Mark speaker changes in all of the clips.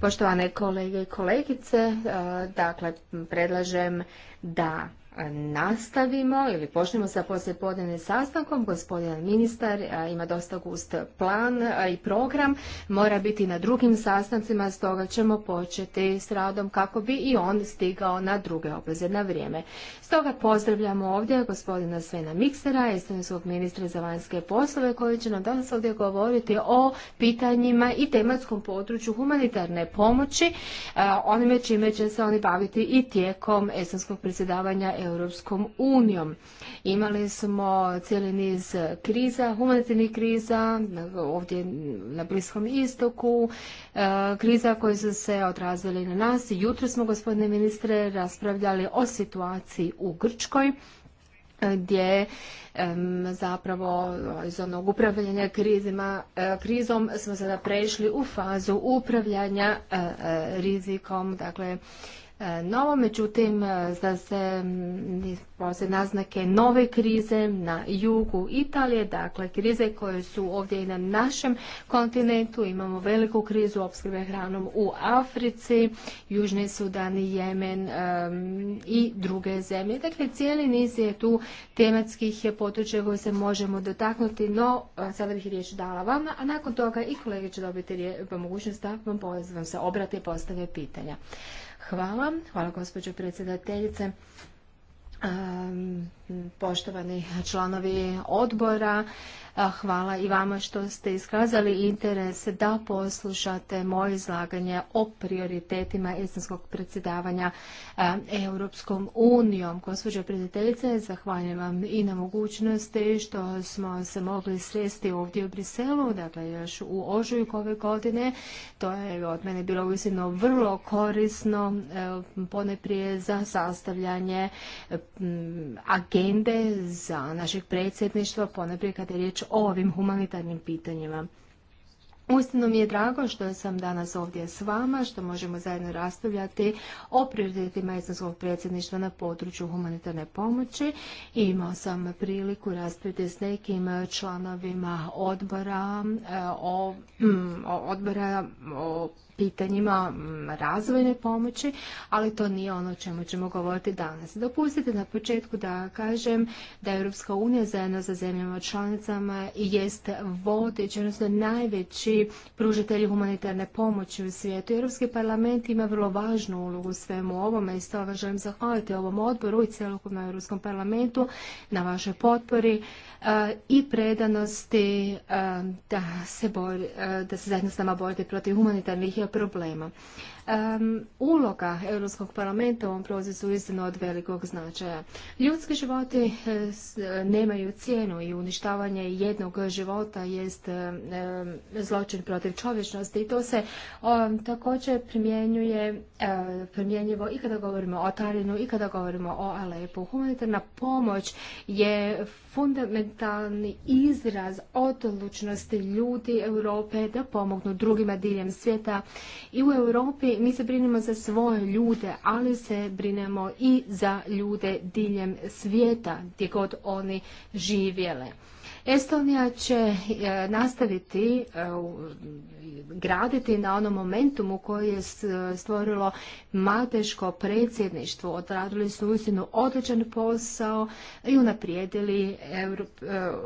Speaker 1: Poštovane kolege i kolegice, eh, dakle predlažem da nastavimo ili počnemo sa poslijepodnevnim sastankom. Gospodin ministar ima dosta gust plan i program, mora biti na drugim sastancima, stoga ćemo početi s radom kako bi i on stigao na druge obveze na vrijeme. Stoga pozdravljamo ovdje gospodina Svena Miksera, estonskog ministra za vanjske poslove, koji će nam danas ovdje govoriti o pitanjima i tematskom području humanitarne pomoći, onime čime će se oni baviti i tijekom estonskog predsjedavanja Europskom unijom. Imali smo cijeli niz kriza, humanitarnih kriza, ovdje na Bliskom istoku, e, kriza koje su se odrazili na nas. Jutro smo, gospodine ministre, raspravljali o situaciji u Grčkoj gdje zapravo iz onog upravljanja krizima, e, krizom smo sada prešli u fazu upravljanja e, rizikom, dakle E, no, međutim da e, se pose naznake nove krize na jugu Italije, dakle krize koje su ovdje i na našem kontinentu, imamo veliku krizu opskrbe hranom u Africi, Južni Sudan i Jemen e, i druge zemlje. Dakle, cijeli niz je tu tematskih područja koje se možemo dotaknuti, no sada bih riječ dala vama, a nakon toga i kolege će dobiti mogućnost da vam, vam se obrate i postave pitanja. Hvala. Hvala gospođo predsjedateljice poštovani članovi odbora. Hvala i vama što ste iskazali interes da poslušate moje izlaganje o prioritetima istanskog predsjedavanja Europskom unijom. Gospođo prediteljice, zahvaljujem vam i na mogućnosti što smo se mogli sresti ovdje u Briselu, dakle još u ožujku ove godine. To je od mene bilo uistinu vrlo korisno, e, poneprije za sastavljanje agenda agende za našeg predsjedništva, ponajprije kada je riječ o ovim humanitarnim pitanjima. Uistinu mi je drago što sam danas ovdje s vama, što možemo zajedno raspravljati o prioritetima estonskog predsjedništva na području humanitarne pomoći. Imao sam priliku raspraviti s nekim članovima odbora eh, mm, o, odbora o pitanjima mm, razvojne pomoći, ali to nije ono o čemu ćemo govoriti danas. Dopustite na početku da kažem da Europska unija zajedno sa zemljama članicama jest vodeći, odnosno najveći pružatelj humanitarne pomoći u svijetu. Europski parlament ima vrlo važnu ulogu u svemu ovome i stoga želim zahvaliti ovom odboru i cjelokupnom Europskom parlamentu na vašoj potpori e, i predanosti e, da se, e, da se zajedno s nama borite protiv humanitarnih problema uloga Europskog parlamenta u ovom procesu uistinu od velikog značaja. Ljudski životi e, nemaju cijenu i uništavanje jednog života jest zločin protiv čovječnosti i to se također primjenjuje e, primjenjivo i kada govorimo o Tarinu i kada govorimo o Alepu. Humanitarna pomoć je fundamentalni izraz odlučnosti ljudi Europe da pomognu drugima diljem svijeta i u Europi Znači, mi se brinemo za svoje ljude, ali se brinemo i za ljude diljem svijeta gdje god oni živjele. Estonija će e, nastaviti e, graditi na onom momentumu koji je stvorilo mateško predsjedništvo. Odradili su uistinu odličan posao i unaprijedili e,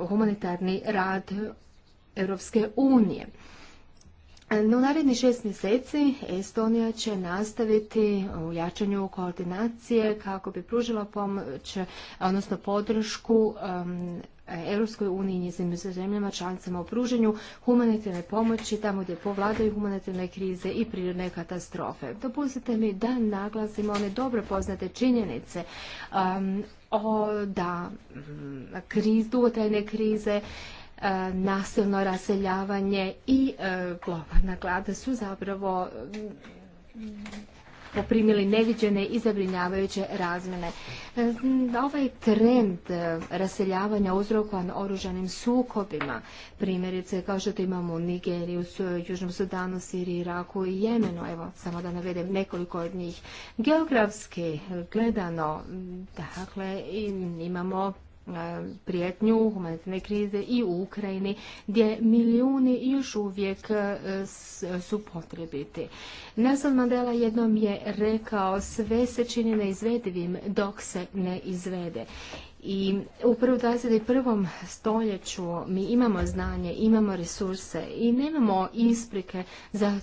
Speaker 1: humanitarni rad Europske unije. U narednih šest mjeseci Estonija će nastaviti u jačanju koordinacije kako bi pružila pomoć, odnosno podršku um, Europskoj uniji i njezim zemljama članicama u pruženju humanitarne pomoći tamo gdje povladaju humanitarne krize i prirodne katastrofe. Dopustite mi da naglasimo one dobro poznate činjenice um, o da mm, kriz, dugotrajne krize E, nasilno raseljavanje i e, globalna glada su zapravo mm, poprimili neviđene i zabrinjavajuće razmjene. E, ovaj trend raseljavanja uzrokovan oružanim sukobima, primjerice kao što imamo u Nigeriji, u Južnom Sudanu, Siriji, Iraku i Jemenu, evo samo da navedem nekoliko od njih. Geografski gledano, dakle, imamo E, prijetnju humanitarne krize i u Ukrajini gdje milijuni još uvijek e, su potrebiti. Nelson Mandela jednom je rekao sve se čini neizvedivim dok se ne izvede. I u u 21. stoljeću mi imamo znanje, imamo resurse i nemamo isprike za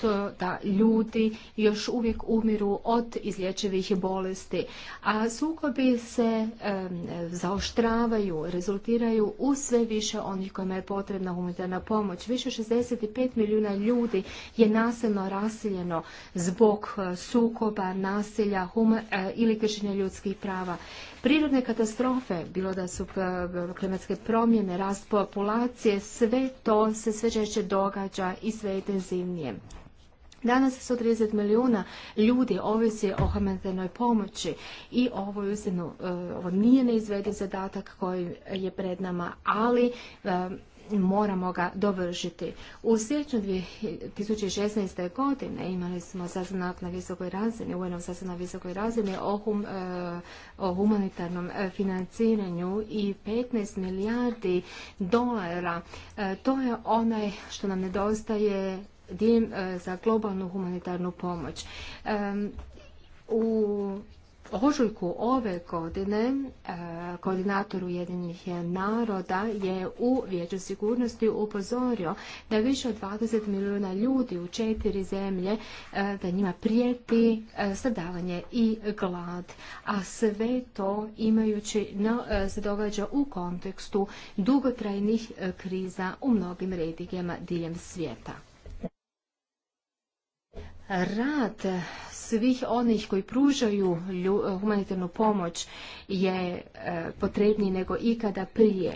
Speaker 1: to da ljudi još uvijek umiru od izlječivih bolesti. A sukobi se e, zaoštravaju, rezultiraju u sve više onih kojima je potrebna humanitarna pomoć. Više 65 milijuna ljudi je nasilno rasiljeno zbog eh, sukoba, nasilja huma, eh, ili kršenja ljudskih prava. Prirodne katastrofe katastrofe, bilo da su e, klimatske promjene, rast populacije, sve to se sve češće događa i sve intenzivnije. Danas 130 milijuna ljudi ovisi o humanitarnoj pomoći i ovo, e, ovo nije neizveden zadatak koji je pred nama, ali e, moramo ga dovršiti. U sjeću 2016. godine imali smo sastanak na visokoj razini, u jednom na visokoj razini o, e, o humanitarnom e, financiranju i 15 milijardi dolara. E, to je onaj što nam nedostaje dim za globalnu humanitarnu pomoć. U ožujku ove godine e, koordinator Ujedinjenih naroda je u Vijeću sigurnosti upozorio da više od 20 milijuna ljudi u četiri zemlje e, da njima prijeti e, stradavanje i glad. A sve to imajući se događa u kontekstu dugotrajnih kriza u mnogim redigama diljem svijeta. Rad svih onih koji pružaju e, humanitarnu pomoć je e, potrebniji nego ikada prije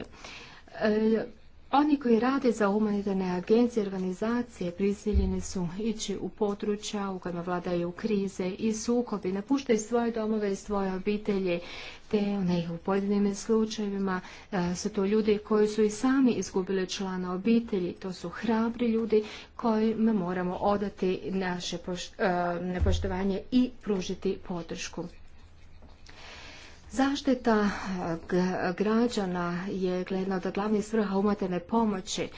Speaker 1: e, oni koji rade za humanitarne agencije i organizacije prisiljeni su ići u područja u kojima vladaju krize i sukobi, napuštaju svoje domove i svoje obitelje, te one u pojedinim slučajevima e, su to ljudi koji su i sami izgubili člana obitelji. To su hrabri ljudi kojima moramo odati naše e, nepoštovanje poštovanje i pružiti podršku. Zaštita eh, građana je jedna od glavnih svrha umatene pomoći.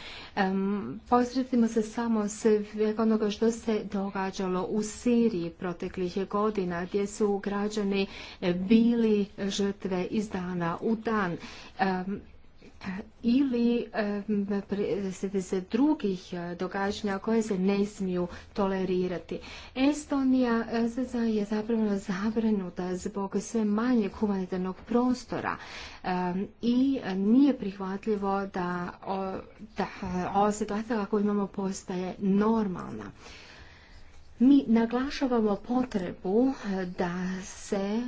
Speaker 1: Posredimo se samo svega onoga što se događalo u Siriji proteklih godina gdje su građani bili žrtve iz dana u dan ili se drugih e, događanja koje se ne smiju tolerirati. Estonija e, je zapravo zabrinuta zbog sve manjeg humanitarnog prostora i nije prihvatljivo da, da e, ova situacija koju imamo postaje normalna. Mi naglašavamo potrebu eh, da se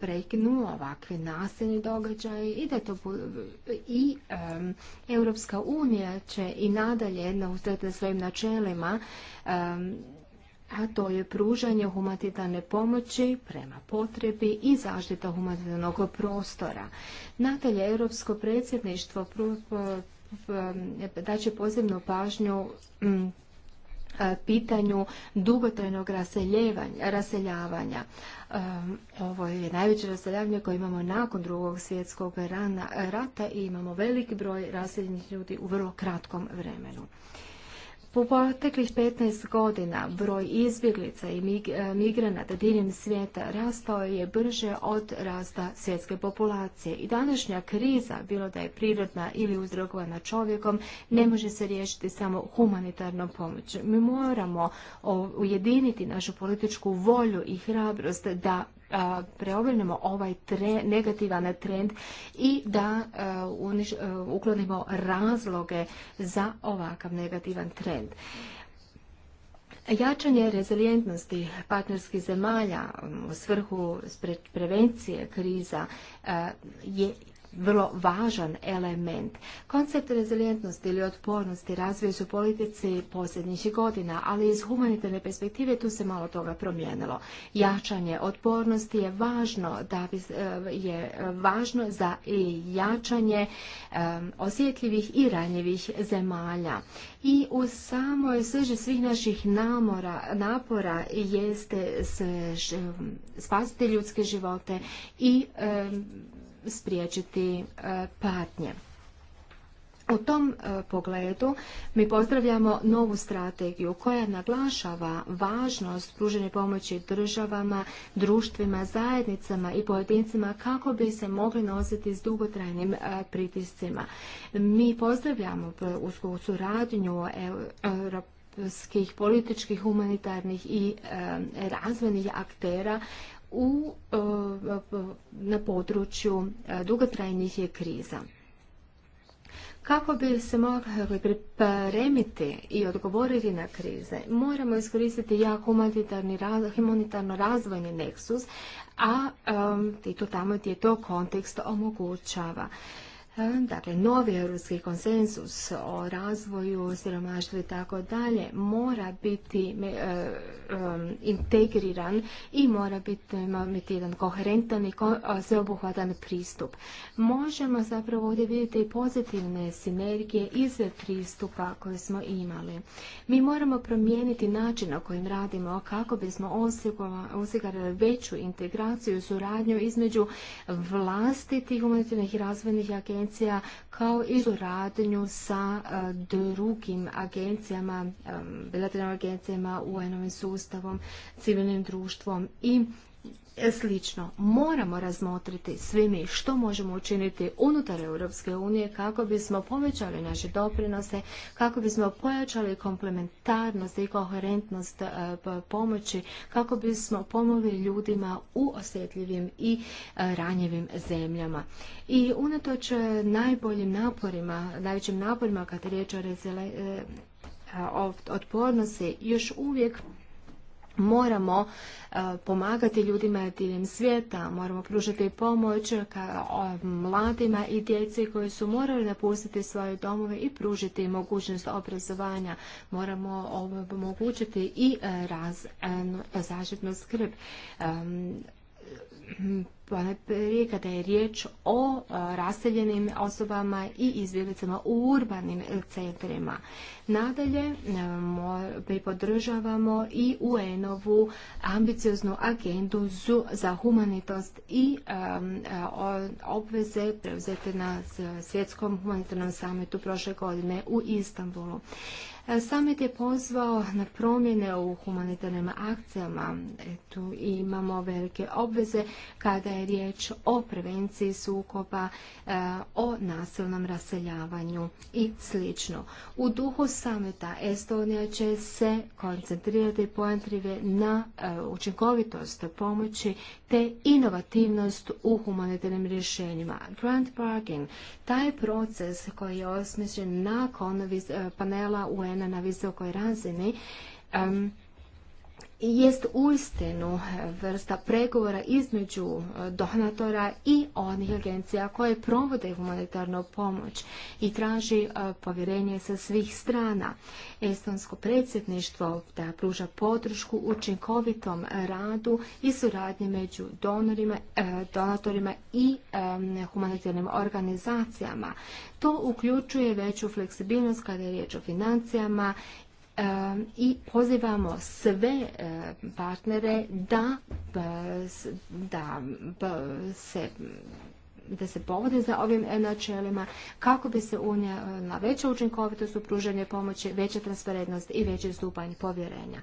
Speaker 1: prekinu ovakvi nasilni događaji i da to i Europska unija će i nadalje na svojim načelima a to je pružanje humanitarne pomoći prema potrebi i zaštita humanitarnog prostora. Nadalje, Europsko predsjedništvo daće posebnu pažnju E, pitanju dugotrajnog raseljavanja. E, ovo je najveće raseljavanje koje imamo nakon drugog svjetskog rata i imamo veliki broj raseljenih ljudi u vrlo kratkom vremenu. U proteklih 15 godina broj izbjeglica i e, migranata diljem svijeta rastao je brže od rasta svjetske populacije i današnja kriza, bilo da je prirodna ili uzrokovana čovjekom, ne može se riješiti samo humanitarnom pomoću. Mi moramo ujediniti našu političku volju i hrabrost da preobrenemo ovaj negativan trend i da e, e, uklonimo razloge za ovakav negativan trend. Jačanje rezilijentnosti partnerskih zemalja u svrhu prevencije kriza e, je vrlo važan element. Koncept rezilijentnosti ili otpornosti razvije su politici posljednjih godina, ali iz humanitarne perspektive tu se malo toga promijenilo. Jačanje otpornosti je važno da bi, e, je važno za jačanje e, osjetljivih i ranjivih zemalja. I u samoj srži svih naših namora, napora jeste spasiti ljudske živote i e, spriječiti e, patnje. U tom e, pogledu mi pozdravljamo novu strategiju koja naglašava važnost pružene pomoći državama, društvima, zajednicama i pojedincima kako bi se mogli nositi s dugotrajnim e, pritiscima. Mi pozdravljamo u suradnju europskih političkih, humanitarnih i razvojnih aktera u, e, na području e, dugotrajnih je kriza. Kako bi se mogli pripremiti i odgovoriti na krize, moramo iskoristiti jak humanitarno razvojni neksus, a e, i to tamo gdje to kontekst omogućava dakle novi europski konsenzus o razvoju, siromaštvu i tako dalje mora biti e, e, integriran i mora biti, imati jedan koherentan i e, sveobuhvatan pristup. Možemo zapravo ovdje vidjeti i pozitivne sinergije iz pristupa koje smo imali. Mi moramo promijeniti način na kojim radimo kako bismo osigurali veću integraciju i suradnju između vlastitih humanitarnih i razvojnih agencija agencija kao i suradnju sa e, drugim agencijama, e, bilateralnim agencijama, UN-ovim sustavom, civilnim društvom i E, slično. Moramo razmotriti svi mi što možemo učiniti unutar Europske unije kako bismo povećali naše doprinose, kako bismo pojačali komplementarnost i koherentnost e, pomoći, kako bismo pomogli ljudima u osjetljivim i e, ranjivim zemljama. I unatoč najboljim naporima, najvećim naporima kad je riječ o otpornosti, još uvijek moramo e, pomagati ljudima diljem svijeta, moramo pružati pomoć mladima i djeci koji su morali napustiti svoje domove i pružiti mogućnost obrazovanja. Moramo omogućiti i e, raz, e, zaštitnu skrb prije kada je riječ o e, raseljenim osobama i izbjeglicama u urbanim e, centrima. Nadalje, e, mi podržavamo i UN-ovu ambicioznu agendu za humanitost i obveze preuzete na svjetskom humanitarnom samitu prošle godine u Istanbulu. Summit je pozvao na promjene u humanitarnim akcijama. Tu imamo velike obveze kada je riječ o prevenciji sukoba, e, o nasilnom raseljavanju i sl. U duhu samita Estonija će se koncentrirati pojentrive na e, učinkovitost pomoći te inovativnost u humanitarnim rješenjima. Grand Bargain, taj proces koji je osmišljen nakon e, panela UN žena na visokoj razini. Um, jest uistinu vrsta pregovora između e, donatora i onih agencija koje provode humanitarnu pomoć i traži e, povjerenje sa svih strana. Estonsko predsjedništvo da pruža podršku učinkovitom radu i suradnji među e, donatorima i humanitarnim organizacijama. To uključuje veću fleksibilnost kada je riječ o financijama i pozivamo sve e, partnere da, e, da se da se povode za ovim e, načelima kako bi se unijela veća učinkovitost u pružanju pomoći, veća transparentnost i veći stupanj povjerenja.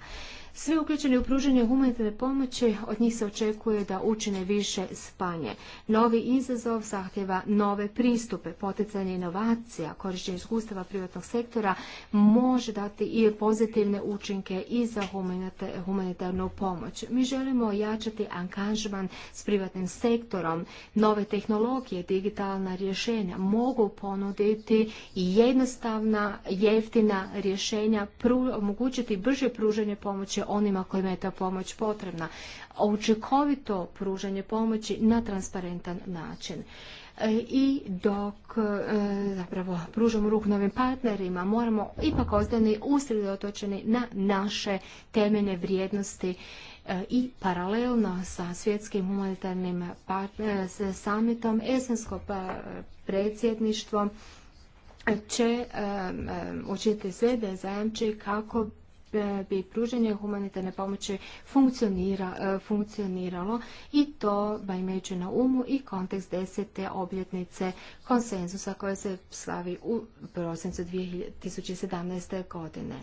Speaker 1: Svi uključeni u pružanje humanitarne pomoći, od njih se očekuje da učine više spanje. Novi izazov zahtjeva nove pristupe, poticanje inovacija, korištenje iskustava privatnog sektora može dati i pozitivne učinke i za humanitarnu pomoć. Mi želimo ojačati angažman s privatnim sektorom. Nove tehnologije, digitalna rješenja mogu ponuditi jednostavna, jeftina rješenja, omogućiti brže pružanje pomoći onima kojima je ta pomoć potrebna. Učinkovito pružanje pomoći na transparentan način e, i dok e, zapravo pružamo ruku novim partnerima, moramo ipak ostani usredotočeni na naše temeljne vrijednosti e, i paralelno sa svjetskim humanitarnim samitom, esensko predsjedništvo će učiniti sve da zajamči kako bi pruženje humanitarne pomoći funkcionira, e, funkcioniralo i to ba imajući na umu i kontekst desete obljetnice konsenzusa koja se slavi u prosincu 2017. godine.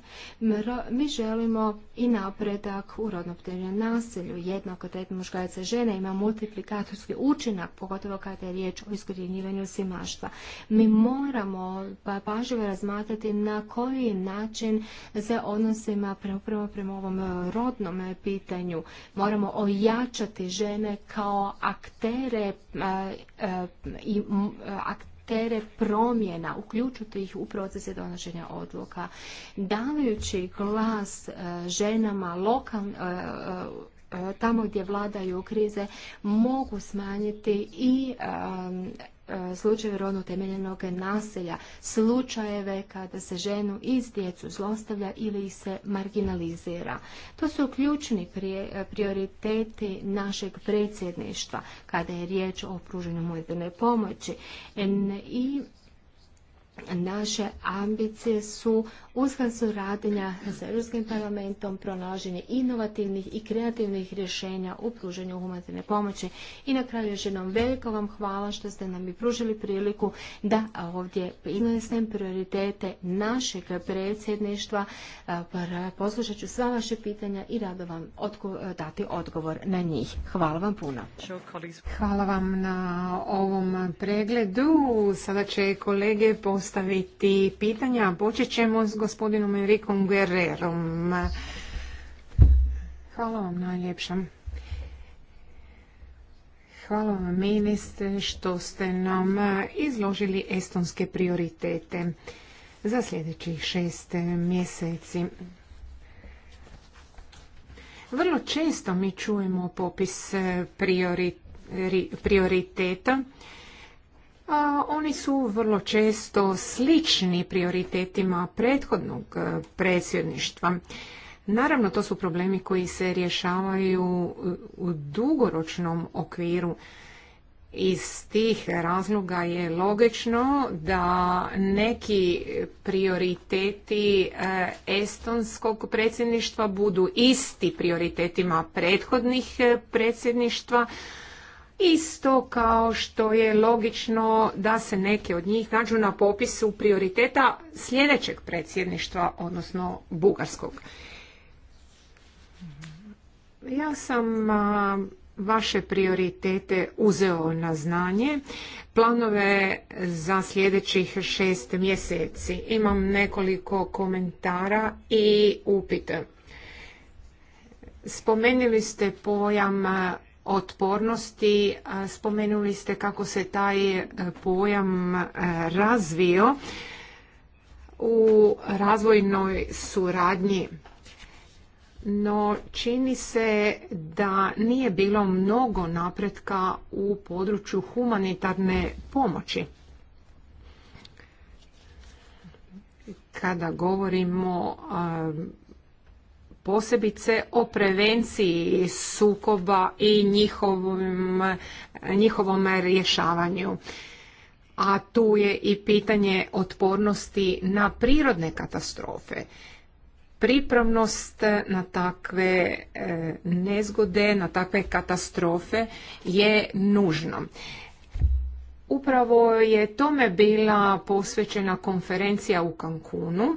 Speaker 1: Mi želimo i napredak u rodnoptenjem naselju, jednako tretno muškaraca žena ima multiplikatorski učinak, pogotovo kada je riječ o iskorjenjivanju simaštva. Mi moramo pa pažljivo razmatrati na koji način se odnose prema, prema ovom e, rodnom e, pitanju. Moramo ojačati žene kao aktere e, i aktere promjena, uključiti ih u procese donošenja odluka. Davajući glas ženama lokal, tamo gdje vladaju krize mogu smanjiti i E, slučajeve rodno temeljenog naselja, slučajeve kada se ženu iz djecu zlostavlja ili ih se marginalizira. To su ključni e, prioriteti našeg predsjedništva kada je riječ o pruženju humanitarne pomoći. I naše ambicije su uskan suradnja sa Europskim parlamentom, pronalaženje inovativnih i kreativnih rješenja u pruženju humanitarne pomoći. I na kraju još jednom veliko vam hvala što ste nam i pružili priliku da ovdje iznesem prioritete našeg predsjedništva. Poslušat ću sva vaše pitanja i rado vam dati odgovor na njih. Hvala vam puno.
Speaker 2: Hvala vam na ovom pregledu. Sada će kolege postaviti postaviti pitanja. Počet ćemo s gospodinom Enrikom Guerrerom. Hvala vam najljepša. Hvala vam ministre što ste nam izložili estonske prioritete za sljedećih šest mjeseci. Vrlo često mi čujemo popis prioriteta oni su vrlo često slični prioritetima prethodnog e, predsjedništva. Naravno, to su problemi koji se rješavaju u dugoročnom okviru. Iz tih razloga je logično da neki prioriteti e, estonskog predsjedništva budu isti prioritetima prethodnih e, predsjedništva, Isto kao što je logično da se neke od njih nađu na popisu prioriteta sljedećeg predsjedništva, odnosno bugarskog. Ja sam vaše prioritete uzeo na znanje, planove za sljedećih šest mjeseci. Imam nekoliko komentara i upite. Spomenuli ste pojam otpornosti. Spomenuli ste kako se taj e, pojam e, razvio u razvojnoj suradnji. No čini se da nije bilo mnogo napretka u području humanitarne pomoći. Kada govorimo posebice o prevenciji sukoba i njihovom, njihovom rješavanju. A tu je i pitanje otpornosti na prirodne katastrofe. Pripravnost na takve e, nezgode, na takve katastrofe je nužno. Upravo je tome bila posvećena konferencija u Cancunu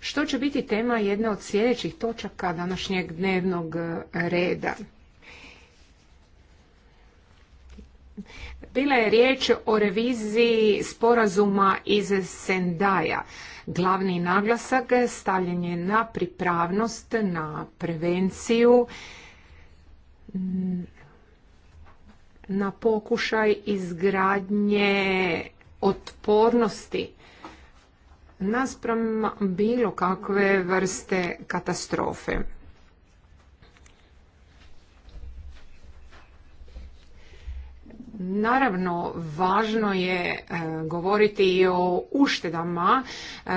Speaker 2: što će biti tema jedne od sljedećih točaka današnjeg dnevnog e, reda. Bila je riječ o reviziji sporazuma iz Sendaja. Glavni naglasak stavljen je na pripravnost, na prevenciju, na pokušaj izgradnje otpornosti naspram bilo kakve vrste katastrofe. Naravno, važno je e, govoriti i o uštedama, e,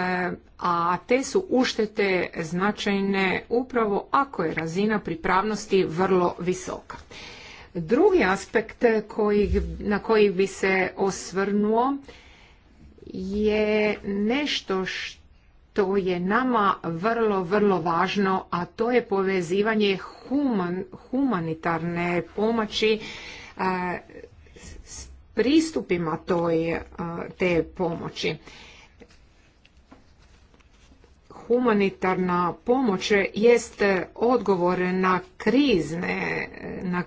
Speaker 2: a te su uštete značajne upravo ako je razina pripravnosti vrlo visoka. Drugi aspekt na koji bi se osvrnuo je nešto što je nama vrlo, vrlo važno, a to je povezivanje human, humanitarne pomoći e, s pristupima toj, e, te pomoći humanitarna pomoć jest odgovor na krizne, na,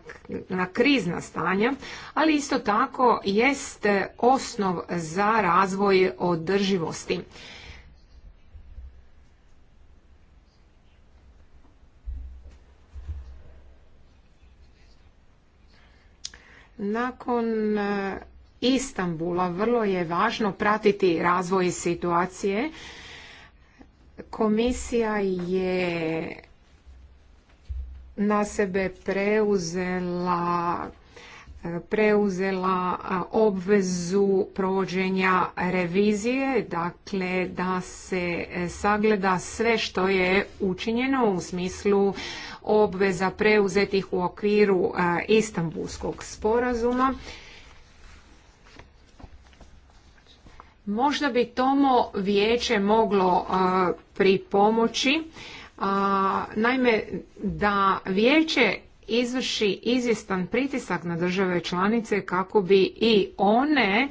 Speaker 2: na krizna stanja, ali isto tako jest osnov za razvoj održivosti. Nakon e, Istambula vrlo je važno pratiti razvoj situacije Komisija je na sebe preuzela preuzela obvezu provođenja revizije, dakle da se e, sagleda sve što je učinjeno u smislu obveza preuzetih u okviru Istanbulskog sporazuma Možda bi tomo vijeće moglo e, pripomoći, naime da vijeće izvrši izvjestan pritisak na države članice kako bi i one e,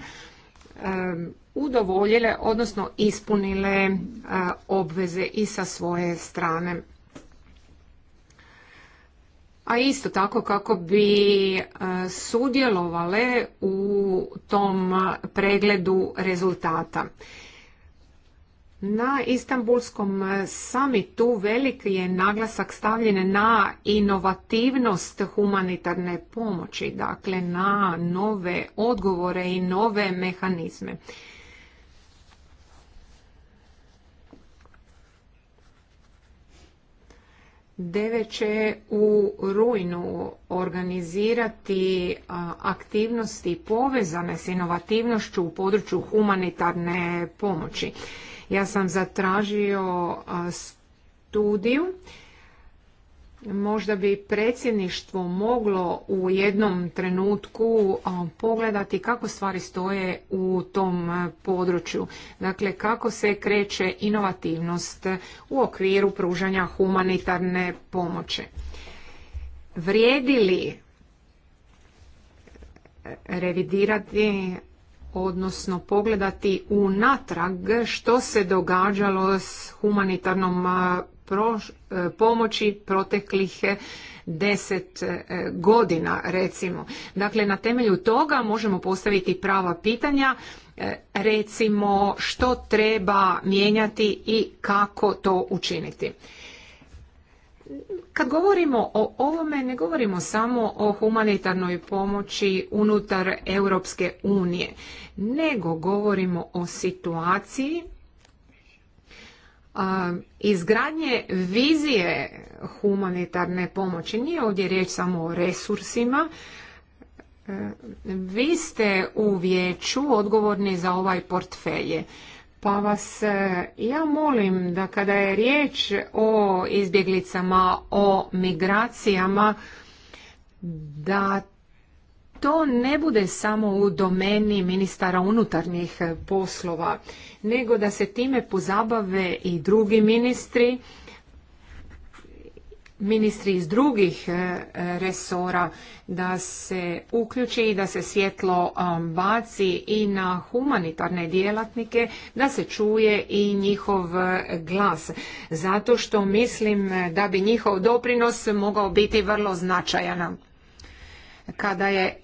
Speaker 2: udovoljile, odnosno ispunile e, obveze i sa svoje strane a isto tako kako bi e, sudjelovale u tom pregledu rezultata. Na Istanbulskom samitu velik je naglasak stavljen na inovativnost humanitarne pomoći, dakle na nove odgovore i nove mehanizme. Deve će u rujnu organizirati aktivnosti povezane s inovativnošću u području humanitarne pomoći. Ja sam zatražio studiju Možda bi predsjedništvo moglo u jednom trenutku pogledati kako stvari stoje u tom području. Dakle, kako se kreće inovativnost u okviru pružanja humanitarne pomoći. Vrijedi li revidirati odnosno pogledati unatrag što se događalo s humanitarnom proš, e, pomoći proteklih e, deset e, godina recimo. Dakle, na temelju toga možemo postaviti prava pitanja recimo što treba mijenjati i kako to učiniti. Kad govorimo o ovome, ne govorimo samo o humanitarnoj pomoći unutar Europske unije, nego govorimo o situaciji Izgradnje vizije humanitarne pomoći nije ovdje riječ samo o resursima. E, vi ste u vijeću odgovorni za ovaj portfelje. Pa vas e, ja molim da kada je riječ o izbjeglicama, o migracijama, da to ne bude samo u domeni ministara unutarnjih poslova nego da se time pozabave i drugi ministri, ministri iz drugih e, resora da se uključi i da se svjetlo um, baci i na humanitarne djelatnike, da se čuje i njihov glas. Zato što mislim da bi njihov doprinos mogao biti vrlo značajan kada je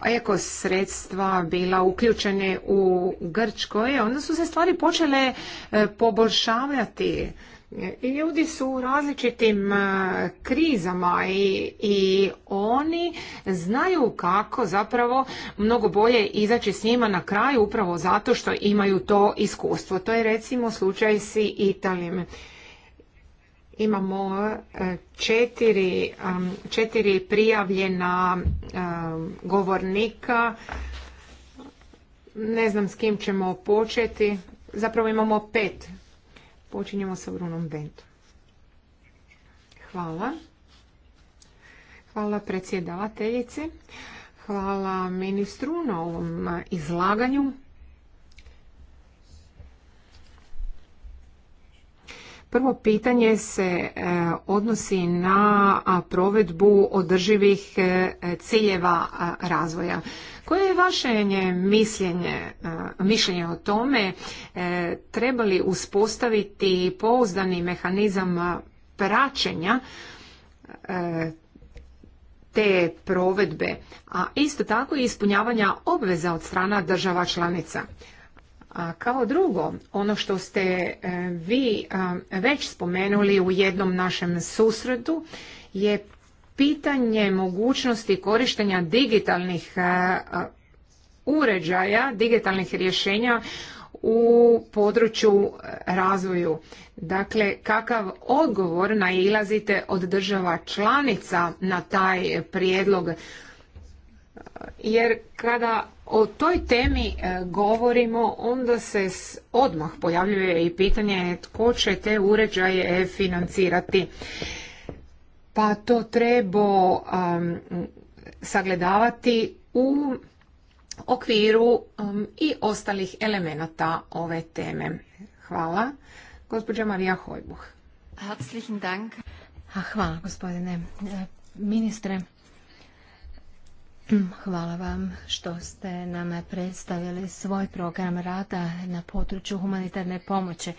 Speaker 2: eko, sredstva bila uključene u Grčkoj, onda su se stvari počele e, poboljšavati. I ljudi su u različitim e, krizama i, i oni znaju kako zapravo mnogo bolje izaći s njima na kraju upravo zato što imaju to iskustvo. To je recimo slučaj s Italijom. Imamo e, četiri, četiri prijavljena e, govornika. Ne znam s kim ćemo početi. Zapravo imamo pet. Počinjemo sa Brunom Bentom. Hvala. Hvala predsjedavateljici. Hvala ministru na ovom e, izlaganju. Prvo pitanje se e, odnosi na provedbu održivih e, ciljeva razvoja. Koje je vaše mišljenje, e, mišljenje o tome trebali uspostaviti pouzdani mehanizam praćenja te provedbe, a isto tako i ispunjavanja obveza od strana država članica. A kao drugo, ono što ste e, vi već spomenuli u jednom našem susretu je pitanje mogućnosti korištenja digitalnih e, uređaja, digitalnih rješenja u području e, razvoju. Dakle, kakav odgovor nailazite od država članica na taj prijedlog? jer kada o toj temi e, govorimo onda se odmah pojavljuje i pitanje tko će te uređaje financirati. Pa to treba sagledavati u okviru i ostalih elemenata ove teme. Hvala. Gospođa Marija Hojbuh. Hvala gospodine e, ministre.
Speaker 3: Mm,
Speaker 1: hvala vam što ste nam predstavili svoj program rada na području humanitarne pomoći. E,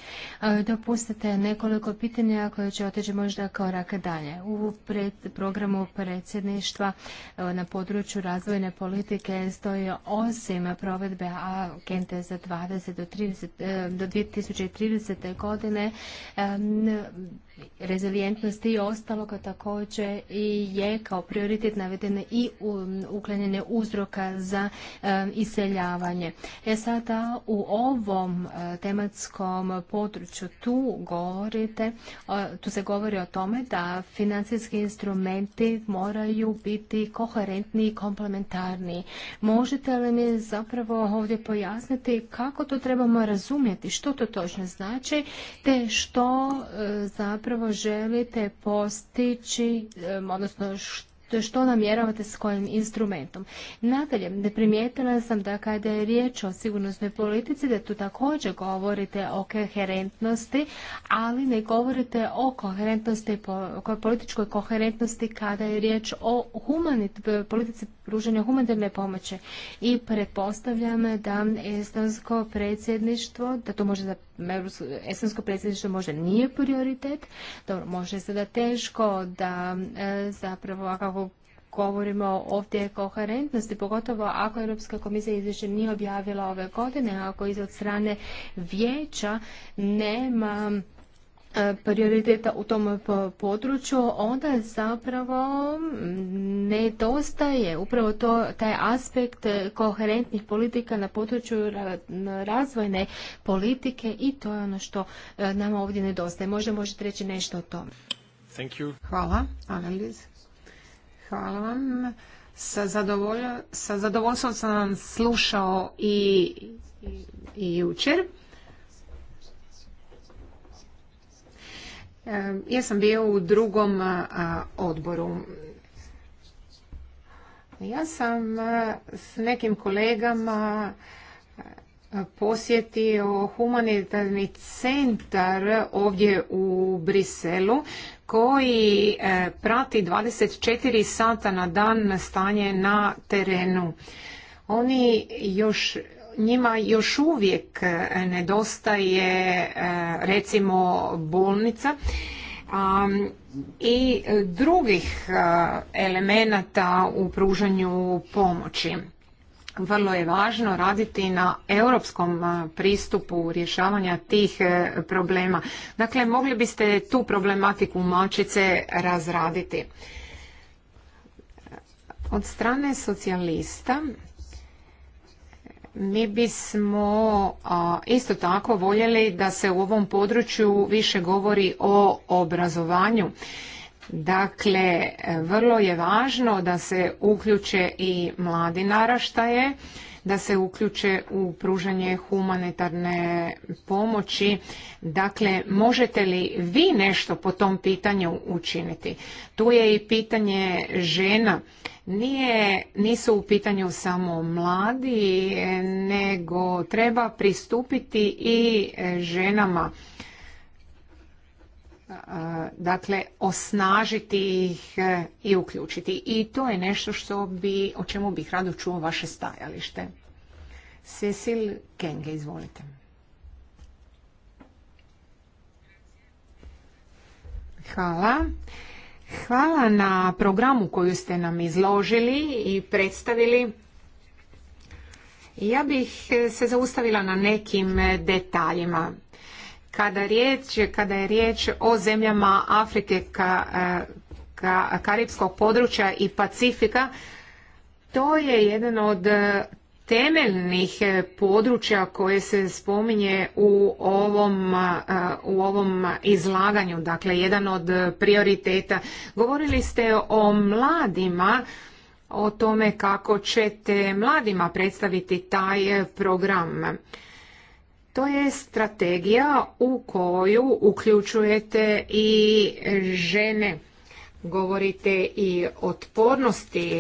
Speaker 1: dopustite nekoliko pitanja koje će otići možda korak dalje. U pred programu predsjedništva e, na području razvojne politike stoji osim provedbe agente za 20 do, 30, e, do 2030. godine rezilijentnosti i ostaloga također i je kao prioritet navedene i um, uklanjanje uzroka za um, iseljavanje. E sada u ovom uh, tematskom području tu govorite, uh, tu se govori o tome da financijski instrumenti moraju biti koherentni i komplementarni. Možete li mi zapravo ovdje pojasniti kako to trebamo razumjeti, što to točno znači, te što uh, zapravo zapravo želite postići, odnosno što namjeravate s kojim instrumentom. Nadalje, ne primijetila sam da kada je riječ o sigurnosnoj politici, da tu također govorite o koherentnosti, ali ne govorite o koherentnosti, o političkoj koherentnosti kada je riječ o humanit, politici pružanja humanitarne pomoći. I pretpostavljam da estonsko predsjedništvo, da to može. Estonsko predsjedništvo možda nije prioritet, dobro, može se da teško da e, zapravo kako govorimo ovdje koherentnosti, pogotovo ako Europska komisija izvješće nije objavila ove godine, ako iz od strane vijeća nema E, prioriteta u tom području, onda zapravo nedostaje upravo to, taj aspekt e, koherentnih politika na području razvojne politike i to je ono što e, nama ovdje nedostaje. Možda možete reći nešto o tom.
Speaker 3: Thank you.
Speaker 2: Hvala, Hvala vam. Sa, zadovoljstvom sam vam slušao i, i, i jučer. Ja sam bio u drugom odboru. Ja sam s nekim kolegama posjetio humanitarni centar ovdje u Briselu koji e, prati 24 sata na dan stanje na terenu. Oni još njima još uvijek e, nedostaje e, recimo bolnica i drugih e, elemenata u pružanju pomoći. Vrlo je važno raditi na europskom pristupu rješavanja tih problema. Dakle, mogli biste tu problematiku malčice razraditi. Od strane socijalista mi bismo isto tako voljeli da se u ovom području više govori o obrazovanju. Dakle, vrlo je važno da se uključe i mladi naraštaje, da se uključe u pružanje humanitarne pomoći. Dakle, možete li vi nešto po tom pitanju učiniti? Tu je i pitanje žena nije, nisu u pitanju samo mladi, nego treba pristupiti i e, ženama. Dakle, osnažiti ih e, i uključiti. I to je nešto što bi, o čemu bih rado čuo vaše stajalište. Cecil Kenge, izvolite. Hvala. Hvala na programu koju ste nam izložili i predstavili. Ja bih se zaustavila na nekim detaljima. Kada, riječ, kada je riječ o zemljama Afrike, ka, ka, Karibskog područja i Pacifika, to je jedan od temeljnih e, područja koje se spominje u ovom, u ovom izlaganju, dakle jedan od prioriteta. Govorili ste o mladima, o tome kako ćete mladima predstaviti taj e, program. To je strategija u koju uključujete i žene govorite i otpornosti,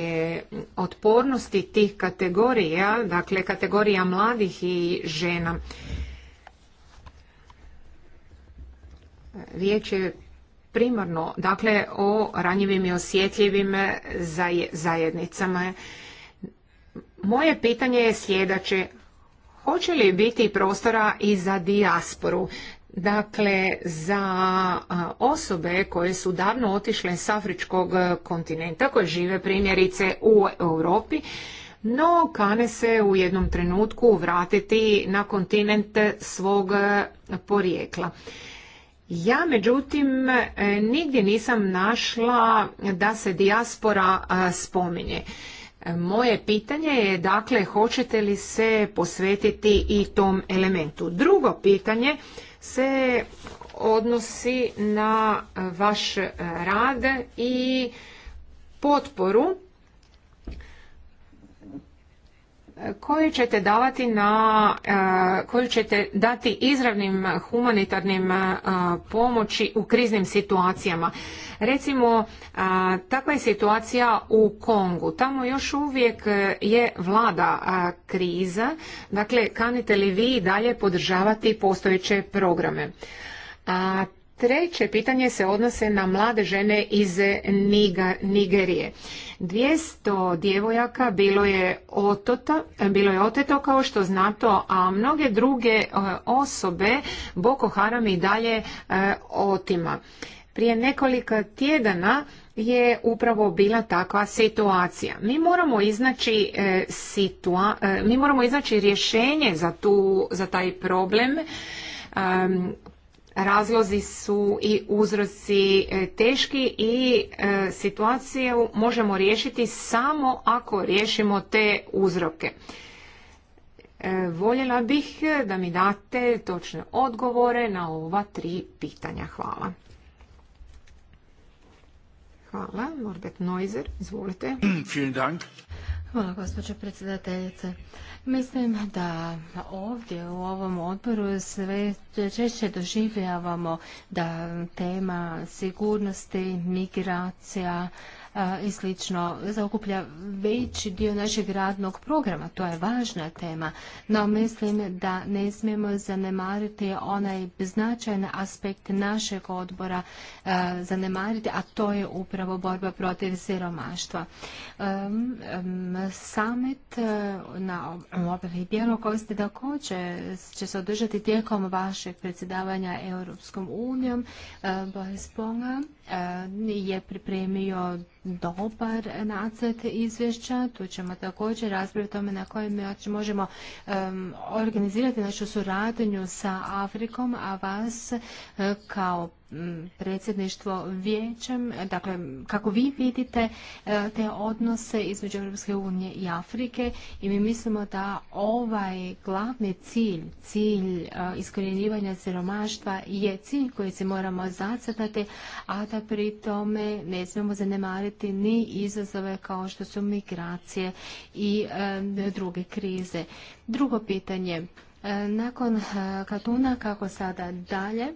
Speaker 2: otpornosti tih kategorija, dakle kategorija mladih i žena. Riječ je primarno dakle o ranjivim i osjetljivim zajednicama. Moje pitanje je sljedeće. Hoće li biti prostora i za dijasporu? Dakle, za osobe koje su davno otišle s afričkog e, kontinenta, koje žive primjerice u Europi, no kane se u jednom trenutku vratiti na kontinent svog e, porijekla. Ja međutim e, nigdje nisam našla da se dijaspora spominje. Moje pitanje je dakle hoćete li se posvetiti i tom elementu. Drugo pitanje se odnosi na vaš rad i potporu koju ćete davati na, e, koju ćete dati izravnim humanitarnim e, pomoći u kriznim situacijama. Recimo, e, takva je situacija u Kongu. Tamo još uvijek je vlada kriza. Dakle, kanite li vi dalje podržavati postojeće programe? Treće pitanje se odnose na mlade žene iz Nigerije. 200 djevojaka bilo je, otota, bilo je oteto kao što znato, a mnoge druge e, osobe Boko Haram i dalje e, otima. Prije nekoliko tjedana je upravo bila takva situacija. Mi moramo iznaći e, mi moramo iznaći rješenje za tu za taj problem razlozi su i uzroci e, teški i e, situaciju možemo riješiti samo ako riješimo te uzroke. E, voljela bih da mi date točne odgovore na ova tri pitanja. Hvala. Hvala. Norbert Neuser, izvolite. Hvala, gospođo
Speaker 1: predsjedateljice. Mislim da ovdje u ovom odboru sve češće doživljavamo da tema sigurnosti, migracija, i slično zaokuplja veći dio našeg radnog programa. To je važna tema, no mislim da ne smijemo zanemariti onaj značajan aspekt našeg odbora zanemariti, a to je upravo borba protiv siromaštva. Summit e, na koji bjelokosti također će se održati tijekom vašeg predsjedavanja Europskom unijom. E, Boris Ponga je pripremio dobar nacrt izvješća. Tu ćemo također raspraviti tome na kojem možemo organizirati našu suradnju sa Afrikom, a vas e, kao predsjedništvo vijećem, dakle kako vi vidite e, te odnose između Europske unije i Afrike i mi mislimo da ovaj glavni cilj, cilj e, iskorjenjivanja siromaštva je cilj koji se moramo zacrtati, a da pri tome ne smijemo zanemariti ni izazove kao što su migracije i e, druge krize. Drugo pitanje, nakon Katuna kako sada dalje?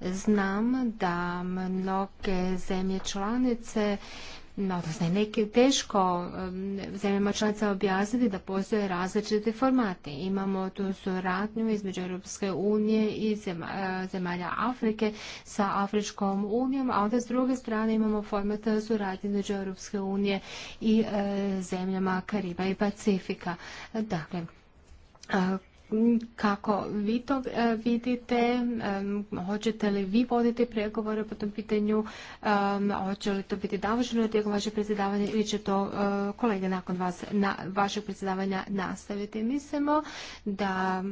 Speaker 1: Znam da mnoge zemlje članice odnosno neke teško zemljama članica objasniti da postoje različite formate. Imamo tu suradnju između Europske unije i e, zemalja Afrike sa Afričkom unijom, a onda s druge strane imamo format suradnje između Europske unije i e, zemljama Kariba i Pacifika. Dakle, kako vi to e, vidite? E, hoćete li vi voditi pregovore po tom pitanju? E, hoće li to biti davoženo tijekom vašeg predsjedavanja ili će to kolege nakon vas, na, vašeg predsjedavanja nastaviti? Mislimo da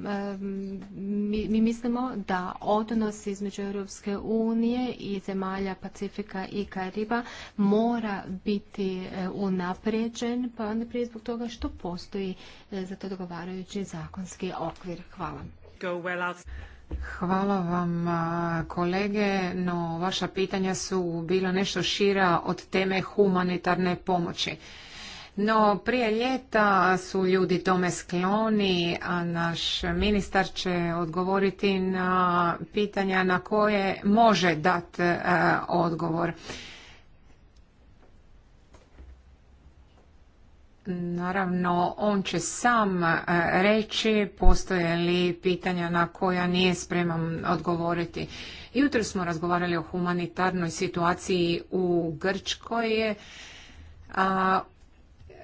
Speaker 1: mi, mislimo da odnos između Europske unije i zemalja Pacifika i Kariba mora biti unapređen, pa ne prije zbog toga što
Speaker 2: postoji za to dogovarajući zakonski okvir. Hvala. Hvala vam kolege, no vaša pitanja su bila nešto šira od teme humanitarne pomoći. No, prije ljeta su ljudi tome skloni, a naš ministar će odgovoriti na pitanja na koje može dati odgovor. Naravno, on će sam e, reći postoje li pitanja na koja nije spreman odgovoriti. Jutro smo razgovarali o humanitarnoj situaciji u Grčkoj. E, a,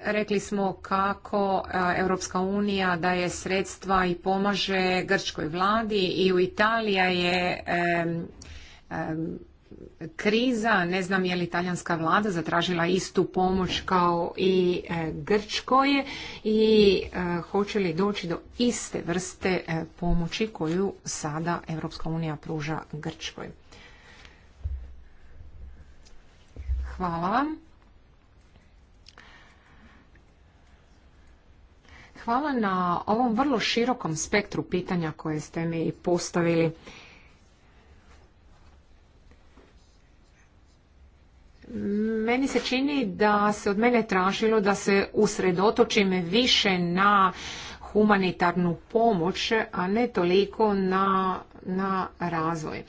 Speaker 2: rekli smo kako e, Europska unija daje sredstva i pomaže grčkoj vladi i u Italija je kriza. Ne znam je li talijanska vlada zatražila istu pomoć kao i e, Grčkoj i e, hoće li doći do iste vrste e, pomoći koju sada Europska unija pruža Grčkoj. Hvala vam. Hvala na ovom vrlo širokom spektru pitanja koje ste mi postavili. Meni se čini da se od mene tražilo da se usredotočim više na humanitarnu pomoć, a ne toliko na, na razvoj.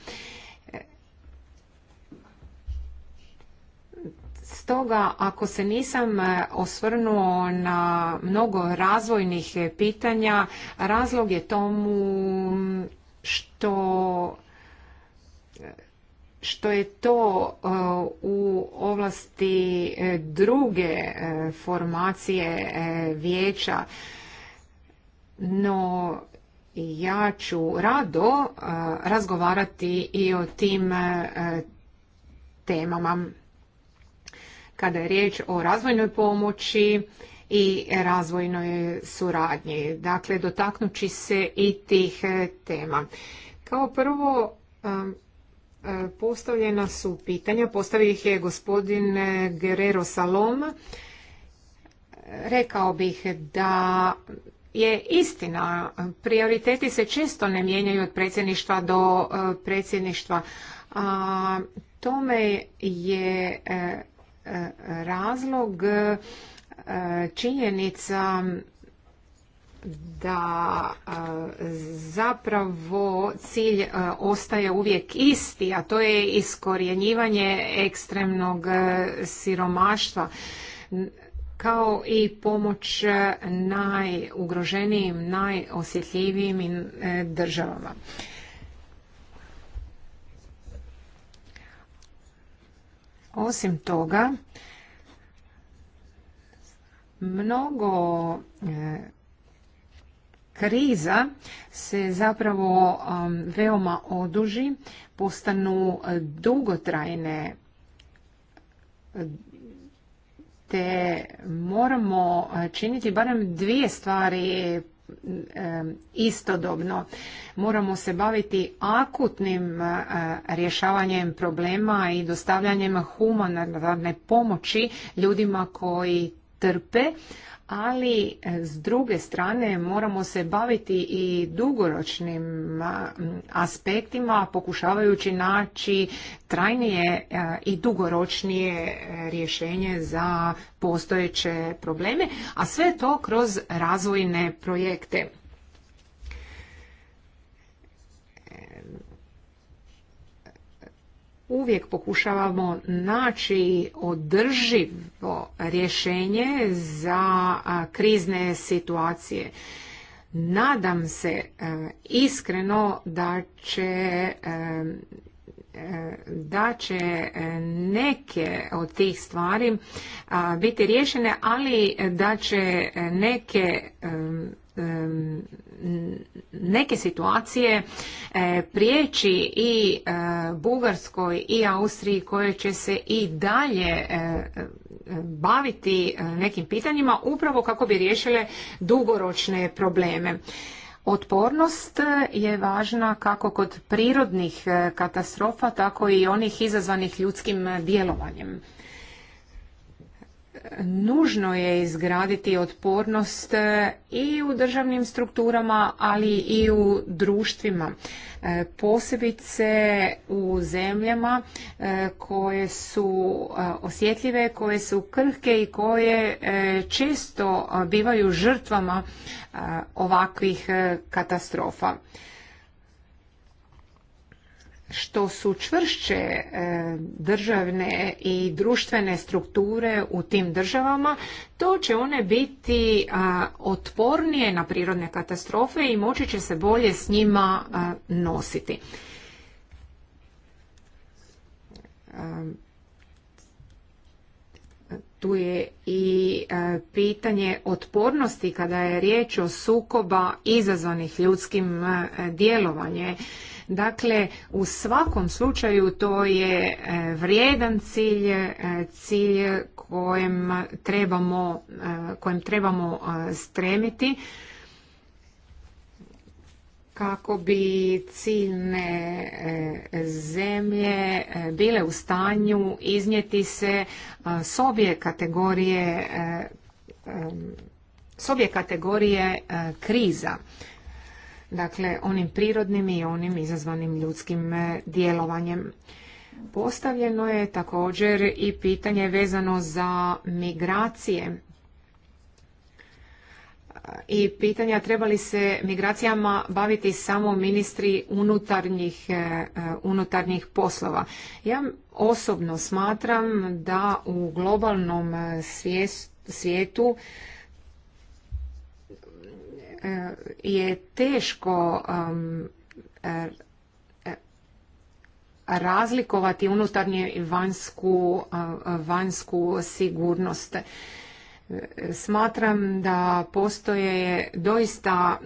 Speaker 2: Stoga, ako se nisam osvrnuo na mnogo razvojnih pitanja, razlog je tomu što što je to e, u ovlasti e, druge e, formacije vijeća, no ja ću rado razgovarati i o tim temama. Kada je riječ o razvojnoj pomoći i razvojnoj suradnji, dakle dotaknući se i tih tema. Kao prvo Postavljena su pitanja, postavio ih je gospodin Guerrero Salom. Rekao bih da je istina, prioriteti se često ne mijenjaju od predsjedništva do e, predsjedništva. A tome je e, e, razlog činjenica da zapravo cilj ostaje uvijek isti, a to je iskorjenjivanje ekstremnog siromaštva kao i pomoć najugroženijim, najosjetljivijim e, državama. Osim toga, mnogo e, kriza se zapravo um, veoma oduži, postanu e, dugotrajne e, te moramo e, činiti barem dvije stvari istodobno. Moramo se baviti akutnim rješavanjem problema i dostavljanjem humanitarne pomoći ljudima koji trpe, ali e, s druge strane moramo se baviti i dugoročnim aspektima pokušavajući naći trajnije e, i dugoročnije e, rješenje za postojeće probleme, a sve to kroz razvojne projekte. uvijek pokušavamo naći održivo rješenje za krizne situacije. Nadam se e, iskreno da će e, da će e, neke od tih stvari biti riješene, ali da će neke e, e, neke situacije prijeći i Bugarskoj i Austriji koje će se i dalje baviti nekim pitanjima upravo kako bi riješile dugoročne probleme. Otpornost je važna kako kod prirodnih katastrofa, tako i onih izazvanih ljudskim djelovanjem nužno je izgraditi otpornost e, i u državnim strukturama, ali i u društvima. E, posebice u zemljama e, koje su osjetljive, koje su krhke i koje često bivaju žrtvama ovakvih katastrofa što su čvršće e, državne i društvene strukture u tim državama, to će one biti otpornije na prirodne katastrofe i moći će se bolje s njima nositi. E, tu je i e, pitanje otpornosti kada je riječ o sukoba izazvanih ljudskim djelovanjem Dakle, u svakom slučaju to je e, vrijedan cilj, e, cilj kojem trebamo, e, kojem trebamo stremiti kako bi ciljne zemlje bile u stanju iznijeti se s obje kategorije s obje kategorije kriza dakle onim prirodnim i onim izazvanim ljudskim e, djelovanjem. Postavljeno je također i pitanje vezano za migracije e, i pitanja treba li se migracijama baviti samo ministri unutarnjih, e, unutarnjih poslova. Ja osobno smatram da u globalnom svijetu Eh, je teško eh, eh, razlikovati unutarnju i vanjsku, vanjsku sigurnost Smatram da postoje doista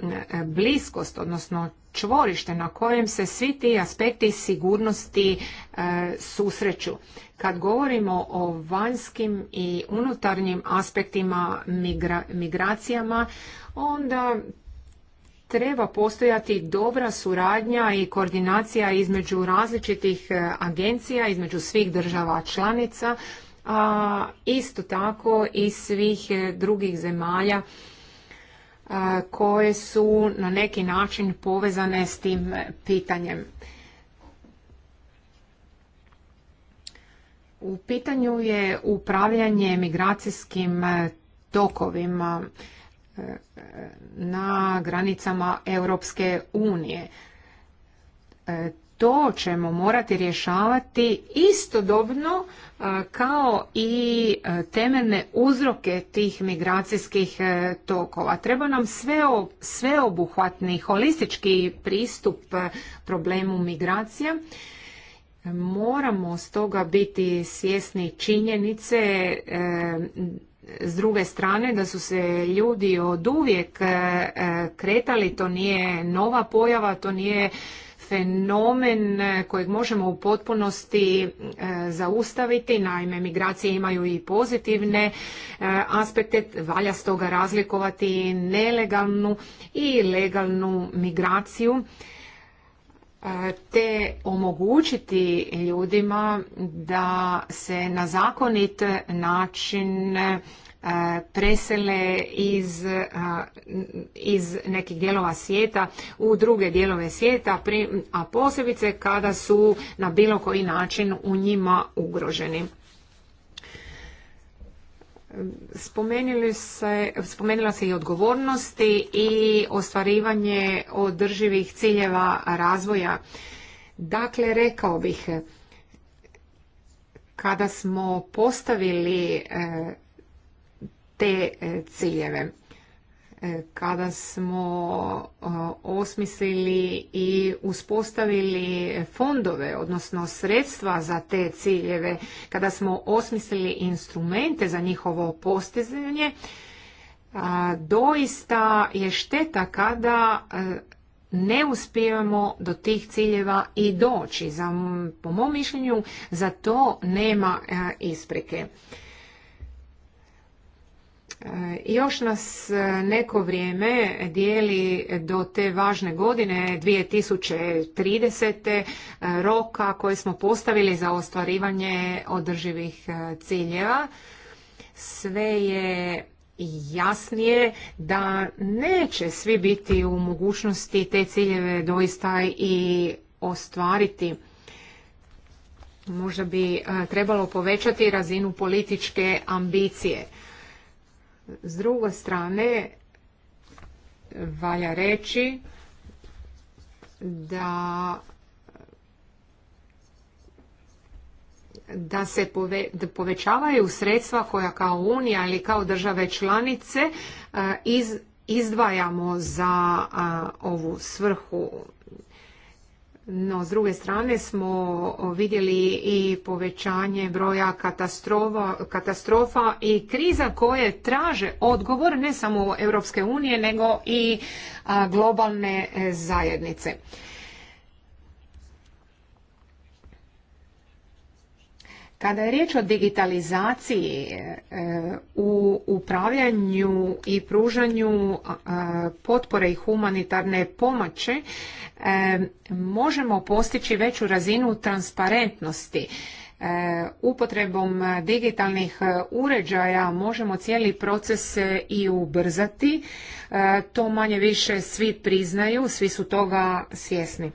Speaker 2: bliskost, odnosno čvorište na kojem se svi ti aspekti sigurnosti e, susreću. Kad govorimo o vanjskim i unutarnjim aspektima migracijama, onda treba postojati dobra suradnja i koordinacija između različitih e, agencija, između svih država članica, a isto tako i svih drugih zemalja koje su na neki način povezane s tim pitanjem. U pitanju je upravljanje migracijskim tokovima na granicama Europske unije to ćemo morati rješavati istodobno kao i temeljne uzroke tih migracijskih e, tokova. Treba nam sveobuhvatni holistički pristup e, problemu migracija. Moramo stoga biti svjesni činjenice e, s druge strane da su se ljudi od uvijek kretali, to nije nova pojava, to nije fenomen e, kojeg možemo u potpunosti e, zaustaviti. Naime, migracije imaju i pozitivne e, aspekte, valja stoga razlikovati nelegalnu i legalnu migraciju te omogućiti ljudima da se na zakonit način presele iz, iz nekih dijelova svijeta u druge dijelove svijeta, a posebice kada su na bilo koji način u njima ugroženi. Spomenili se, spomenula se i odgovornosti i ostvarivanje održivih ciljeva razvoja. Dakle, rekao bih, kada smo postavili e, te e, ciljeve e, kada smo e, osmislili i uspostavili fondove, odnosno sredstva za te ciljeve, kada smo osmislili instrumente za njihovo postizanje, doista je šteta kada ne uspijemo do tih ciljeva i doći. Za, po mom mišljenju za to nema isprike. Još nas e, neko vrijeme dijeli do te važne godine 2030. E, roka koje smo postavili za ostvarivanje održivih e, ciljeva. Sve je jasnije da neće svi biti u mogućnosti te ciljeve doista i ostvariti. Možda bi trebalo povećati razinu političke ambicije. S druge strane, valja reći da da se povećavaju sredstva koja kao Unija ili kao države članice izdvajamo za ovu svrhu no, s druge strane smo vidjeli i povećanje broja katastrofa i kriza koje traže odgovor ne samo Europske unije nego i globalne e, zajednice. Kada je riječ o digitalizaciji e, u upravljanju i pružanju potpore i humanitarne pomoći, e, možemo postići veću razinu transparentnosti. E, upotrebom digitalnih uređaja možemo cijeli proces i ubrzati. To manje više svi priznaju, svi su toga svjesni.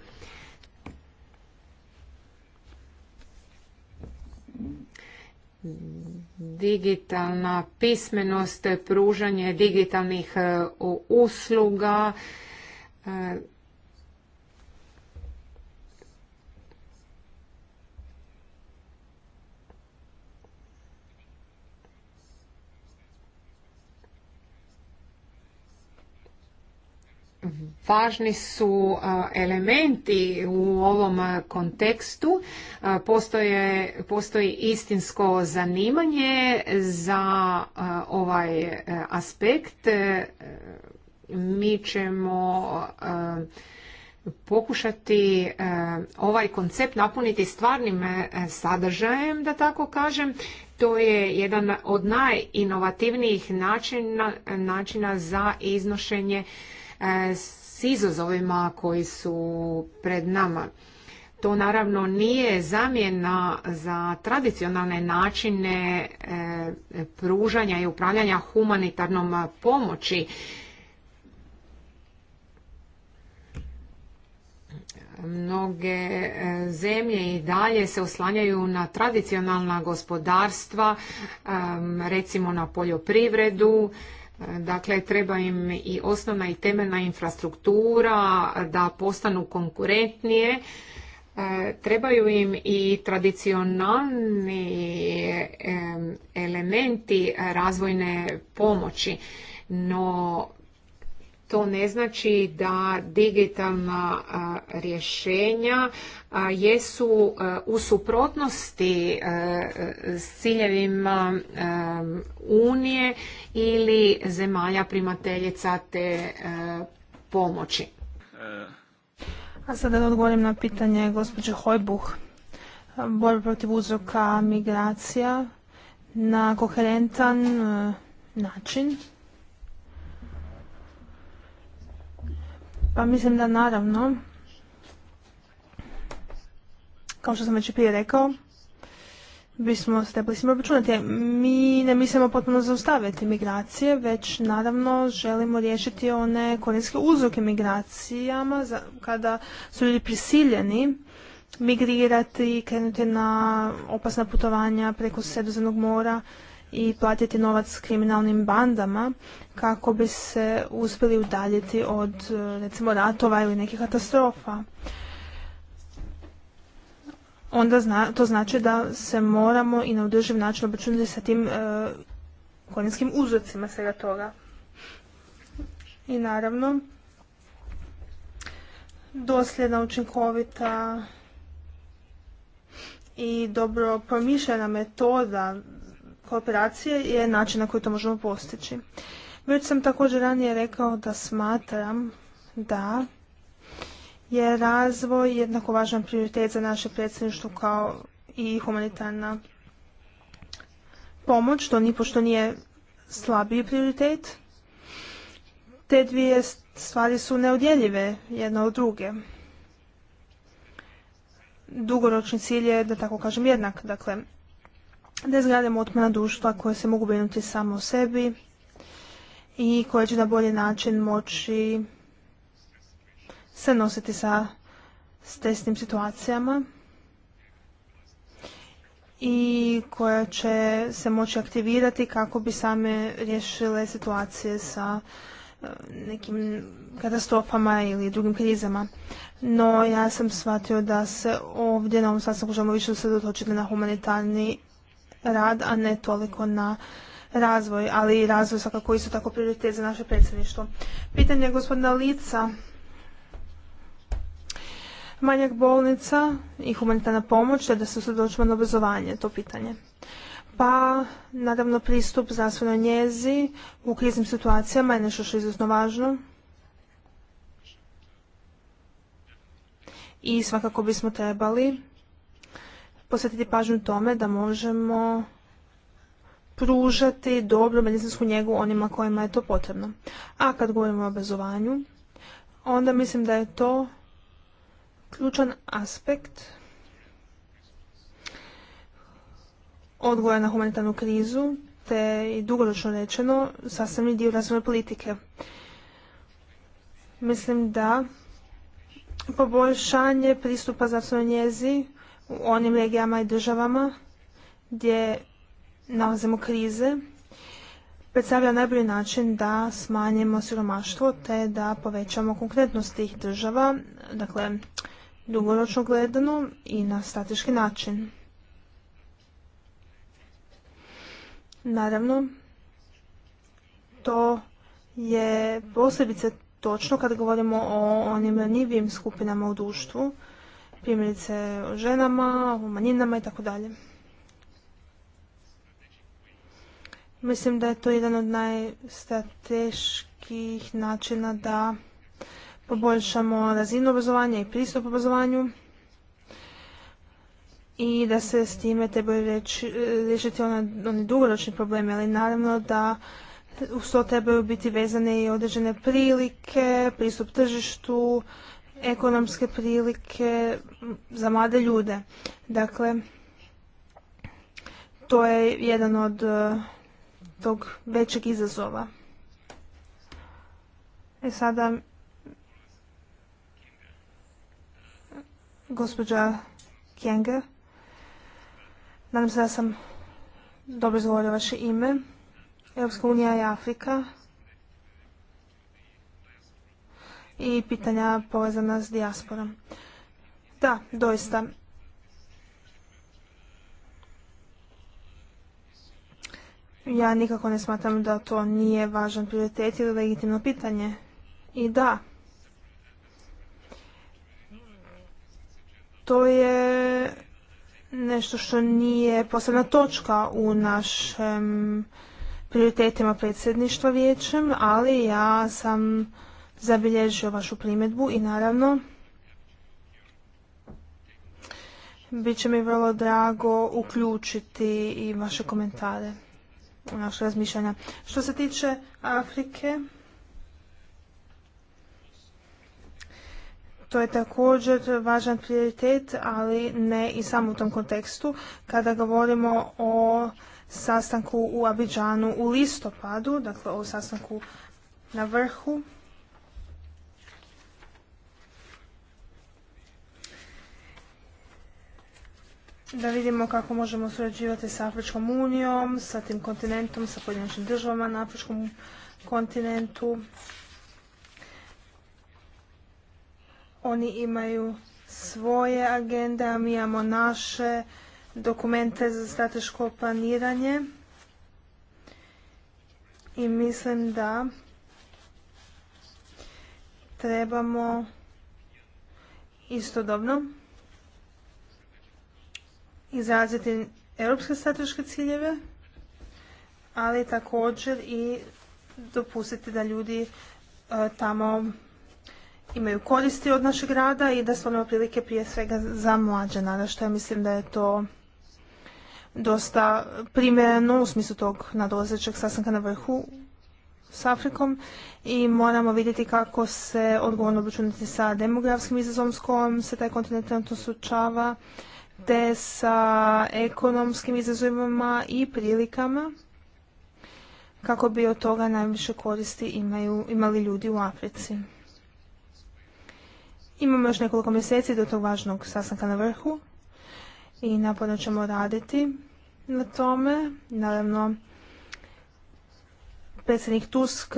Speaker 2: digitalna pismenost, pružanje digitalnih e, usluga, e, Važni su elementi u ovom kontekstu. Postoje, postoji istinsko zanimanje za ovaj aspekt. E, mi ćemo pokušati ovaj koncept napuniti stvarnim e, sadržajem, da tako kažem. To je jedan od najinovativnijih načina, načina za iznošenje e, s izazovima koji su pred nama. To naravno nije zamjena za tradicionalne načine e, pružanja i upravljanja humanitarnom pomoći. mnoge e, zemlje i dalje se oslanjaju na tradicionalna gospodarstva, e, recimo na poljoprivredu, Dakle, treba im i osnovna i temeljna infrastruktura da postanu konkurentnije. E, trebaju im i tradicionalni elementi razvojne pomoći, no to ne znači da digitalna rješenja jesu u suprotnosti s ciljevima Unije ili zemalja primateljica
Speaker 4: te pomoći. A sada da odgovorim na pitanje gospođe Hojbuh. Borba protiv uzroka migracija na koherentan e, način Pa mislim da naravno, kao što sam već prije rekao, bismo trebali svima obračunati. Mi ne mislimo potpuno zaustaviti migracije, već naravno želimo riješiti one korijenske uzroke migracijama kada su ljudi prisiljeni migrirati, krenuti na opasna putovanja preko Sredozemnog mora i platiti novac kriminalnim bandama kako bi se uspjeli udaljiti od e, recimo ratova ili nekih katastrofa. Onda zna, to znači da se moramo i na održiv način obračunati sa tim e, uzrocima svega toga. I naravno, dosljedna, učinkovita i dobro promišljena metoda kooperacije je način na koji to možemo postići. Već sam također ranije rekao da smatram da je razvoj jednako važan prioritet za naše predsjedništvo kao i humanitarna pomoć, to nipošto nije slabiji prioritet. Te dvije stvari su neodjeljive jedna od druge. Dugoročni cilj je, da tako kažem, jednak. Dakle, da izgradimo otmana društva koje se mogu brinuti samo o sebi i koje će na bolji način moći se nositi sa stresnim situacijama i koja će se moći aktivirati kako bi same riješile situacije sa e, nekim katastrofama ili drugim krizama. No ja sam shvatio da se ovdje na ovom sastanku želimo više usredotočiti na humanitarni rad, a ne toliko na razvoj, ali i razvoj svakako isto tako prioritet za naše predsjedništvo. Pitanje gospodina Lica. Manjak bolnica i humanitarna pomoć, te da se usredočimo na obrazovanje, to pitanje. Pa, naravno, pristup zdravstvenoj njezi u kriznim situacijama je nešto što je izuzetno važno. I svakako bismo trebali posvetiti pažnju tome da možemo pružati dobru medicinsku njegu onima kojima je to potrebno. A kad govorimo o obrazovanju, onda mislim da je to ključan aspekt odgoja na humanitarnu krizu, te i dugoročno rečeno sastavni dio razvojne politike. Mislim da poboljšanje pristupa zdravstvenoj njezi u onim regijama i državama gdje nalazimo krize predstavlja najbolji način da smanjimo siromaštvo te da povećamo konkretnost tih država, dakle dugoročno gledano i na strateški način. Naravno, to je posebice točno kad govorimo o onim ranjivijim skupinama u društvu, primjerice o ženama, o manjinama i tako dalje. Mislim da je to jedan od najstrateških načina da poboljšamo razinu obrazovanja i pristup obrazovanju i da se s time trebaju riješiti oni dugoročni problemi, ali naravno da uz to trebaju biti vezane i određene prilike, pristup tržištu, ekonomske prilike za mlade ljude. Dakle, to je jedan od e, tog većeg izazova. E sada gospođa Kjenge. Nadam se da sam dobro izgovorila vaše ime. Europska unija i Afrika i pitanja povezana s dijasporom. Da, doista. Ja nikako ne smatram da to nije važan prioritet ili legitimno pitanje. I da, to je nešto što nije posebna točka u našem prioritetima predsjedništva vijećem, ali ja sam zabilježio vašu primjedbu i naravno bit će mi vrlo drago uključiti i vaše komentare u naše razmišljanja. Što se tiče Afrike, to je također važan prioritet, ali ne i samo u tom kontekstu. Kada govorimo o sastanku u Abidžanu u listopadu, dakle o sastanku na vrhu, da vidimo kako možemo surađivati sa Afričkom unijom, sa tim kontinentom, sa pojedinačnim državama na Afričkom kontinentu. Oni imaju svoje agende, a mi imamo naše dokumente za strateško planiranje. I mislim da trebamo istodobno izraziti europske strateške ciljeve, ali također i dopustiti da ljudi e, tamo imaju koristi od našeg rada i da stvarno prilike prije svega za mlađe ja Mislim da je to dosta primjereno u smislu tog nadolazećeg sastanka na vrhu s Afrikom i moramo vidjeti kako se odgovorno obračunati sa demografskim izazovom s kojom se taj kontinent trenutno sučava te sa ekonomskim izazovima i prilikama kako bi od toga najviše koristi imaju, imali ljudi u Africi. Imamo još nekoliko mjeseci do tog važnog sastanka na vrhu i naporno ćemo raditi na tome. Naravno, predsjednik Tusk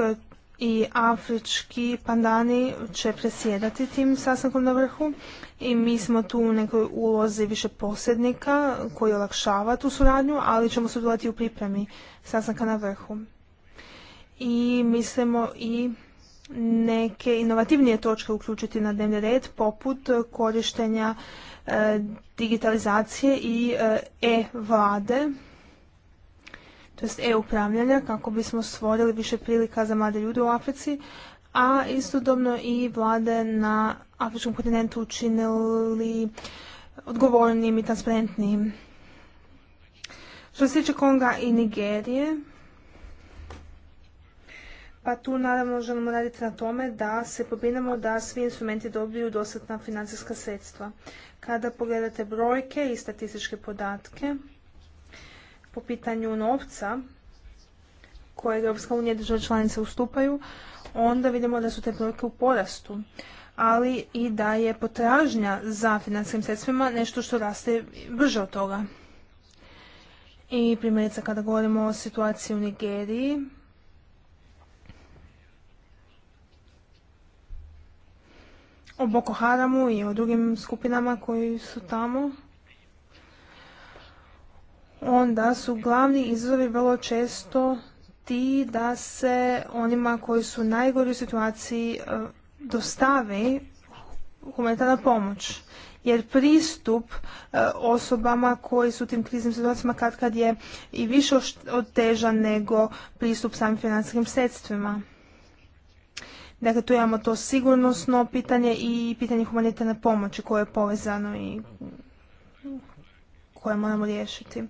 Speaker 4: i afrički pandani će presjedati tim sastankom na vrhu i mi smo tu u nekoj ulozi više posrednika koji olakšava tu suradnju, ali ćemo sudjelovati u pripremi sastanka na vrhu. I mislimo i neke inovativnije točke uključiti na dnevni red poput korištenja e, digitalizacije i e, e-vlade to jest e-upravljanja, kako bismo stvorili više prilika za mlade ljude u Africi, a istodobno i vlade na Afričkom kontinentu učinili odgovornim i transparentnijim. Što se tiče Konga i Nigerije, pa tu naravno želimo raditi na tome da se pobrinemo da svi instrumenti dobiju dostatna financijska sredstva. Kada pogledate brojke i statističke podatke, po pitanju novca koje Europska unija i države članice ustupaju, onda vidimo da su te brojke u porastu ali i da je potražnja za financijskim sredstvima nešto što raste brže od toga. I primjerice kada govorimo o situaciji u Nigeriji, o Boko Haramu i o drugim skupinama koji su tamo, onda su glavni izazovi vrlo često ti da se onima koji su u u situaciji e, dostavi humanitarna pomoć. Jer pristup e, osobama koji su u tim kriznim situacijama kad kad je i više otežan nego pristup samim financijskim sredstvima. Dakle, tu imamo to sigurnosno pitanje i pitanje humanitarne pomoći koje je povezano i koje moramo riješiti.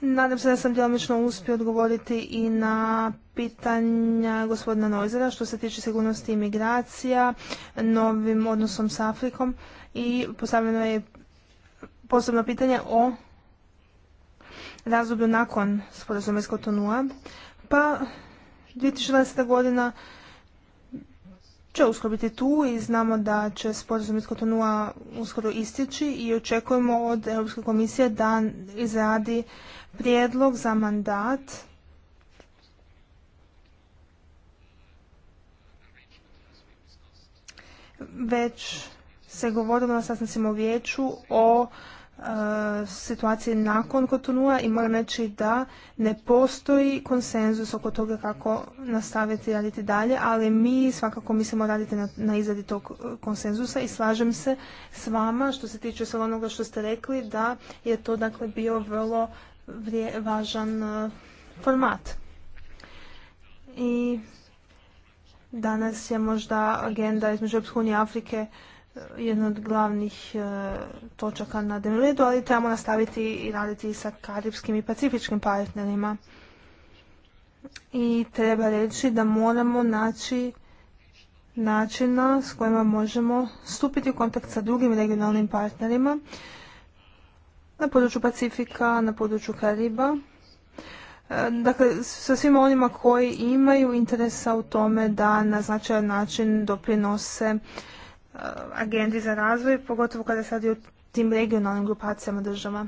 Speaker 4: Nadam se da sam djelomično uspio odgovoriti i na pitanja gospodina Noizera što se tiče sigurnosti imigracija, novim odnosom s Afrikom i postavljeno je posebno pitanje o razdoblju nakon sporazuma iz Pa 2020. godina će uskoro biti tu i znamo da će sporazum iz Kotonua uskoro istići i očekujemo od Europske komisije da izradi prijedlog za mandat već se govorilo na sastancima u vijeću o E, situacije nakon Kotonua i moram reći da ne postoji konsenzus oko toga kako nastaviti raditi dalje, ali mi svakako mislimo raditi na, izradi tog e, konsenzusa i slažem se s vama što se tiče sve onoga što ste rekli da je to dakle bio vrlo važan e, format. I danas je možda agenda između EU i Afrike jedna od glavnih e, točaka na dnevnom redu, ali trebamo nastaviti i raditi sa karibskim i pacifičkim partnerima. I treba reći da moramo naći načina s kojima možemo stupiti u kontakt sa drugim regionalnim partnerima na području Pacifika, na području Kariba. E, dakle, sa svima onima koji imaju interesa u tome da na značajan način doprinose agendi za razvoj, pogotovo kada sad radi u tim regionalnim grupacijama država.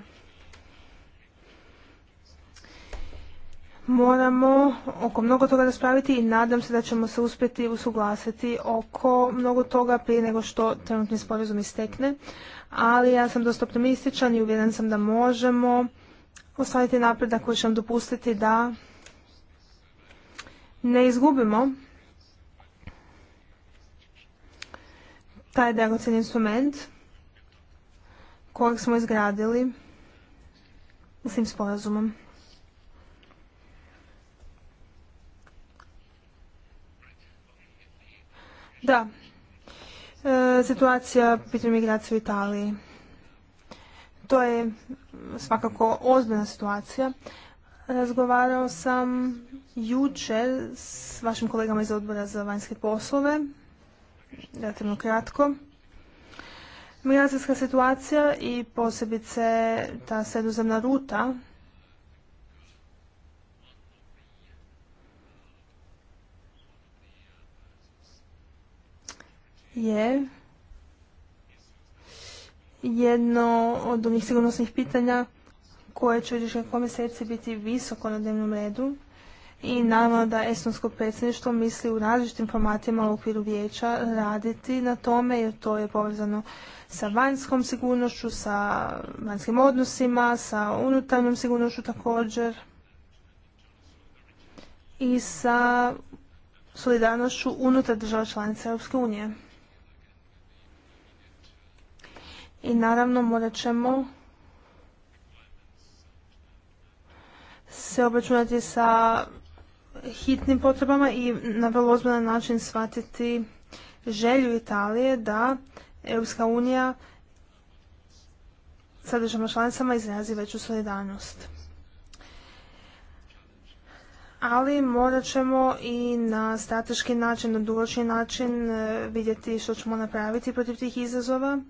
Speaker 4: Moramo oko mnogo toga raspraviti i nadam se da ćemo se uspjeti usuglasiti oko mnogo toga prije nego što trenutni sporazum istekne, ali ja sam dosta optimističan i uvjeren sam da možemo ostaviti napredak koji će nam dopustiti da ne izgubimo taj dragocen instrument kojeg smo izgradili s tim sporazumom. Da, e, situacija pitanju migracije u Italiji. To je svakako ozbiljna situacija. Razgovarao sam jučer s vašim kolegama iz odbora za vanjske poslove relativno kratko. Migracijska situacija i posebice ta sredozemna ruta je jedno od onih sigurnosnih pitanja koje će u idućih mjeseci biti visoko na dnevnom redu i naravno da estonsko predsjedništvo misli u različitim formatima u okviru vijeća raditi na tome jer to je povezano sa vanjskom sigurnošću, sa vanjskim odnosima, sa unutarnjom sigurnošću također i sa solidarnošću unutar država članica Europske unije. I naravno morat ćemo se obračunati sa hitnim potrebama i na vrlo ozbiljan način shvatiti želju Italije da Europska unija sa državama članicama izrazi veću solidarnost. Ali morat ćemo i na strateški način, na dugoročni način eh, vidjeti što ćemo napraviti protiv tih izazova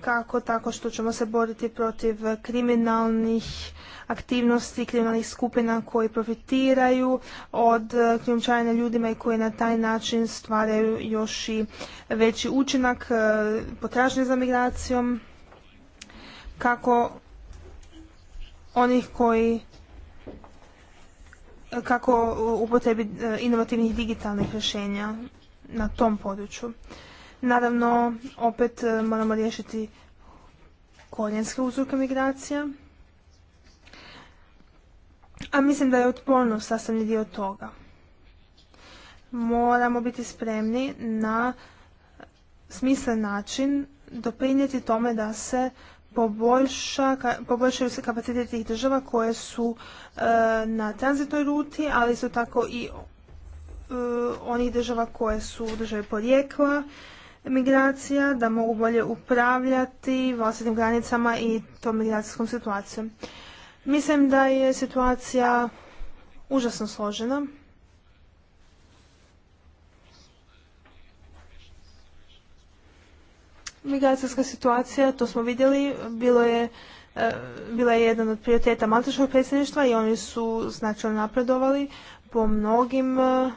Speaker 4: kako tako što ćemo se boriti protiv kriminalnih aktivnosti, kriminalnih skupina koji profitiraju od krijumčarenja ljudima i koji na taj način stvaraju još i veći učinak e, potražnje za migracijom, kako onih koji kako upotrebi e, inovativnih digitalnih rješenja na tom području. Naravno, opet e, moramo riješiti korijenske uzroke migracija. A mislim da je otpornost sastavni dio toga. Moramo biti spremni na smislen način doprinijeti tome da se poboljšaju se kapaciteti tih država koje su e, na tranzitnoj ruti, ali su tako i e, onih država koje su u državi porijekla migracija, da mogu bolje upravljati vlastitim granicama i tom migracijskom situacijom. Mislim da je situacija užasno složena. Migracijska situacija, to smo vidjeli, bilo je e, bila je jedan od prioriteta Malteškog predsjedništva i oni su značajno napredovali po mnogim e,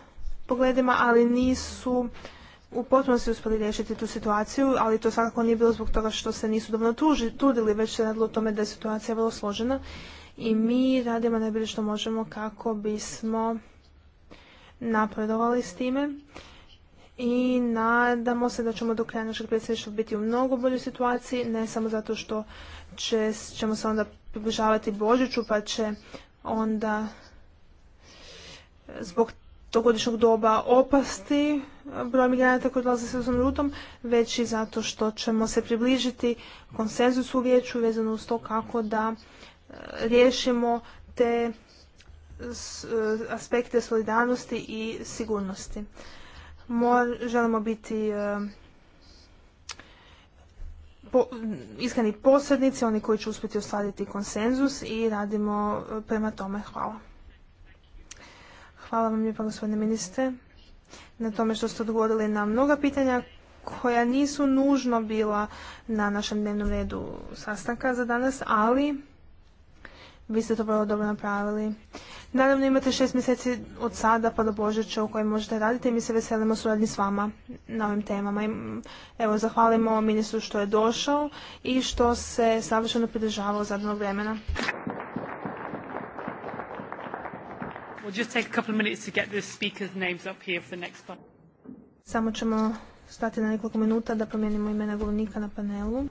Speaker 4: pogledima, ali nisu u potpunosti uspjeli riješiti tu situaciju, ali to svakako nije bilo zbog toga što se nisu dobro trudili, već se radilo o tome da je situacija vrlo složena i mi radimo najbolje što možemo kako bismo napredovali s time i nadamo se da ćemo do kraja našeg predsjedništva biti u mnogo boljoj situaciji, ne samo zato što ćemo se onda približavati Božiću pa će onda zbog togodišnjeg doba opasti broj migranata koji dolaze sezom rutom, već i zato što ćemo se približiti konsenzusu u vijeću vezano uz to kako da e, riješimo te e, aspekte solidarnosti i sigurnosti. želimo biti e, iskreni posrednici, oni koji će uspjeti ostvariti konsenzus i radimo prema tome. Hvala. Hvala vam lijepa gospodine ministre na tome što ste odgovorili na mnoga pitanja koja nisu nužno bila na našem dnevnom redu sastanka za danas, ali vi ste to vrlo dobro napravili. Naravno imate šest mjeseci od sada pa do Božića u kojem možete raditi i mi se veselimo suradnji s vama na ovim temama. evo, zahvalimo ministru što je došao i što se savršeno pridržavao zadnog vremena.
Speaker 3: We'll just take a couple of minutes to get the speakers' names up here for the next
Speaker 4: one. Samo ćemo stati na nekoliko minuta da promijenimo imena govornika na panelu.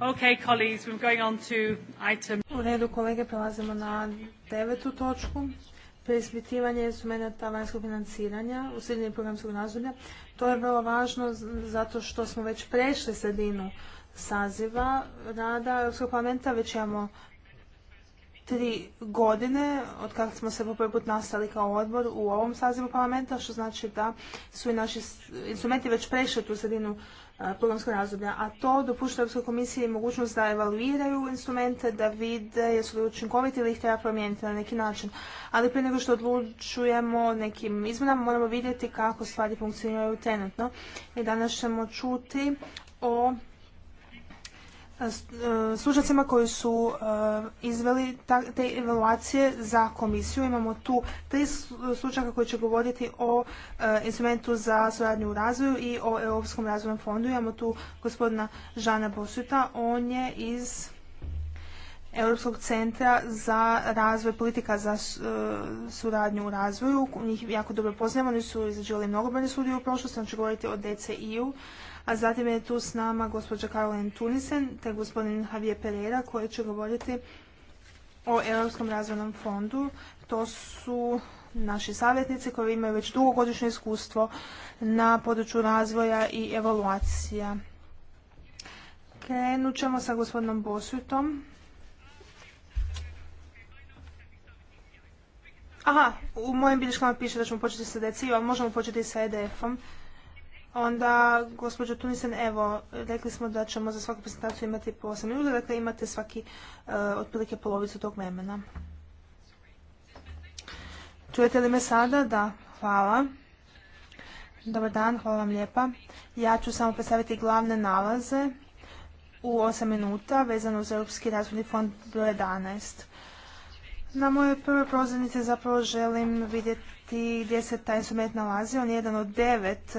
Speaker 4: Okay, colleagues, we're going on to item... U redu kolege prelazimo na devetu točku. Preispitivanje instrumenta vanjskog financiranja u sredini programskog razdoblja. To je vrlo važno zato što smo već prešli sredinu saziva rada Europskog parlamenta, već imamo tri godine od kada smo se po prvi put nastali kao odbor u ovom sazivu parlamenta, što znači da su i naši instrumenti već prešli tu sredinu e, programskog razdoblja, a to dopušta Europskoj komisiji mogućnost da evaluiraju instrumente, da vide jesu li učinkoviti ili ih treba promijeniti na neki način. Ali prije nego što odlučujemo nekim izmjenama moramo vidjeti kako stvari funkcioniraju trenutno. I danas ćemo čuti o služacima e, koji su e, izveli te evaluacije za komisiju. Imamo tu tri slučaka koji će govoriti o e, instrumentu za suradnju u razvoju i o Europskom razvojnom fondu. Imamo tu gospodina Žana Bosuta, on je iz Europskog centra za razvoj politika za e, suradnju u razvoju. Njih jako dobro poznajemo, oni su izrađivali mnogobrojne studije u prošlosti, on će govoriti o DCI-u. A zatim je tu s nama gospođa Karolin Tunisen te gospodin Javier Pereira koji će govoriti o Europskom razvojnom fondu. To su naši savjetnici koji imaju već dugogodišnje iskustvo na području razvoja i evaluacija. Krenut ćemo sa gospodinom Bosutom Aha, u mojim bilješkama piše da ćemo početi sa DCI, ali možemo početi sa EDF-om. Onda, gospođo Tunisen, evo, rekli smo da ćemo za svaku prezentaciju imati po 8 minuta, dakle imate svaki eh, otprilike polovicu tog vremena. Čujete li me sada? Da, hvala. Dobar dan, hvala vam lijepa. Ja ću samo predstaviti glavne nalaze u 8 minuta vezano uz Europski razvojni fond broj 11. Na mojoj prvoj prozirnici zapravo želim vidjeti gdje se taj instrument nalazi. On je jedan od devet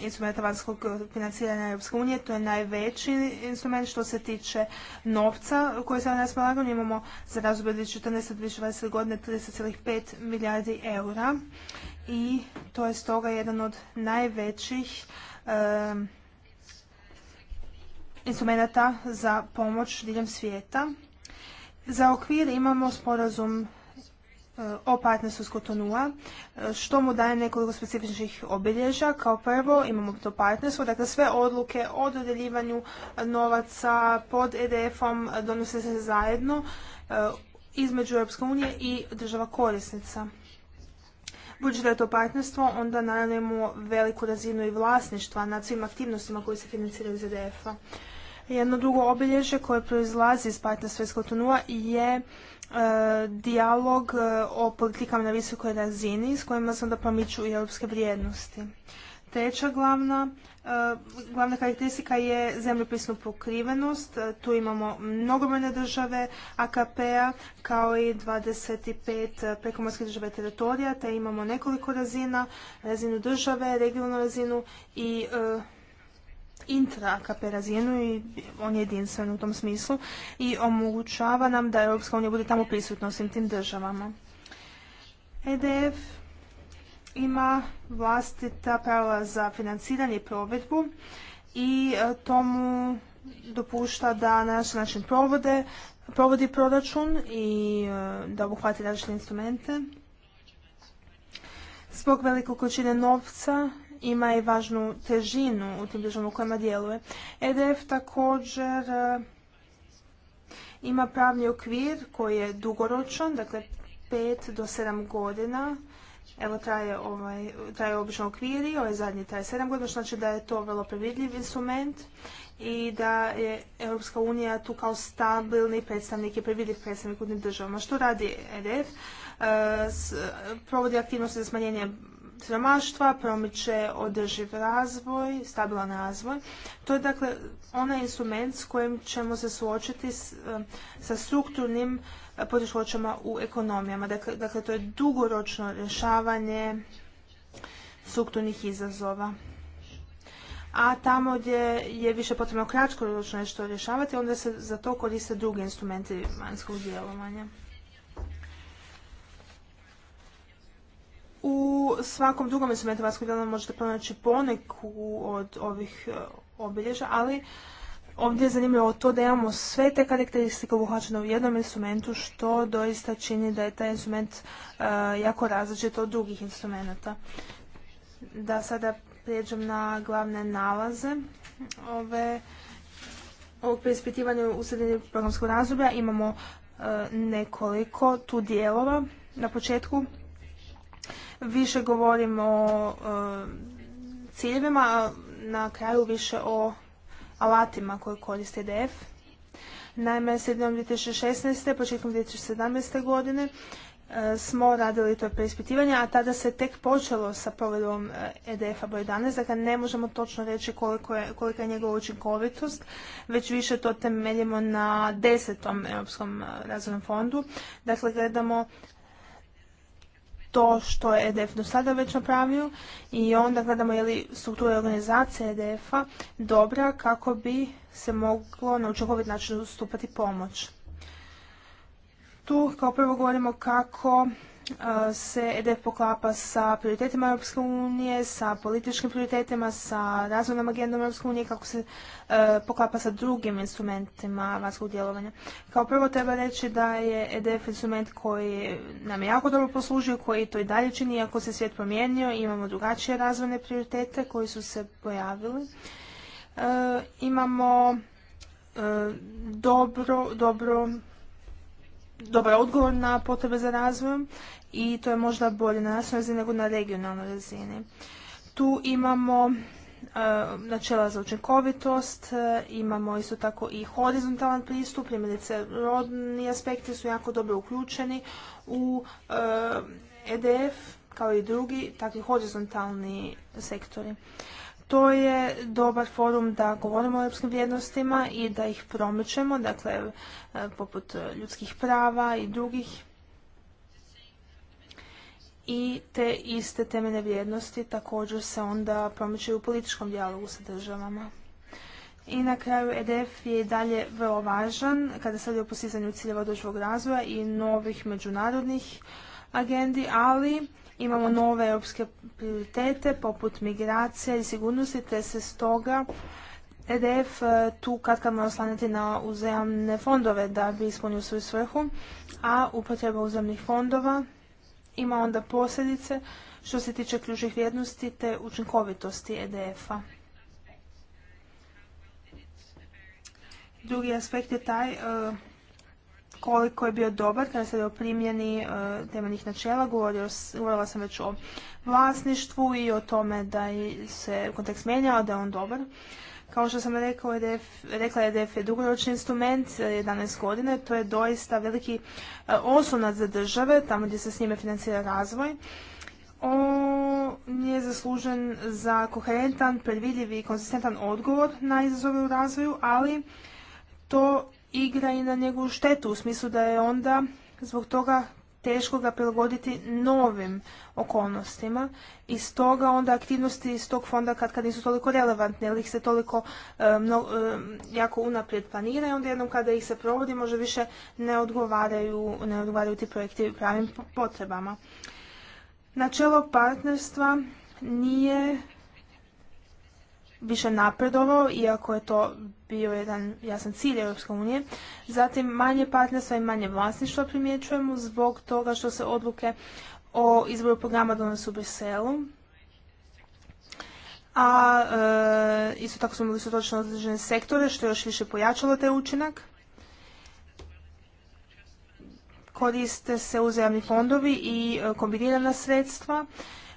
Speaker 4: instrumenta vanjskog financiranja Europske unije. To je najveći instrument što se tiče novca koji se na raspolaganju. Imamo za razdoblje 2014-2020 godine 30,5 milijardi eura i to je stoga jedan od najvećih instrumenta za pomoć diljem svijeta za okvir imamo sporazum e, o partnerstvu s Kotonua, e, što mu daje nekoliko specifičnih obilježja. Kao prvo imamo to partnerstvo, dakle sve odluke o dodeljivanju novaca pod EDF-om donose se zajedno e, između Europske unije i država korisnica. Budući da je to partnerstvo, onda naravno imamo veliku razinu i vlasništva nad svim aktivnostima koje se financiraju iz EDF-a. Jedno drugo obilježje koje proizlazi iz partnerstva svjetskog je e, dijalog e, o politikama na visokoj razini s kojima se onda promiču i europske vrijednosti. Treća glavna, e, glavna karakteristika je zemljopisnu pokrivenost. Tu imamo mnogobrojne države AKP-a kao i 25 prekomorskih države teritorija, te imamo nekoliko razina, razinu države, regionalnu razinu i intra razinu i on je jedinstven u tom smislu i omogućava nam da Europska unija bude tamo prisutna u svim tim državama. EDF ima vlastita pravila za financiranje i provedbu i e, tomu dopušta da na naš način provode, provodi proračun i e, da obuhvati različite instrumente. Zbog velike količine novca ima i važnu težinu u tim državama u kojima djeluje. EDF također eh, ima pravni okvir koji je dugoročan, dakle 5 do 7 godina. Evo traje, ovaj, traje obično okviri, ovaj zadnji traje sedam godina, što znači da je to vrlo previdljiv instrument i da je Europska unija tu kao stabilni predstavnik i previdljiv predstavnik u tim državama. Što radi EDF? Eh, provodi aktivnosti za smanjenje siromaštva, promiče održiv razvoj, stabilan razvoj. To je dakle onaj instrument s kojim ćemo se suočiti eh, sa strukturnim eh, poteškoćama u ekonomijama. Dakle, dakle, to je dugoročno rješavanje strukturnih izazova. A tamo gdje je više potrebno kratkoročno nešto rješavati, onda se za to koriste drugi instrumenti vanjskog djelovanja. U svakom drugom instrumentu vaskularnog možete pronaći poneku od ovih e, obilježa, ali ovdje je zanimljivo to da imamo sve te karakteristike obuhvaćene u jednom instrumentu, što doista čini da je taj instrument e, jako različit od drugih instrumenta. Da sada prijeđem na glavne nalaze ove ovog preispitivanja u sredini programskog razdoblja imamo e, nekoliko tu dijelova na početku više govorim o e, ciljevima, na kraju više o alatima koje koriste e df Naime, sredinom 2016. početkom 2017. godine e, smo radili to preispitivanje, a tada se tek počelo sa provedbom EDF-a 11, dakle ne možemo točno reći koliko je, kolika je njegova učinkovitost, već više to temeljimo na desetom Europskom razvojnom fondu. Dakle, gledamo to što je EDF do sada već napravio i onda gledamo je li struktura organizacije EDF-a dobra kako bi se moglo na učinkovit način ustupati pomoć. Tu kao prvo govorimo kako se EDF poklapa sa prioritetima Europske unije, sa političkim prioritetima, sa razvojnom agendom Europske unije, kako se e, poklapa sa drugim instrumentima vanjskog djelovanja. Kao prvo treba reći da je EDF instrument koji nam je jako dobro poslužio, koji to i dalje čini, iako se svijet promijenio, imamo drugačije razvojne prioritete koji su se pojavili. E, imamo e, dobro, dobro dobar odgovor na potrebe za razvojem i to je možda bolje na nacionalnoj razini nego na regionalnoj razini. Tu imamo e, načela za učinkovitost, e, imamo isto tako i horizontalan pristup, primjerice rodni aspekti su jako dobro uključeni u EDF e kao i drugi takvi horizontalni sektori to je dobar forum da govorimo o europskim vrijednostima i da ih promičemo, dakle, e, poput ljudskih prava i drugih. I te iste temeljne vrijednosti također se onda promiče u političkom dijalogu sa državama. I na kraju EDF je i dalje vrlo važan kada se radi o postizanju ciljeva održivog razvoja i novih međunarodnih agendi, ali Imamo nove europske prioritete poput migracija i sigurnosti, te se stoga EDF e, tu kad kad mora oslanjati na uzajamne fondove da bi ispunio svoju svrhu, a upotreba uzemnih fondova ima onda posljedice što se tiče ključnih vrijednosti te učinkovitosti EDF-a. Drugi aspekt je taj e, koliko je bio dobar kada se o primjeni e, temeljnih načela. govorila sam već o vlasništvu i o tome da se kontekst mijenjao, da je on dobar. Kao što sam e rekla, rekla EDF je dugoročni instrument, 11 e, godine, to je doista veliki osunac za države, tamo gdje se s njime financira razvoj. On je zaslužen za koherentan, predvidljiv i konsistentan odgovor na izazove u razvoju, ali to igra i na njegovu štetu, u smislu da je onda zbog toga teško ga prilagoditi novim okolnostima i stoga onda aktivnosti iz tog fonda kad kad nisu toliko relevantne ili ih se toliko e, e, jako unaprijed planira i onda jednom kada ih se provodi možda više ne odgovaraju, ne odgovaraju ti projekti pravim potrebama. Načelo partnerstva nije više napredovao, iako je to bio jedan jasan cilj Europske unije. Zatim manje partnerstva i manje vlasništva primjećujemo zbog toga što se odluke o izboru programa donose u Briselu. A e, isto tako smo imali su točno određene sektore što je još više pojačalo taj učinak. Koriste se uzajamni fondovi i e, kombinirana sredstva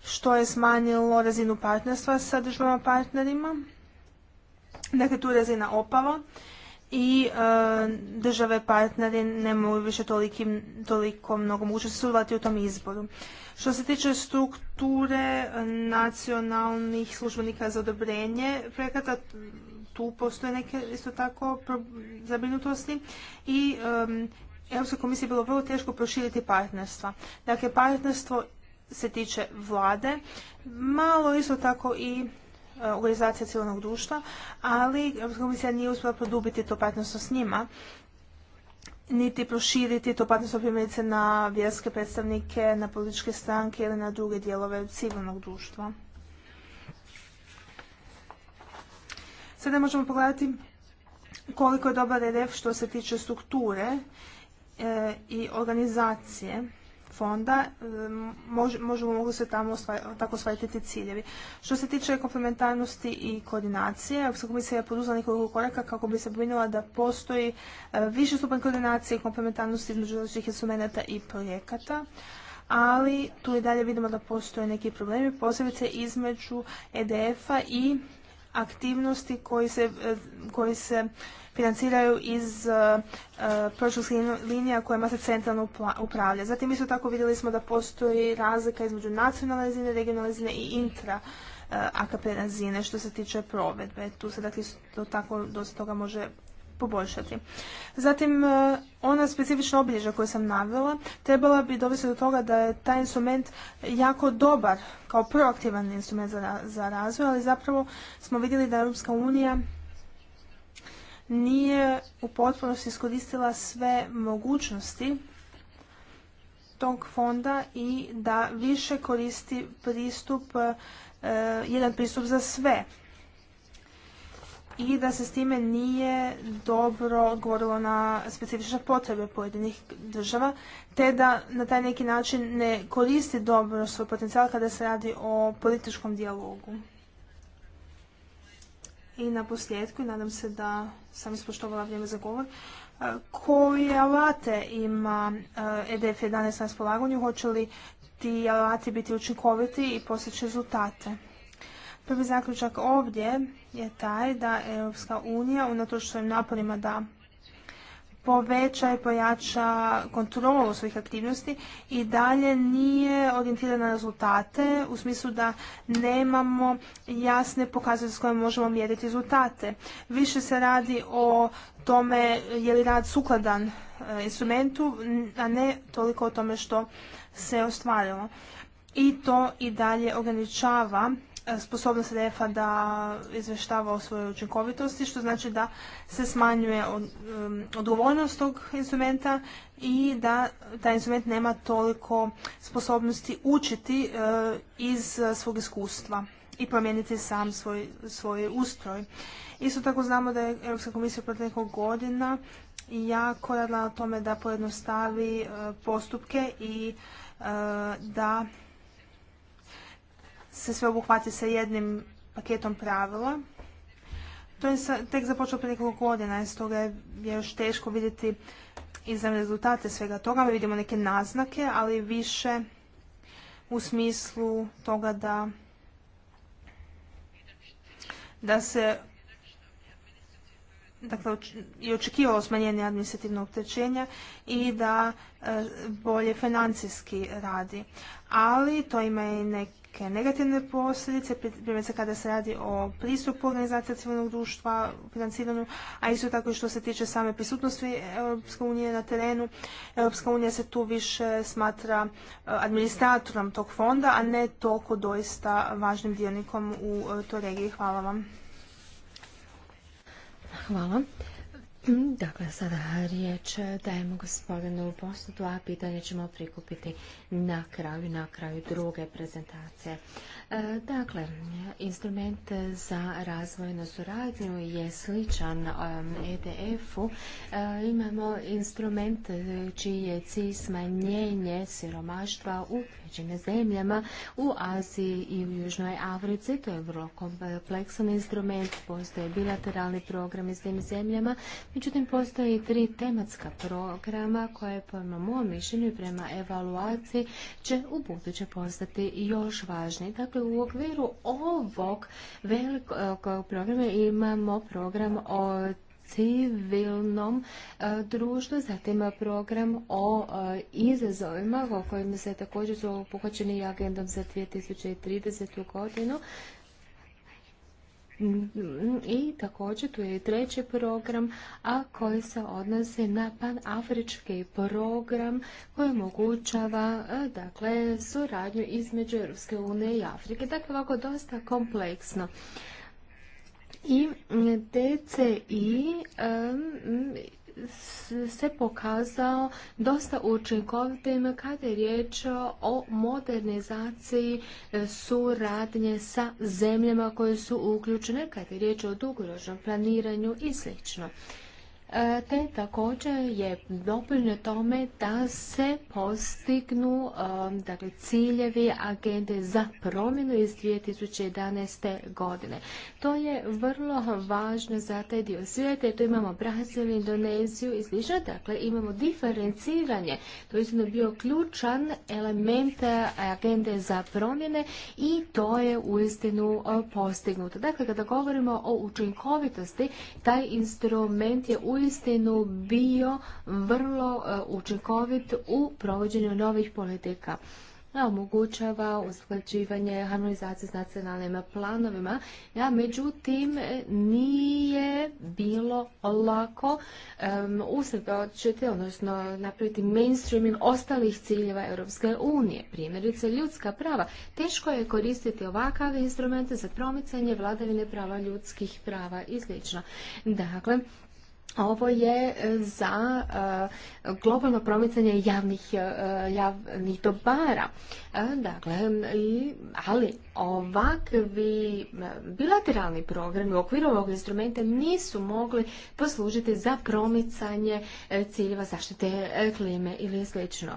Speaker 4: što je smanjilo razinu partnerstva sa državama partnerima. Dakle, tu je razina opala i e, države partneri nemaju više toliko mnogo mogućnosti sudjelovati u tom izboru. Što se tiče strukture e, nacionalnih službenika za odobrenje projekata, tu postoje neke isto tako zabrinutosti i e, Europskoj komisiji je bilo vrlo teško proširiti partnerstva. Dakle, partnerstvo se tiče vlade, malo isto tako i e, organizacija civilnog društva, ali Europska komisija nije uspjela produbiti to partnerstvo s njima, niti proširiti to partnerstvo primjerice na vjerske predstavnike, na političke stranke ili na druge dijelove civilnog društva. Sada možemo pogledati koliko je dobar RF što se tiče strukture e, i organizacije fonda e, možemo mogu se tamo tako osvajati ti ciljevi. Što se tiče komplementarnosti i koordinacije, Europska komisija je poduzela nekoliko koraka kako bi se brinula da postoji e, više stupanj koordinacije i komplementarnosti između različitih instrumenta i projekata ali tu i dalje vidimo da postoje neki problemi, posebice između EDF-a i aktivnosti koji se, e, koji se financiraju iz uh, uh, proračunskih linija kojima se centralno upravlja. Zatim isto tako vidjeli smo da postoji razlika između nacionalne zine, regionalne razine i intra uh, AKP razine što se tiče provedbe. Tu se dakle isto tako dosta toga može poboljšati. Zatim, ona specifična obilježja koju sam navela trebala bi dovesti do toga da je taj instrument jako dobar kao proaktivan instrument za, za razvoj, ali zapravo smo vidjeli da Europska unija nije u potpunosti iskoristila sve mogućnosti tog fonda i da više koristi pristup, e, jedan pristup za sve i da se s time nije dobro odgovorilo na specifične potrebe pojedinih država, te da na taj neki način ne koristi dobro svoj potencijal kada se radi o političkom dijalogu. I na posljedku, i nadam se da sam ispoštovala vrijeme za govor, e, koje alate ima e, e EDF 11 na raspolaganju, hoće li ti alati biti učinkoviti i postići rezultate. Prvi zaključak ovdje je taj da Europska unija, unatoč svojim naporima da poveća i pojača kontrolu svojih aktivnosti i dalje nije orijentirana na rezultate u smislu da nemamo jasne pokazatelje s kojima možemo mjeriti rezultate. Više se radi o tome je li rad sukladan e, instrumentu, a ne toliko o tome što se ostvarilo. I to i dalje ograničava sposobnost EDF-a da izvještava o svojoj učinkovitosti, što znači da se smanjuje um, odgovornost tog instrumenta i da taj instrument nema toliko sposobnosti učiti uh, iz svog iskustva i promijeniti sam svoj, ustroj. Isto tako znamo da je Europska komisija protiv nekog godina jako radila na tome da pojednostavi uh, postupke i uh, da se sve obuhvati sa jednim paketom pravila. To je tek započelo prije nekoliko godina i toga je još teško vidjeti izdan rezultate svega toga. Mi vidimo neke naznake, ali više u smislu toga da da se dakle, i očekivalo smanjenje administrativnog opterećenja i da e, bolje financijski radi. Ali to ima i nek, neke negativne posljedice, primjerice kada se radi o pristupu organizacije civilnog društva, financiranju, a isto tako i što se tiče same prisutnosti Europske unije na terenu. Europska unija se tu više smatra eh, administratorom tog fonda, a ne toliko doista važnim dionikom u eh, toj regiji. Hvala vam.
Speaker 1: Hvala. Mm, dakle, sada riječ dajemo gospodinu posudu a pitanje ćemo prikupiti na kraju, na kraju druge prezentacije. E, dakle, instrument za razvojnu suradnju je sličan um, EDF-u. E, imamo instrument čiji je cilj smanjenje siromaštva u zemljama u Aziji i u Južnoj Africi. To je vrlo kompleksan instrument. Postoje bilateralni programi s tim zemljama. Međutim, postoje i tri tematska programa koje prema mom mišljenju prema evaluaciji će u buduće postati još važniji. Dakle, u okviru ovog velikog programa imamo program o civilnom e, društvu, zatim program o e, izazovima o kojim se također su obuhvaćeni agendom za 2030. godinu, i također tu je i treći program, a koji se odnosi na panafrički program koji omogućava e, dakle, suradnju između Europske unije i Afrike. Dakle, dosta kompleksno. I DCI e, se pokazao dosta učinkovitim kada je riječ o modernizaciji e, suradnje sa zemljama koje su uključene, kada je riječ o dugoročnom planiranju i slično. E, te također je doprinio tome da se postignu e, dakle, ciljevi agende za promjenu iz 2011. godine. To je vrlo važno za taj dio svijeta. Tu imamo Brazil, Indoneziju i slično. Dakle, imamo diferenciranje. To je bio ključan element e, agende za promjene i to je uistinu postignuto. Dakle, kada govorimo o učinkovitosti, taj instrument je uistinu uistinu bio vrlo e, učinkovit u provođenju novih politika omogućava usklađivanje harmonizacije s nacionalnim planovima, a međutim e, nije bilo lako um, odnosno napraviti mainstreaming ostalih ciljeva Europske unije, primjerice ljudska prava. Teško je koristiti ovakav instrumente za promicanje vladavine prava ljudskih prava i sl. Dakle, ovo je e, za e, globalno promicanje javnih, e, javnih dobara. Dakle, ali ovakvi bilateralni programi u okviru ovog instrumenta nisu mogli poslužiti za promicanje e, ciljeva zaštite e, klime ili slično.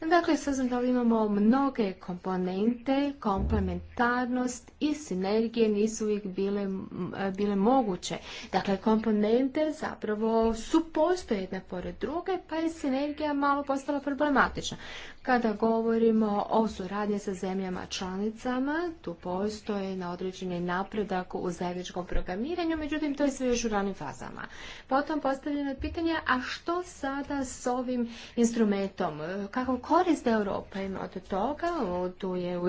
Speaker 1: Dakle, s obzirom da imamo mnoge komponente, komplementarnost i sinergije nisu uvijek bile, e, bile moguće. Dakle, komponente zapravo su postoje jedna pored druge, pa je sinergija malo postala problematična. Kada govorimo o suradnji sa zemljama članicama, tu postoji na određeni napredak u zajedničkom programiranju, međutim to je sve još u ranim fazama. Potom postavljeno pitanje, a što sada s ovim instrumentom? Kako korist Europa ima od toga? Tu je u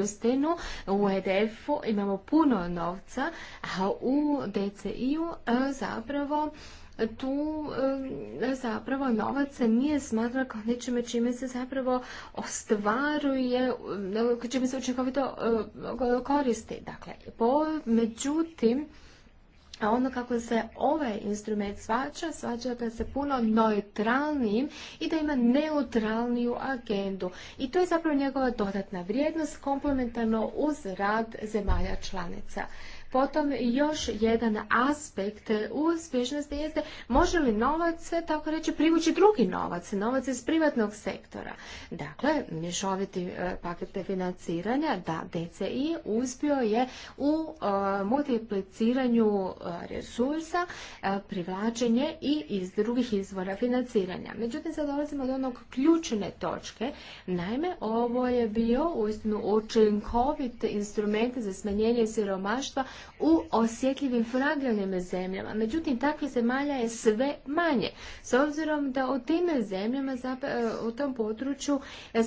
Speaker 1: u e EDF-u imamo puno novca, a u DCI-u e, zapravo tu e, zapravo novac nije smatrao kao nečime čime se zapravo ostvaruje, e, čime se učinkovito e, koristi. Dakle, po, međutim, a ono kako se ovaj instrument svača, svača da se puno neutralnijim i da ima neutralniju agendu. I to je zapravo njegova dodatna vrijednost komplementarno uz rad zemalja članica. Potom još jedan aspekt uspješnosti jeste može li novac, e, tako reći, privući drugi novac, novac iz privatnog sektora. Dakle, mješoviti e, pakete financiranja, da, DCI uspio je u e, multipliciranju resursa, privlačenje i iz drugih izvora financiranja. Međutim, sad dolazimo do onog ključne točke. Naime, ovo je bio uistinu učinkovit instrument za smanjenje siromaštva u osjetljivim fragilnim zemljama. Međutim, takve zemalja je sve manje. S obzirom da u tim zemljama, e, u tom području,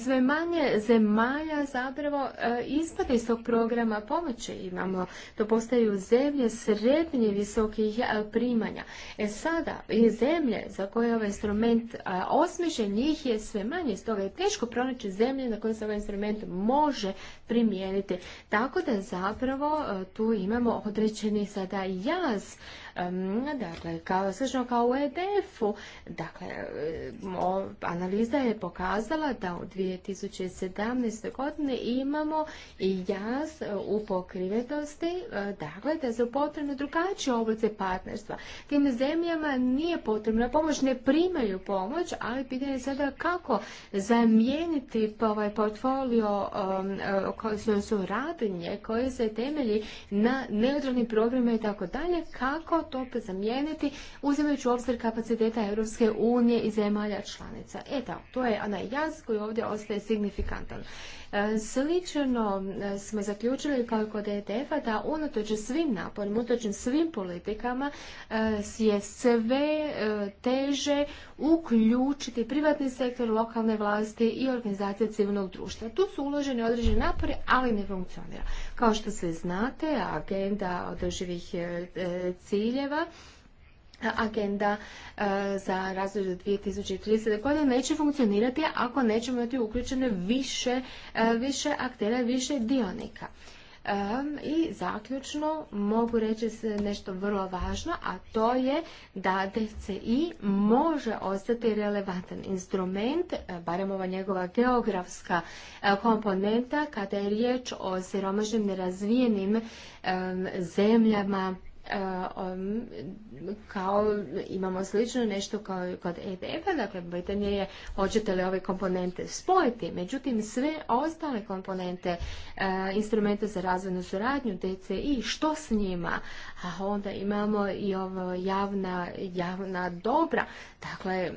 Speaker 1: sve manje zemalja zapravo ispade iz tog programa pomoći imamo. To postaju zemlje srednje visokih e, primanja. E sada, i zemlje za koje ovaj instrument e, osmišljen, njih je sve manje. Stoga je teško pronaći zemlje na koje se ovaj instrument može primijeniti. Tako da zapravo tu ima imamo određeni sada jaz Dakle, kao, slično kao u EDF-u, dakle, analiza je pokazala da u 2017. godine imamo i jaz e, u pokrivetosti e, dakle, da su potrebne drugačije oblice partnerstva. Tim zemljama nije potrebna pomoć, ne primaju pomoć, ali pitanje je sada kako zamijeniti ovaj portfolio um, e, suradnje koje se temelji na neutralnim programima i tako dalje, kako to zamijeniti uzimajući u obzir kapaciteta Europske unije i zemalja članica? Eto, to je onaj jaz koji ovdje ostaje signifikantan. Slično e, smo zaključili kao i kod EDF-a da unatoč svim naporima, unatoč svim politikama e, je sve e, teže uključiti privatni sektor, lokalne vlasti i organizacije civilnog društva. Tu su uloženi određeni napori, ali ne funkcionira. Kao što se znate, agenda održivih ciljeva agenda e, za razdoblje do 2030. godine neće funkcionirati ako nećemo imati uključene više, e, više aktera, više dionika. E, I zaključno mogu reći nešto vrlo važno, a to je da DCI može ostati relevantan instrument, barem ova njegova geografska komponenta, kada je riječ o siromašnim nerazvijenim zemljama, E, um, kao imamo slično nešto kao kod edf a dakle pitanje je hoćete li ove komponente spojiti, međutim sve ostale komponente e, instrumente za razvojnu suradnju DCI, što s njima? A onda imamo i ovo javna, javna dobra, dakle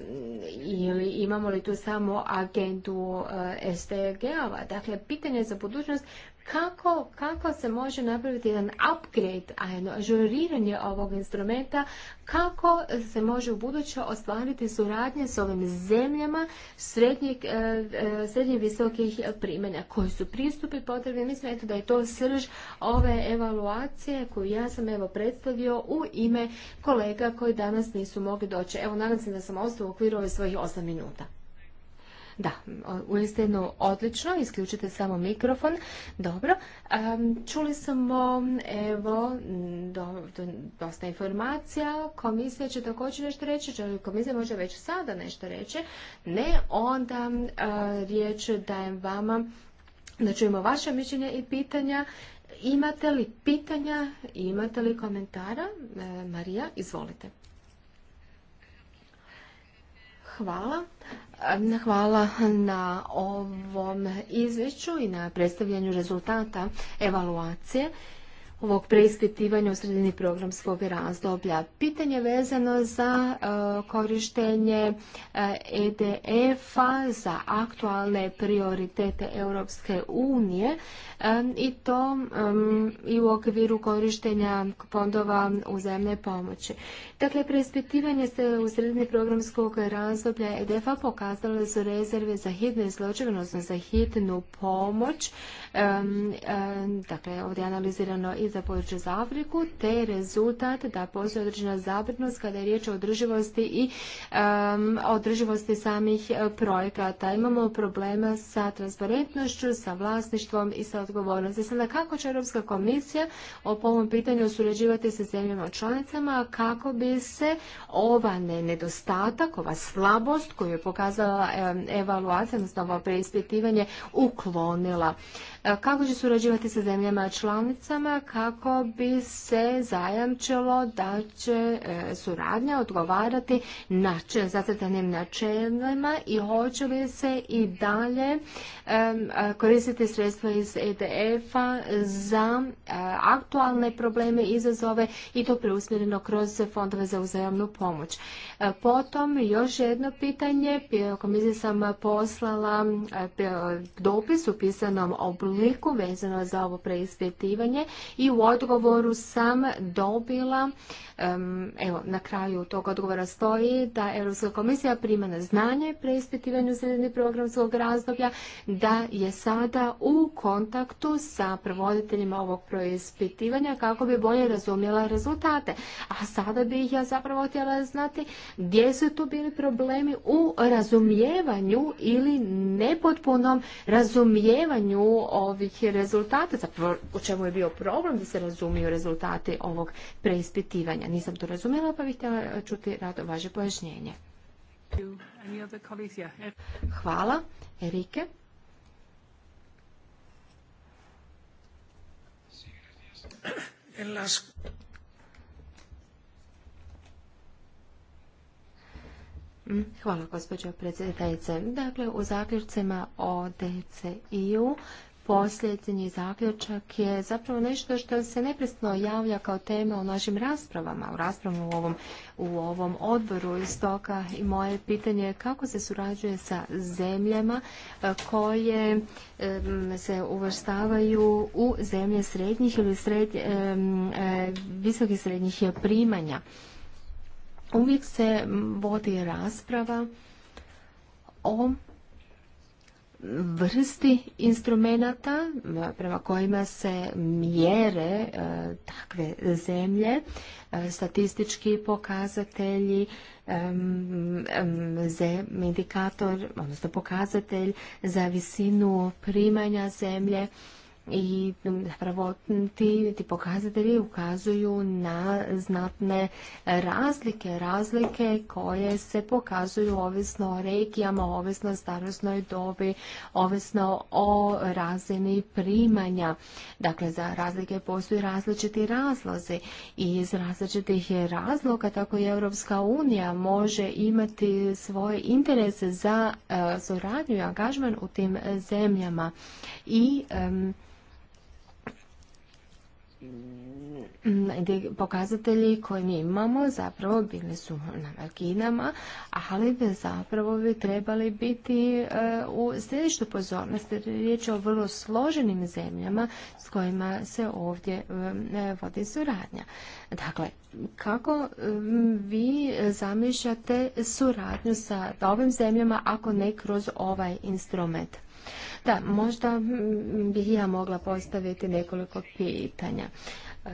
Speaker 1: ili imamo li tu samo agentu e, STG-ova, dakle pitanje za budućnost kako, kako se može napraviti jedan upgrade, a jedno ažuriranje ovog instrumenta, kako se može u buduće ostvariti suradnje s ovim zemljama srednjih, e, e, srednjih visokih primjenja, koji su pristupi potrebni. Mislim eto, da je to srž ove evaluacije koju ja sam evo predstavio u ime kolega koji danas nisu mogli doći. Evo, nadam se da sam ostao u okviru ovih svojih 8 minuta. Da, uistinu odlično, isključite samo mikrofon. Dobro, čuli smo evo dosta informacija, komisija će također nešto reći, komisija može već sada nešto reći, ne onda riječ dajem vama da čujemo vaše mišljenje i pitanja. Imate li pitanja, imate li komentara? E, Marija, izvolite. Hvala. Hvala na ovom izvješću i na predstavljanju rezultata evaluacije ovog preispitivanja u sredini programskog razdoblja. Pitanje vezano za e, korištenje EDF-a e za aktualne prioritete Europske unije e, i to i u okviru korištenja fondova uzemne pomoći. Dakle, preispitivanje se u sredini programskog razdoblja EDF-a pokazalo su rezerve za hitne zločine, odnosno za hitnu pomoć. Dakle, ovdje je analizirano i za područje za Afriku, te rezultat da postoji određena zabrinutost kada je riječ o održivosti i održivosti samih e, projekata. Imamo problema sa transparentnošću, sa vlasništvom i sa odgovornosti. Sada kako će Europska komisija o ovom pitanju surađivati sa zemljama članicama kako bi se ova nedostatak, ova slabost koju je pokazala evaluacija, odnosno ovo preispitivanje uklonila. E, kako će surađivati sa zemljama članicama kako bi se zajamčilo da će e, suradnja odgovarati na zacrtanim načelima i hoće li se i dalje koristiti sredstva iz EDF-a za aktualne probleme, izazove i to preusmjereno kroz fondove za uzajamnu pomoć. E, potom još jedno pitanje, komisiji sam poslala dopis u pisanom obliku vezano za ovo preispitivanje i u odgovoru sam dobila, evo na kraju tog odgovora stoji da Europska komisija prima na znanje preispitivanje u sredini programskog razdoblja, da je sada u kontaktu sa provoditeljima ovog proizpitivanja kako bi bolje razumjela rezultate. A sada bih ja zapravo htjela znati gdje su tu bili problemi u razumijevanju ili nepotpunom razumijevanju ovih rezultata, zapravo u čemu je bio problem da se razumiju rezultati ovog preispitivanja. Nisam to razumjela pa bih htjela čuti rado vaše pojašnjenje. Hvala. Erike. Mm, Hvala, gospođo predsjedateljice. Dakle, u zaključcima o DCI-u posljednji zaključak je zapravo nešto što se neprestano javlja kao tema u našim raspravama, u raspravama u ovom, u ovom odboru i stoka i moje pitanje je kako se surađuje sa zemljama e, koje se uvrstavaju u zemlje srednjih ili sred, e, visokih srednjih primanja. Uvijek se vodi rasprava o vrsti instrumenata prema kojima se mjere takve zemlje, statistički pokazatelji, indikator, odnosno pokazatelj za visinu primanja zemlje, i zapravo ti, ti pokazatelji ukazuju na znatne razlike, razlike koje se pokazuju ovisno o regijama, ovisno o starosnoj dobi, ovisno o razini primanja. Dakle, za razlike postoji različiti razlozi i iz različitih razloga tako i Europska unija može imati svoje interese za e, suradnju i angažman u tim zemljama i pokazatelji koje mi imamo zapravo bili su na marginama, ali zapravo bi trebali biti e, u središtu pozornosti. Riječ je o vrlo složenim zemljama s kojima se ovdje e, e, vodi suradnja. Dakle, kako vi zamišljate suradnju sa ovim zemljama ako ne kroz ovaj instrument? Da, možda bih ja mogla postaviti nekoliko pitanja. E,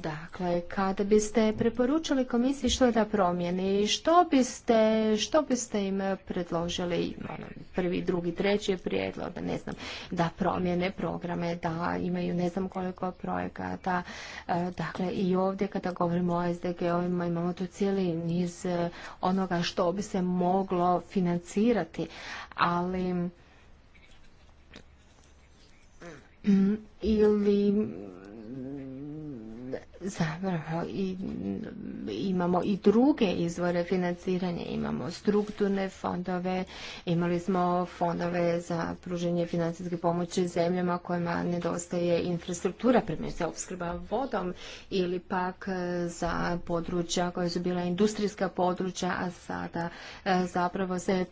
Speaker 1: dakle, kada biste preporučili komisiji što da promijeni, što biste, što biste im predložili, ono, prvi, drugi, treći prijedlog, ne znam, da promijene programe, da imaju ne znam koliko projekata, e, dakle i ovdje kada govorimo o SDG-ovima imamo tu cijeli niz e, onoga što bi se moglo financirati, ali Mm, ili zapravo i, imamo i druge izvore financiranja, imamo strukturne fondove, imali smo fondove za pruženje financijske pomoći zemljama kojima nedostaje infrastruktura, primjerice opskrba vodom ili pak e, za područja koja su bila industrijska područja, a sada e, zapravo se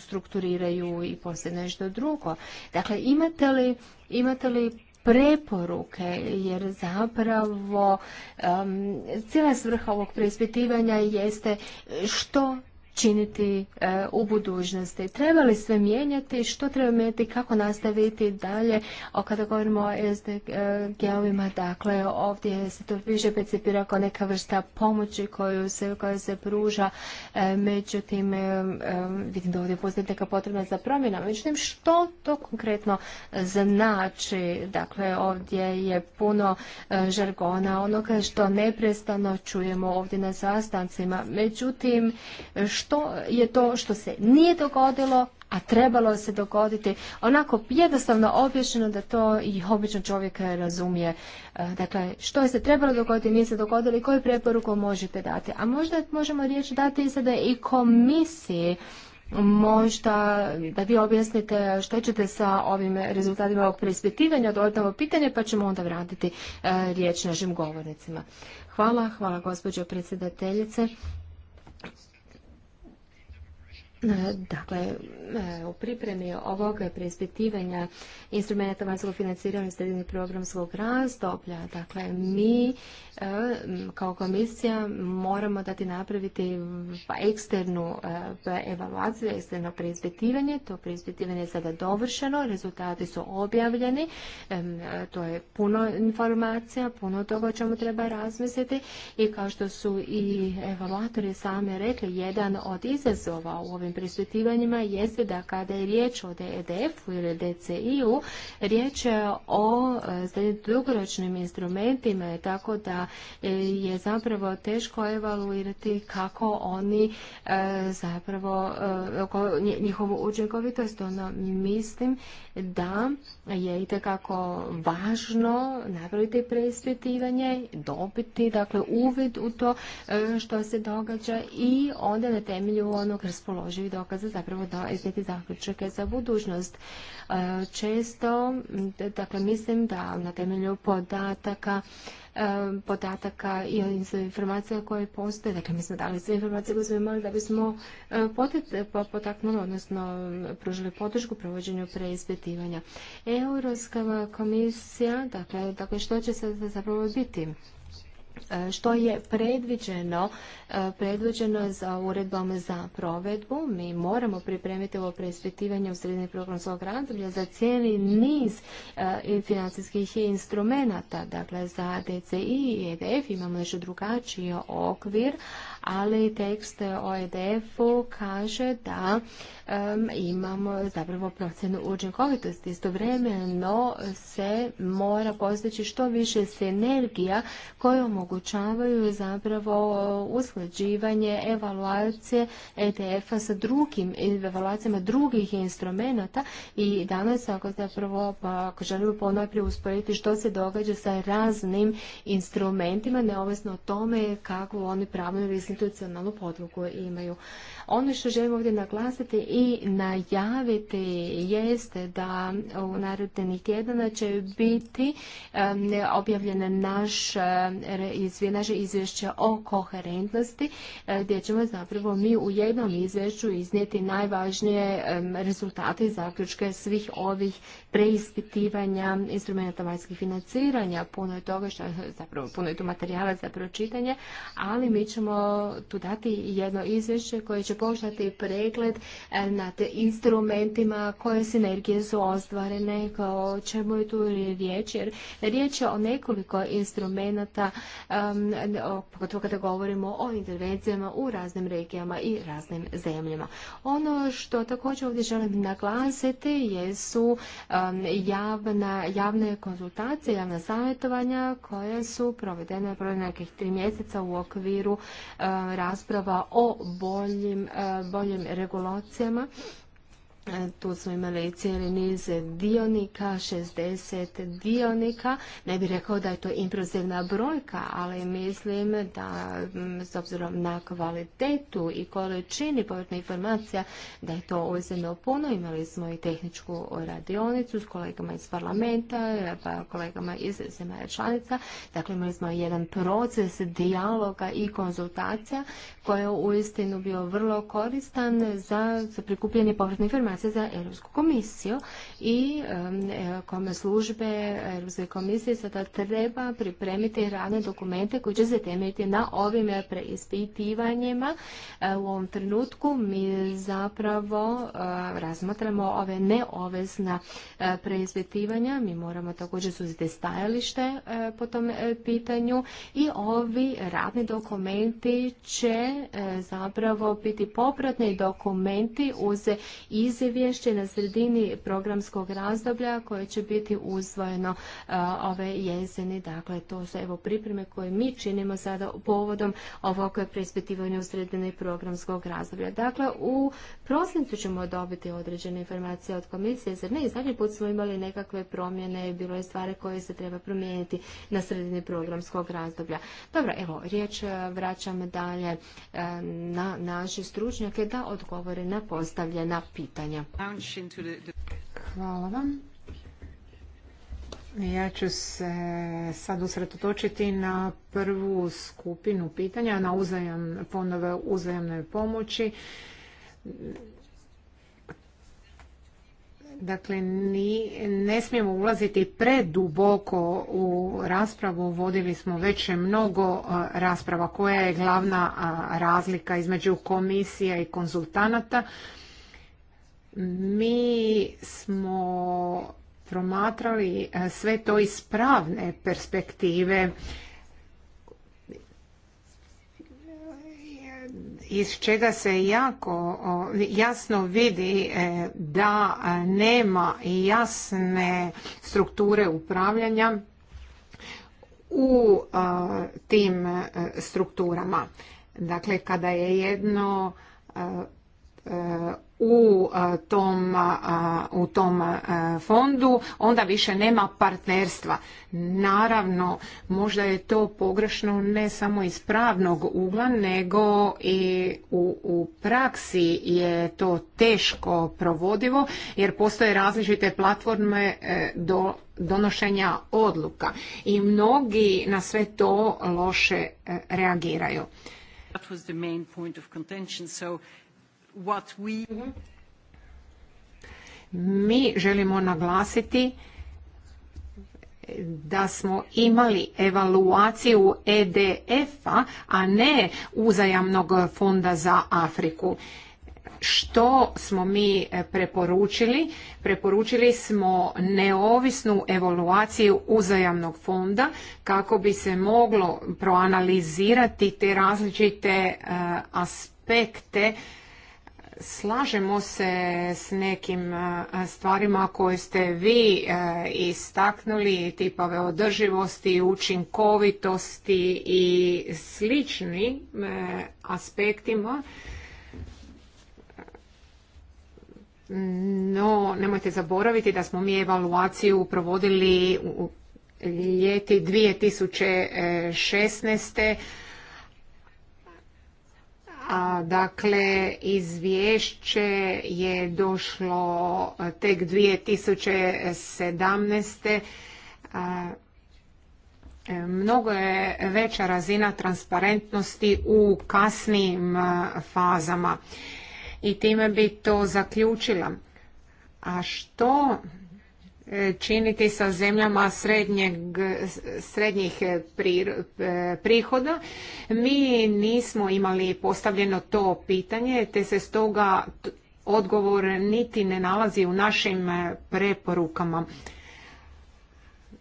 Speaker 1: strukturiraju i poslije nešto drugo. Dakle, imate li, imate li preporuke, jer zapravo um, cijela svrha ovog preispitivanja jeste što činiti e, u budućnosti. Treba li sve mijenjati, što treba mijenjati, kako nastaviti dalje, o kada govorimo o SDG-ovima, dakle ovdje se to više percipira kao neka vrsta pomoći koju se, koja se pruža, e, međutim e, e vidim da ovdje postoji neka potrebna za promjena, međutim što to konkretno znači, dakle ovdje je puno e, žargona onoga što neprestano čujemo ovdje na sastancima, međutim što što je to što se nije dogodilo, a trebalo se dogoditi. Onako jednostavno objašnjeno da to i obično čovjek razumije. E, dakle, što je se trebalo dogoditi, nije se dogodilo i koju preporuku možete dati. A možda možemo riječ dati i sada i komisiji možda da vi objasnite što ćete sa ovim rezultatima ovog preispitivanja, od ovo pitanje pa ćemo onda vratiti e, riječ našim govornicima. Hvala, hvala gospođo predsjedateljice. E, dakle, e, u pripremi ovog preispitivanja instrumenta vanjskog financiranja sredini programskog razdoblja, dakle, mi e, kao komisija moramo dati napraviti eksternu evaluaciju, eksterno preispitivanje. To preispitivanje je sada dovršeno, rezultati su objavljeni, to je puno informacija, puno toga o čemu treba razmisliti i kao što su i evaluatori sami rekli, jedan od izazova u ovim prisutivanjima jeste da kada je riječ o DEDF-u ili DCI-u, riječ je o e, znači, dugoročnim instrumentima, tako da e, je zapravo teško evaluirati kako oni e, zapravo, njihovu učinkovitost, ono mislim da je itekako važno napraviti preispitivanje, dobiti dakle uvid u to što se događa i onda na temelju onog raspoloženja živi dokaze zapravo da iznijeti zaključke za budućnost. E, često, dakle, mislim da na temelju podataka e, podataka i informacija koje postoje. Dakle, mi smo dali sve informacije koje smo imali da bismo e, potaknuli, odnosno pružili podršku provođenju preispitivanja. Europska komisija, dakle, dakle što će se zapravo biti? E, što je predviđeno, e, predviđeno za uredbom za provedbu. Mi moramo pripremiti ovo preispitivanje u sredini programskog razdoblja za cijeli niz e, financijskih instrumenata, dakle za DCI i EDF imamo još drugačiji okvir, ali tekst o EDF-u kaže da imamo zapravo procjenu učinkovitosti. Istovremeno se mora postići što više sinergija koje omogućavaju zapravo usklađivanje evaluacije EDF-a sa drugim evaluacijama drugih instrumenata i danas ako zapravo ako želimo ponajprije usporediti što se događa sa raznim instrumentima neovisno o tome kako oni pravnu ili institucionalnu podlogu imaju. Ono što želim ovdje naglasiti i najaviti jeste da u narednih tjedana će biti objavljene naš, naše izvješće o koherentnosti e, gdje ćemo zapravo mi u jednom izvješću iznijeti najvažnije rezultate i zaključke svih ovih preispitivanja instrumenta vanjskih financiranja. Puno je toga što zapravo puno je tu materijala za pročitanje, ali mi ćemo tu dati jedno izvješće koje će poštati pregled e, nad instrumentima koje sinergije su ostvarene, o čemu je tu riječ, jer riječ je o nekoliko instrumenta, pogotovo kada govorimo o intervencijama u raznim regijama i raznim zemljama. Ono što također ovdje želim naglasiti jesu javne konzultacije, javna savjetovanja koje su provedene provedene nekih tri mjeseca u okviru rasprava o boljim Eh, boljim regulacijama tu smo imali cijeli niz dionika, 60 dionika. Ne bih rekao da je to impresivna brojka, ali mislim da s obzirom na kvalitetu i količini povjetnih informacija da je to ozbiljno puno. Imali smo i tehničku radionicu s kolegama iz parlamenta, pa kolegama iz zemalja članica. Dakle, imali smo jedan proces dijaloga i konzultacija koji je uistinu bio vrlo koristan za prikupljanje povjetnih informacija za Europsku komisiju i e, kome službe Europske komisije sada treba pripremiti radne dokumente koji će se temeljiti na ovim preispitivanjima. E, u ovom trenutku mi zapravo e, razmatramo ove neovezna preispitivanja. Mi moramo također suziti stajalište po tom pitanju i ovi radni dokumenti će zapravo biti popratni dokumenti uz iz izvješće na sredini programskog razdoblja koje će biti uzvojeno e, ove jeseni. Dakle, to su evo pripreme koje mi činimo sada povodom ovog prespetivanja u sredini programskog razdoblja. Dakle, u prosincu ćemo dobiti određene informacije od komisije, zar ne? I zadnji put smo imali nekakve promjene, bilo je stvari koje se treba promijeniti na sredini programskog razdoblja. Dobro, evo, riječ e, vraćam dalje e, na naše stručnjake da odgovore na postavljena
Speaker 2: pitanja. Hvala vam. Ja ću se sad usretotočiti na prvu skupinu pitanja, na uzajam, fondove uzajamne pomoći. Dakle, ne smijemo ulaziti preduboko u raspravu. Vodili smo već mnogo e, rasprava koja je glavna razlika između komisija i konzultanata. Mi smo promatrali e, sve to iz pravne perspektive iz čega se jako jasno vidi e, da e, nema jasne strukture upravljanja u tim strukturama. Dakle, kada je jedno u tom, u tom fondu, onda više nema partnerstva. Naravno, možda je to pogrešno ne samo iz pravnog ugla, nego i u, u praksi je to teško provodivo, jer postoje različite platforme e, do donošenja odluka i mnogi na sve to loše e, reagiraju. Mi želimo naglasiti da smo imali evaluaciju EDF-a, a ne uzajamnog fonda za Afriku. Što smo mi preporučili? Preporučili smo neovisnu evaluaciju uzajamnog fonda kako bi se moglo proanalizirati te različite e, aspekte slažemo se s nekim stvarima koje ste vi istaknuli, tipove održivosti, učinkovitosti i sličnim e, aspektima. No, nemojte zaboraviti da smo mi evaluaciju provodili u ljeti 2016 a, dakle, izvješće je došlo e, tek 2017. E, mnogo je veća razina transparentnosti u kasnim e, fazama. I time bi to zaključila. A što E, činiti sa zemljama srednjeg, srednjih e, e, prihoda. Mi nismo imali postavljeno to pitanje, te se stoga odgovor niti ne nalazi u našim preporukama.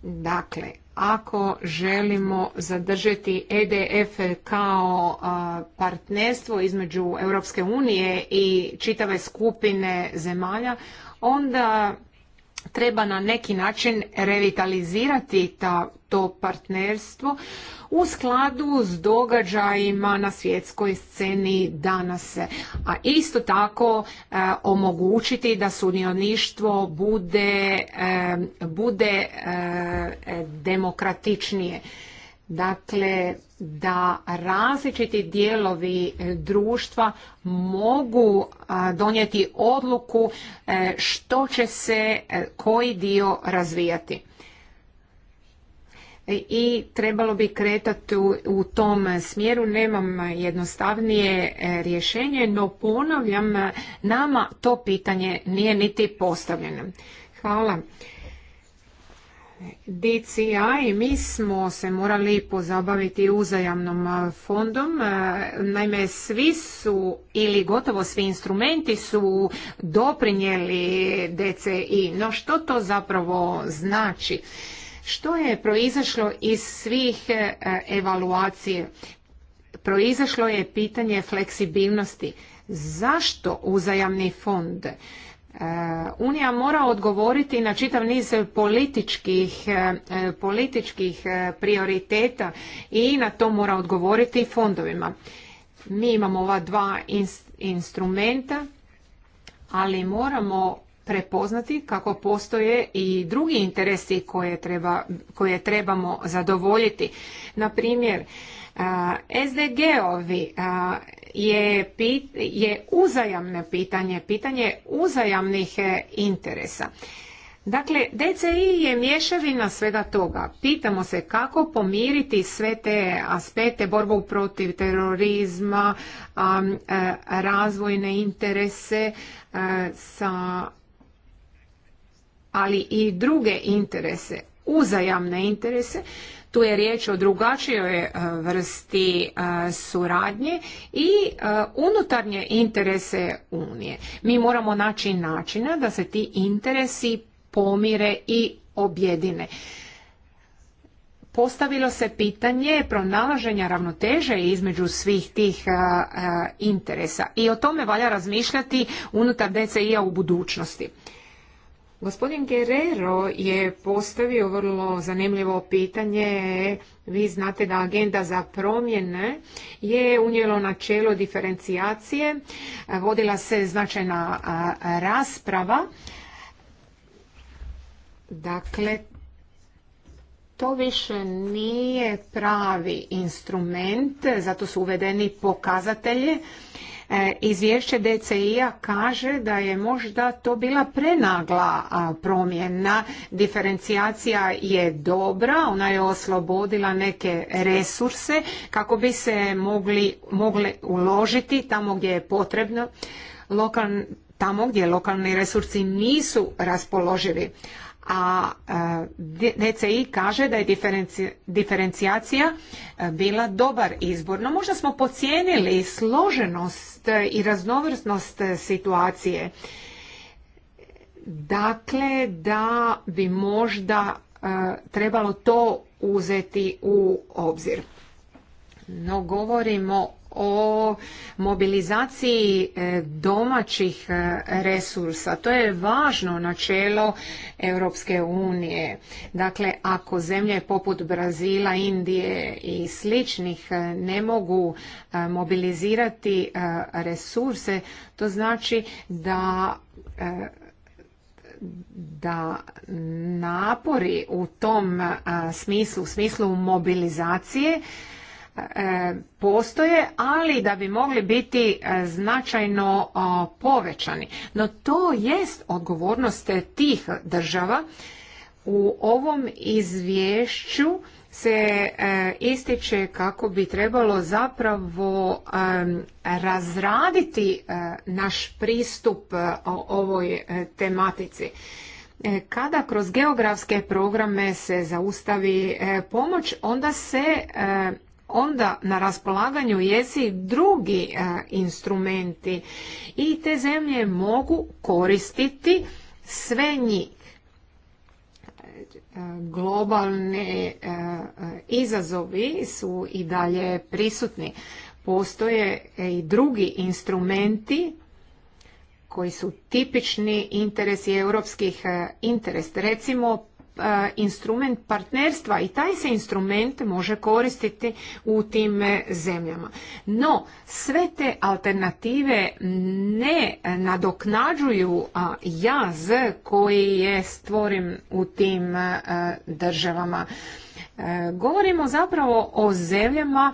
Speaker 2: Dakle, ako želimo zadržati EDF kao partnerstvo između Europske unije i čitave skupine zemalja, onda treba na neki način revitalizirati to partnerstvo u skladu s događajima na svjetskoj sceni danas. A isto tako e, omogućiti da sudioništvo bude, e, bude e, demokratičnije. Dakle, da različiti dijelovi e, društva mogu donijeti odluku e, što će se e, koji dio razvijati. I trebalo bi kretati u tom smjeru, nemam jednostavnije rješenje, no ponavljam, nama to pitanje nije niti postavljeno. Hvala. DCI mi smo se morali pozabaviti uzajamnom fondom. Naime, svi su ili gotovo svi instrumenti su doprinijeli DCI. No što to zapravo znači? Što je proizašlo iz svih e, evaluacije? Proizašlo je pitanje fleksibilnosti. Zašto uzajamni fond? Uh, Unija mora odgovoriti na čitav niz političkih, uh, uh, političkih prioriteta i na to mora odgovoriti fondovima. Mi imamo ova dva instrumenta, ali moramo prepoznati kako postoje i drugi interesi koje, trebamo zadovoljiti. Na primjer, SDG-ovi, je, je uzajamno pitanje, pitanje uzajamnih e, interesa. Dakle, DCI je mješavina svega toga. Pitamo se kako pomiriti sve te aspekte, borbu protiv terorizma, e, razvojne interese e, sa ali i druge interese, uzajamne interese tu je riječ o drugačijoj e, vrsti e, suradnje i e, unutarnje interese Unije. Mi moramo naći načina da se ti interesi pomire i objedine. Postavilo se pitanje pronalaženja ravnoteže između svih tih interesa i o tome valja razmišljati unutar DCI-a u budućnosti. Gospodin Guerrero je postavio vrlo zanimljivo pitanje. Vi znate da agenda za promjene je unijelo načelo diferencijacije. Vodila se značajna rasprava. Dakle, to više nije pravi instrument, zato su uvedeni pokazatelje E, izvješće DCI-a kaže da je možda to bila prenagla promjena. Diferencijacija je dobra, ona je oslobodila neke resurse kako bi se mogli, mogli uložiti tamo gdje je potrebno. tamo gdje lokalni resursi nisu raspoloživi a e, DCI kaže da je diferencijacija e, bila dobar izbor. No možda smo pocijenili složenost e, i raznovrsnost situacije. Dakle, da bi možda trebalo to uzeti u obzir. No govorimo o mobilizaciji e, domaćih e, resursa. To je važno načelo Europske unije. Dakle, ako zemlje poput Brazila, Indije i sličnih e, ne mogu mobilizirati resurse, to znači da da napori u tom smislu, smislu mobilizacije postoje, ali da bi mogli biti e, značajno povećani. No to jest odgovornost tih država. U ovom izvješću se e, ističe kako bi trebalo zapravo e, razraditi naš pristup ovoj tematici kada kroz geografske programe se zaustavi pomoć onda se onda na raspolaganju jesi drugi e, instrumenti i te zemlje mogu koristiti sve njih e, globalni e, izazovi su i dalje prisutni. Postoje i drugi instrumenti koji su tipični interesi europskih interes. Recimo E, instrument partnerstva i taj se instrument može koristiti u tim e, zemljama. No, sve te alternative ne nadoknađuju jaz koji je stvorim u tim e, državama. Govorimo zapravo o zemljama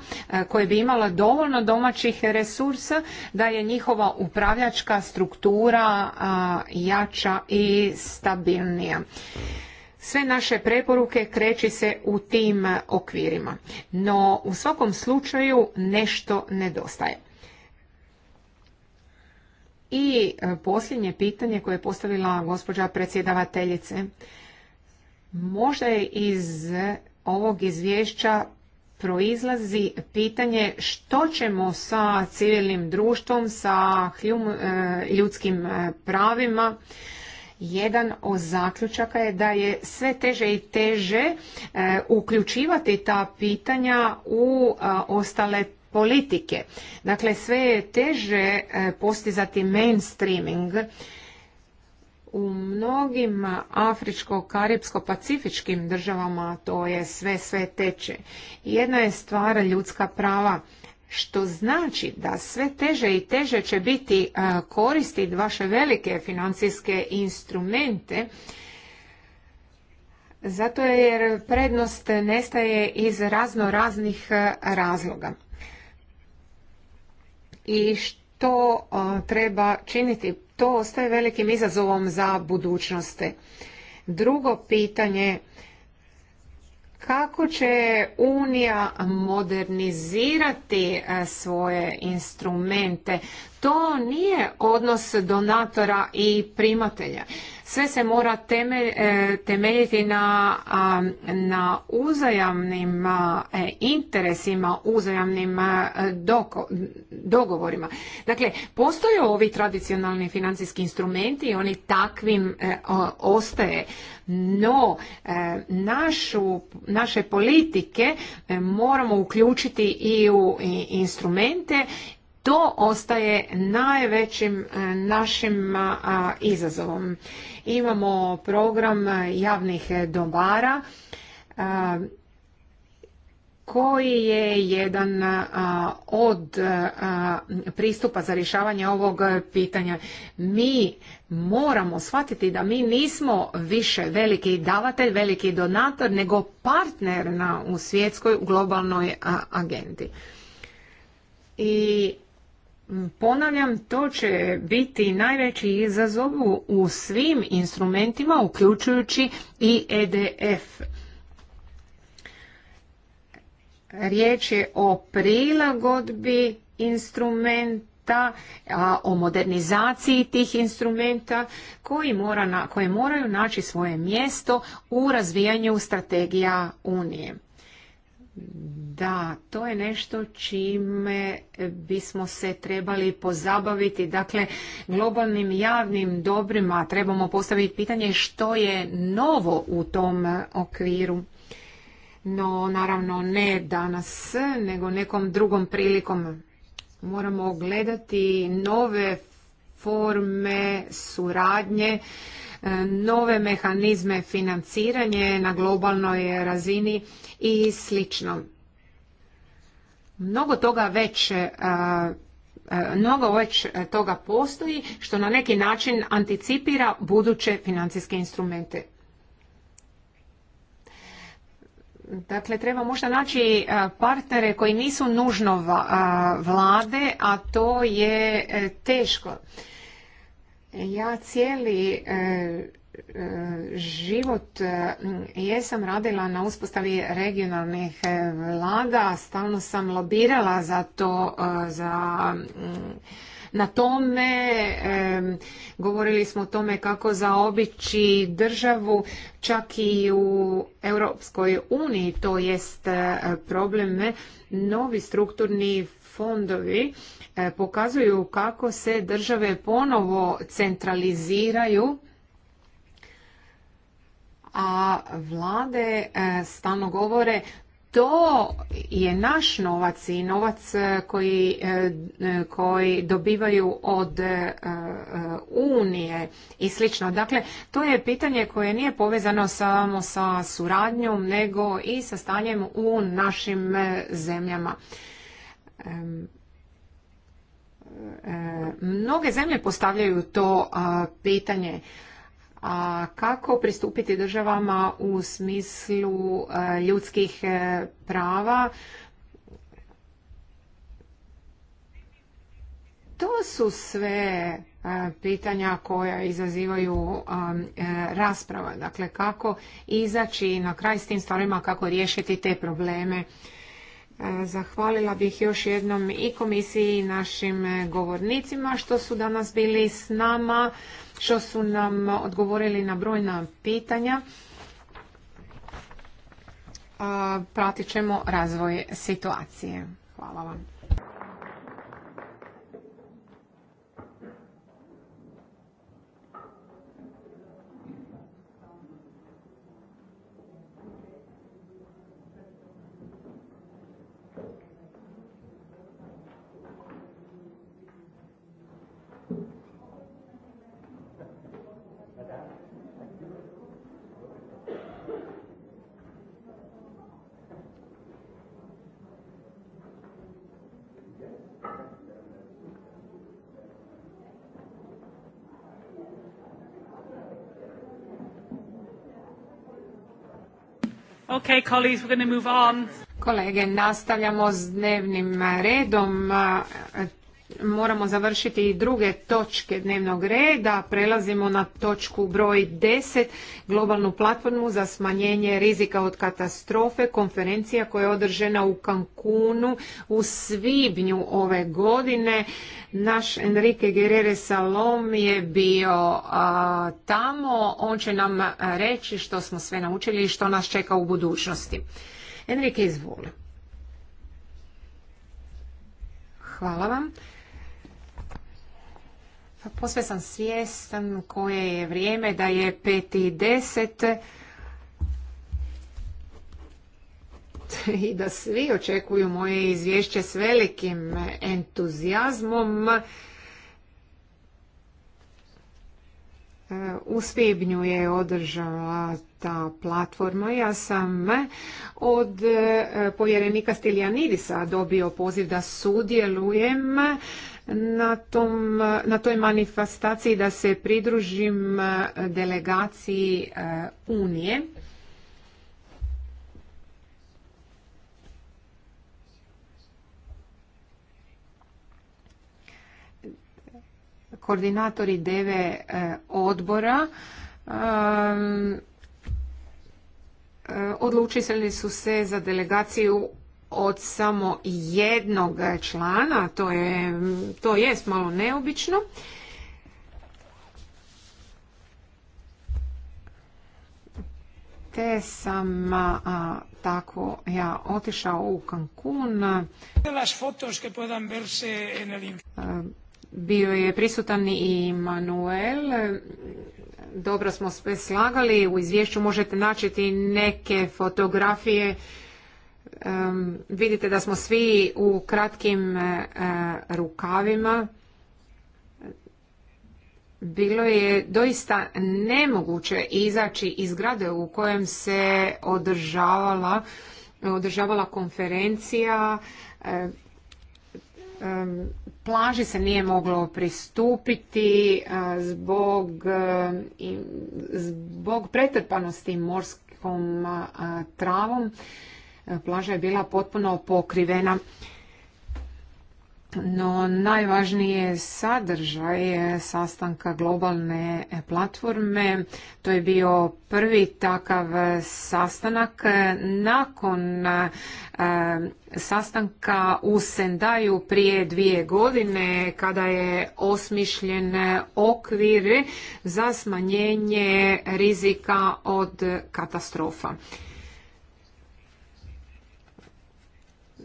Speaker 2: koje bi imala dovoljno domaćih resursa da je njihova upravljačka struktura jača i stabilnija. Sve naše preporuke kreći se u tim okvirima, no u svakom slučaju nešto nedostaje. I e, posljednje pitanje koje je postavila gospođa predsjedavateljice. Možda iz ovog izvješća proizlazi pitanje što ćemo sa civilnim društvom, sa e, ljudskim e, pravima, jedan od zaključaka je da je sve teže i teže e, uključivati ta pitanja u e, ostale politike. Dakle, sve je teže e, postizati mainstreaming u mnogim afričko-karibsko-pacifičkim državama to je sve sve teče. Jedna je stvar ljudska prava što znači da sve teže i teže će biti koristiti vaše velike financijske instrumente zato jer prednost nestaje iz razno raznih razloga. I što treba činiti? To ostaje velikim izazovom za budućnost. Drugo pitanje kako će Unija modernizirati e, svoje instrumente. To nije odnos donatora i primatelja. Sve se mora e, temeljiti na, na uzajamnim e, interesima, uzajamnim dogovorima. Dakle, postoje ovi tradicionalni financijski instrumenti i oni takvim e, ostaje. No, naše politike moramo uključiti i u instrumente to ostaje najvećim e, našim izazovom. Imamo program javnih dobara koji je jedan od pristupa za rješavanje ovog pitanja. Mi moramo shvatiti da mi nismo više veliki davatelj, veliki donator, nego partner u svjetskoj globalnoj agendi. I Ponavljam, to će biti najveći izazov u svim instrumentima, uključujući i EDF. Riječ je o prilagodbi instrumenta, a o modernizaciji tih instrumenta koji mora na, koje moraju naći svoje mjesto u razvijanju strategija Unije. Da, to je nešto čime bismo se trebali pozabaviti. Dakle, globalnim javnim dobrima trebamo postaviti pitanje što je novo u tom okviru. No, naravno ne danas, nego nekom drugom prilikom. Moramo gledati nove forme suradnje nove mehanizme financiranje na globalnoj razini i slično. Mnogo toga već mnogo već toga postoji što na neki način anticipira buduće financijske instrumente. Dakle, treba možda naći partnere koji nisu nužno vlade, a to je e, teško. Ja cijeli e, e, život e, jesam radila na uspostavi regionalnih vlada, stalno sam lobirala za to, za na tome. Govorili smo o tome kako zaobići državu čak i u Europskoj uniji. To jest e, problem novi strukturni fondovi e, pokazuju kako se države ponovo centraliziraju a vlade e, stalno govore to je naš novac i novac e, koji, e, e, koji dobivaju od Unije i slično. Dakle, to je pitanje koje nije povezano samo sa suradnjom, nego i sa stanjem u našim zemljama. Mnoge zemlje postavljaju to pitanje. A kako pristupiti državama u smislu e, ljudskih e, prava? To su sve e, pitanja koja izazivaju rasprava. Dakle, kako izaći na kraj s tim stvarima, kako riješiti te probleme Zahvalila bih još jednom i komisiji i našim govornicima što su danas bili s nama, što su nam odgovorili na brojna pitanja. Pratit ćemo razvoj situacije. Hvala vam.
Speaker 3: Okay, colleagues, we're going to move on.
Speaker 2: Kolege, nastavljamo s dnevnim redom moramo završiti i druge točke dnevnog reda. Prelazimo na točku broj 10, globalnu platformu za smanjenje rizika od katastrofe, konferencija koja je održena u Cancunu u svibnju ove godine. Naš Enrique Guerrero Salom je bio tamo, on će nam reći što smo sve naučili i što nas čeka u budućnosti. Enrique, izvoli. Hvala vam. Posve sam svjestan koje je vrijeme, da je pet i deset i da svi očekuju moje izvješće s velikim entuzijazmom. U svibnju je održala ta platforma. Ja sam od eh, povjerenika Stiljanidisa dobio poziv da sudjelujem na, tom, na toj manifestaciji da se pridružim e, delegaciji e, Unije. koordinatori deve odbora e, odlučili su se za delegaciju od samo jednog člana, to je to jest malo neobično. Te sam a, tako ja otišao u Cancun. Bio je prisutan i Manuel. Dobro smo sve slagali. U izvješću možete naći neke fotografije vidite da smo svi u kratkim e, e, rukavima. Bilo je doista nemoguće izaći iz grade u kojem se održavala, održavala konferencija, e, plaži se nije moglo pristupiti zbog, zbog pretrpanosti morskom travom. E, plaža je bila potpuno pokrivena. No najvažnije sadržaj e, sastanka globalne platforme, to je bio prvi takav sastanak e, nakon sastanka u Sendaju prije dvije godine kada je osmišljen okvir za smanjenje rizika od katastrofa.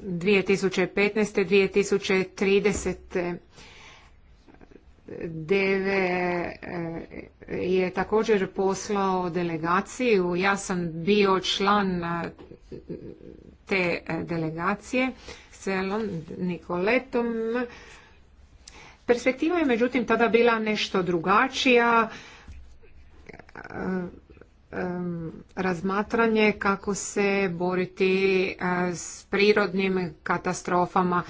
Speaker 2: 2015. 2030. DV je također poslao delegaciju. Ja sam bio član eh, te eh, delegacije s Nikoletom. Perspektiva je međutim tada bila nešto drugačija eh, razmatranje kako se boriti eh, s prirodnim katastrofama.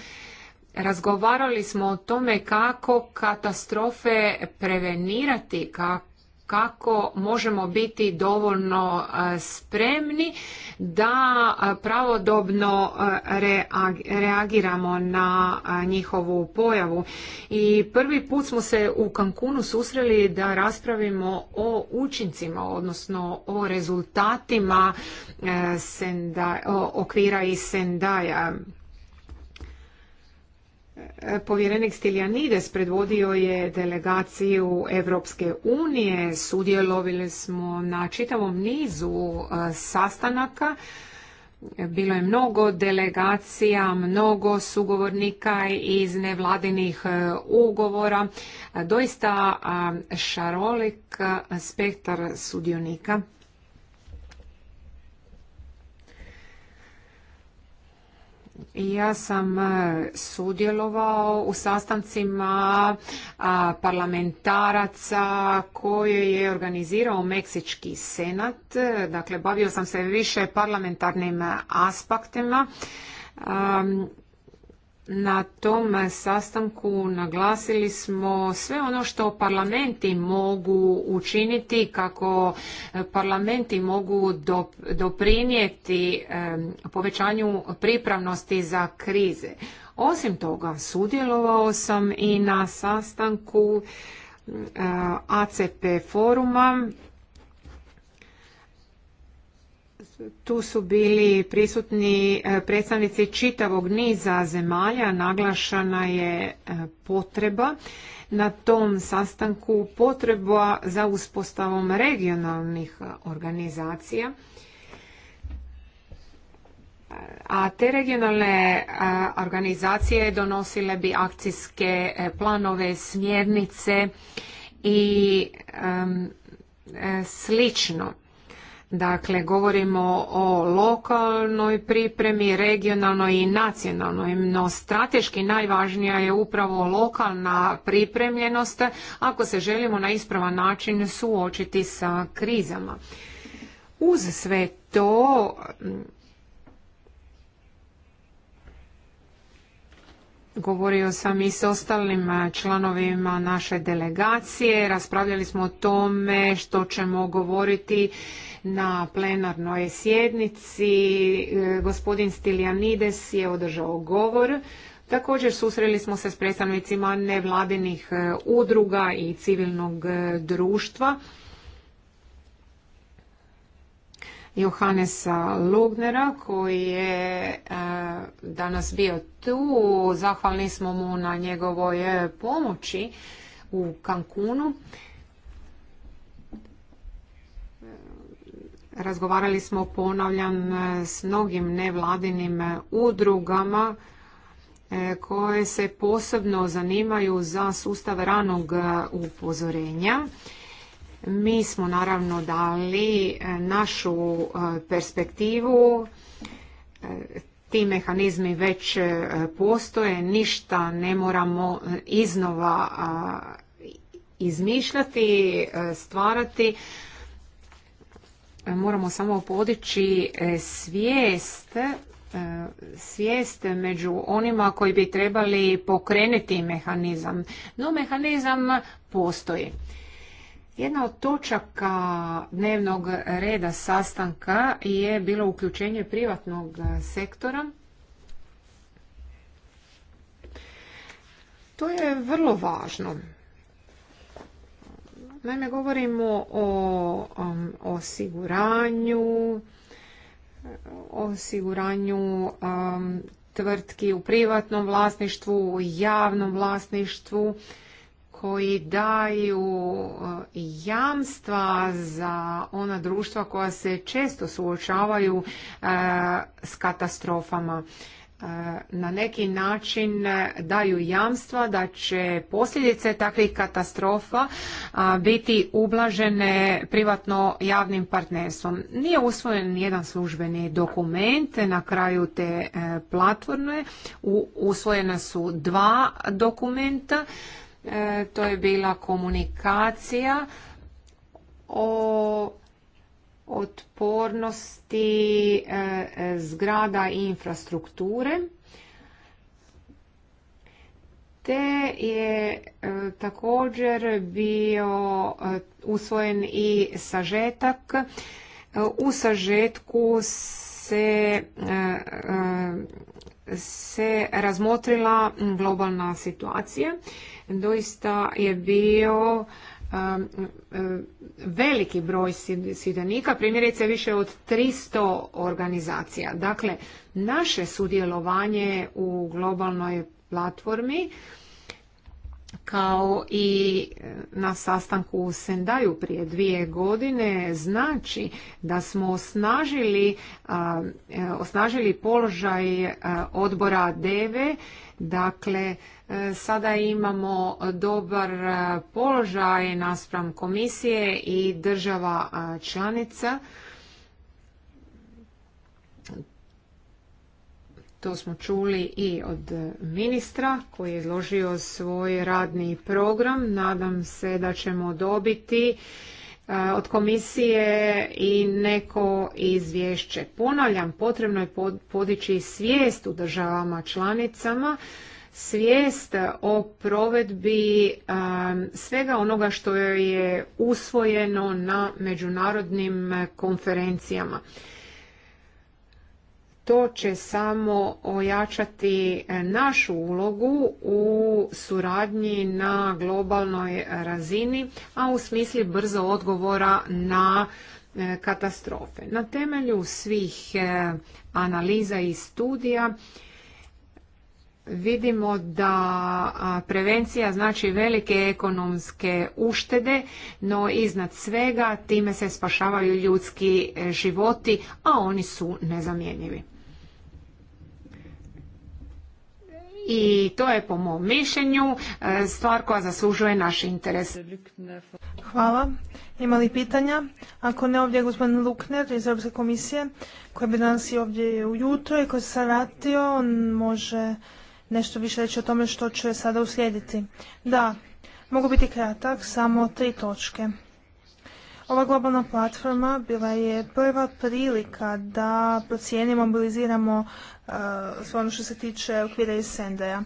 Speaker 2: Razgovarali smo o tome kako katastrofe prevenirati, kako kako možemo biti dovoljno e, spremni da e, pravodobno e, reagiramo na njihovu pojavu. I prvi put smo se u Kankunu susreli da raspravimo o učincima, odnosno o rezultatima okvira i Sendaja. Povjerenik Stiljanides predvodio je delegaciju Europske unije, sudjelovili smo na čitavom nizu e, sastanaka, bilo je mnogo delegacija, mnogo sugovornika iz nevladinih e, ugovora, e, doista šarolik spektar sudionika. Ja sam e, sudjelovao u sastancima parlamentaraca koje je organizirao Meksički senat. E, dakle, bavio sam se više parlamentarnim aspektima. Na tom sastanku naglasili smo sve ono što parlamenti mogu učiniti kako e, parlamenti mogu doprinijeti povećanju pripravnosti za krize. Osim toga, sudjelovao sam i na sastanku e, ACP foruma tu su bili prisutni e, predstavnici čitavog niza zemalja, naglašana je e, potreba na tom sastanku potreba za uspostavom regionalnih e, organizacija. A te regionalne organizacije donosile bi akcijske planove, smjernice i slično. Dakle, govorimo o lokalnoj pripremi, regionalnoj i nacionalnoj, no strateški najvažnija je upravo lokalna pripremljenost ako se želimo na ispravan način suočiti sa krizama. Uz sve to Govorio sam i s ostalim članovima naše delegacije, raspravljali smo o tome što ćemo govoriti na plenarnoj sjednici. E, gospodin Stiljanides je održao govor. Također susreli smo se s predstavnicima nevladinih e, udruga i civilnog e, društva. Johanesa Lugnera koji je danas bio tu. Zahvalni smo mu na njegovoj pomoći u Kankunu. Razgovarali smo, ponavljam, e, s mnogim nevladinim e, udrugama e, koje se posebno zanimaju za sustav ranog upozorenja. Mi smo naravno dali našu perspektivu, ti mehanizmi već postoje, ništa ne moramo iznova izmišljati, stvarati moramo samo podići e, svijest e, svijest među onima koji bi trebali pokrenuti mehanizam. No, mehanizam postoji. Jedna od točaka dnevnog reda sastanka je bilo uključenje privatnog sektora. To je vrlo važno. Naime, govorimo o um, osiguranju, osiguranju um, tvrtki u privatnom vlasništvu, u javnom vlasništvu koji daju uh, jamstva za ona društva koja se često suočavaju uh, s katastrofama na neki način e, daju jamstva da će posljedice takvih katastrofa biti ublažene privatno javnim partnerstvom. Nije usvojen jedan službeni dokument na kraju te e, platforme. Usvojena su dva dokumenta. E, to je bila komunikacija o otpornosti e, e, zgrada i infrastrukture te je e, također bio usvojen i sažetak. U sažetku se, se razmotrila globalna situacija. Doista je bio E, veliki broj sudionika, primjerice više od 300 organizacija. Dakle, naše sudjelovanje u globalnoj platformi kao i e, na sastanku u Sendaju prije dvije godine znači da smo osnažili, e, osnažili položaj e, odbora DEVE Dakle, sada imamo dobar položaj naspram komisije i država članica To smo čuli i od ministra koji je izložio svoj radni program. Nadam se da ćemo dobiti e, od komisije i neko izvješće. Ponavljam, potrebno je podići svijest u državama članicama, svijest o provedbi e, svega onoga što je usvojeno na međunarodnim konferencijama to će samo ojačati našu ulogu u suradnji na globalnoj razini, a u smisli brzo odgovora na e, katastrofe. Na temelju svih e, analiza i studija vidimo da prevencija znači velike ekonomske uštede, no iznad svega time se spašavaju ljudski e, životi, a oni su nezamjenjivi. i to je po mom
Speaker 4: mišljenju e,
Speaker 2: stvar koja zaslužuje naš interes.
Speaker 4: Hvala. Ima li pitanja? Ako ne ovdje je gospodin Lukner iz Europske komisije koji bi danas i ovdje ujutro i koji se vratio, on može nešto više reći o tome što će sada uslijediti. Da, mogu biti kratak, samo tri točke. Ova globalna platforma bila je prva prilika da procijenimo, mobiliziramo Uh, sve ono što se tiče okvira iz Sendeja.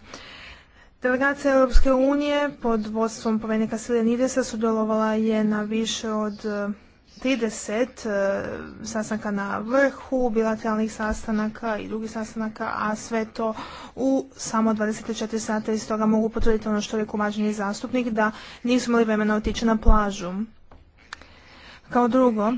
Speaker 4: Delegacija Europske unije pod vodstvom povednika Nidesa sudjelovala je na više od 30 uh, uh, sastanka na vrhu, bilateralnih sastanaka i drugih sastanaka, a sve to u samo 24 sata i stoga mogu potvrditi ono što je rekao zastupnik, da nismo imali vremena otići na plažu. Kao drugo,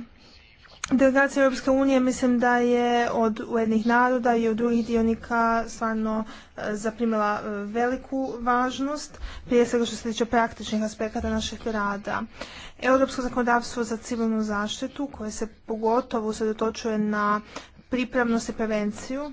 Speaker 4: Delegacija Europske unije mislim da je od Ujednih naroda i od drugih dionika stvarno e, zaprimila e, veliku važnost, prije svega što se tiče praktičnih aspekata našeg rada. Europsko zakonodavstvo za civilnu zaštitu koje se pogotovo usredotočuje na pripravnost i prevenciju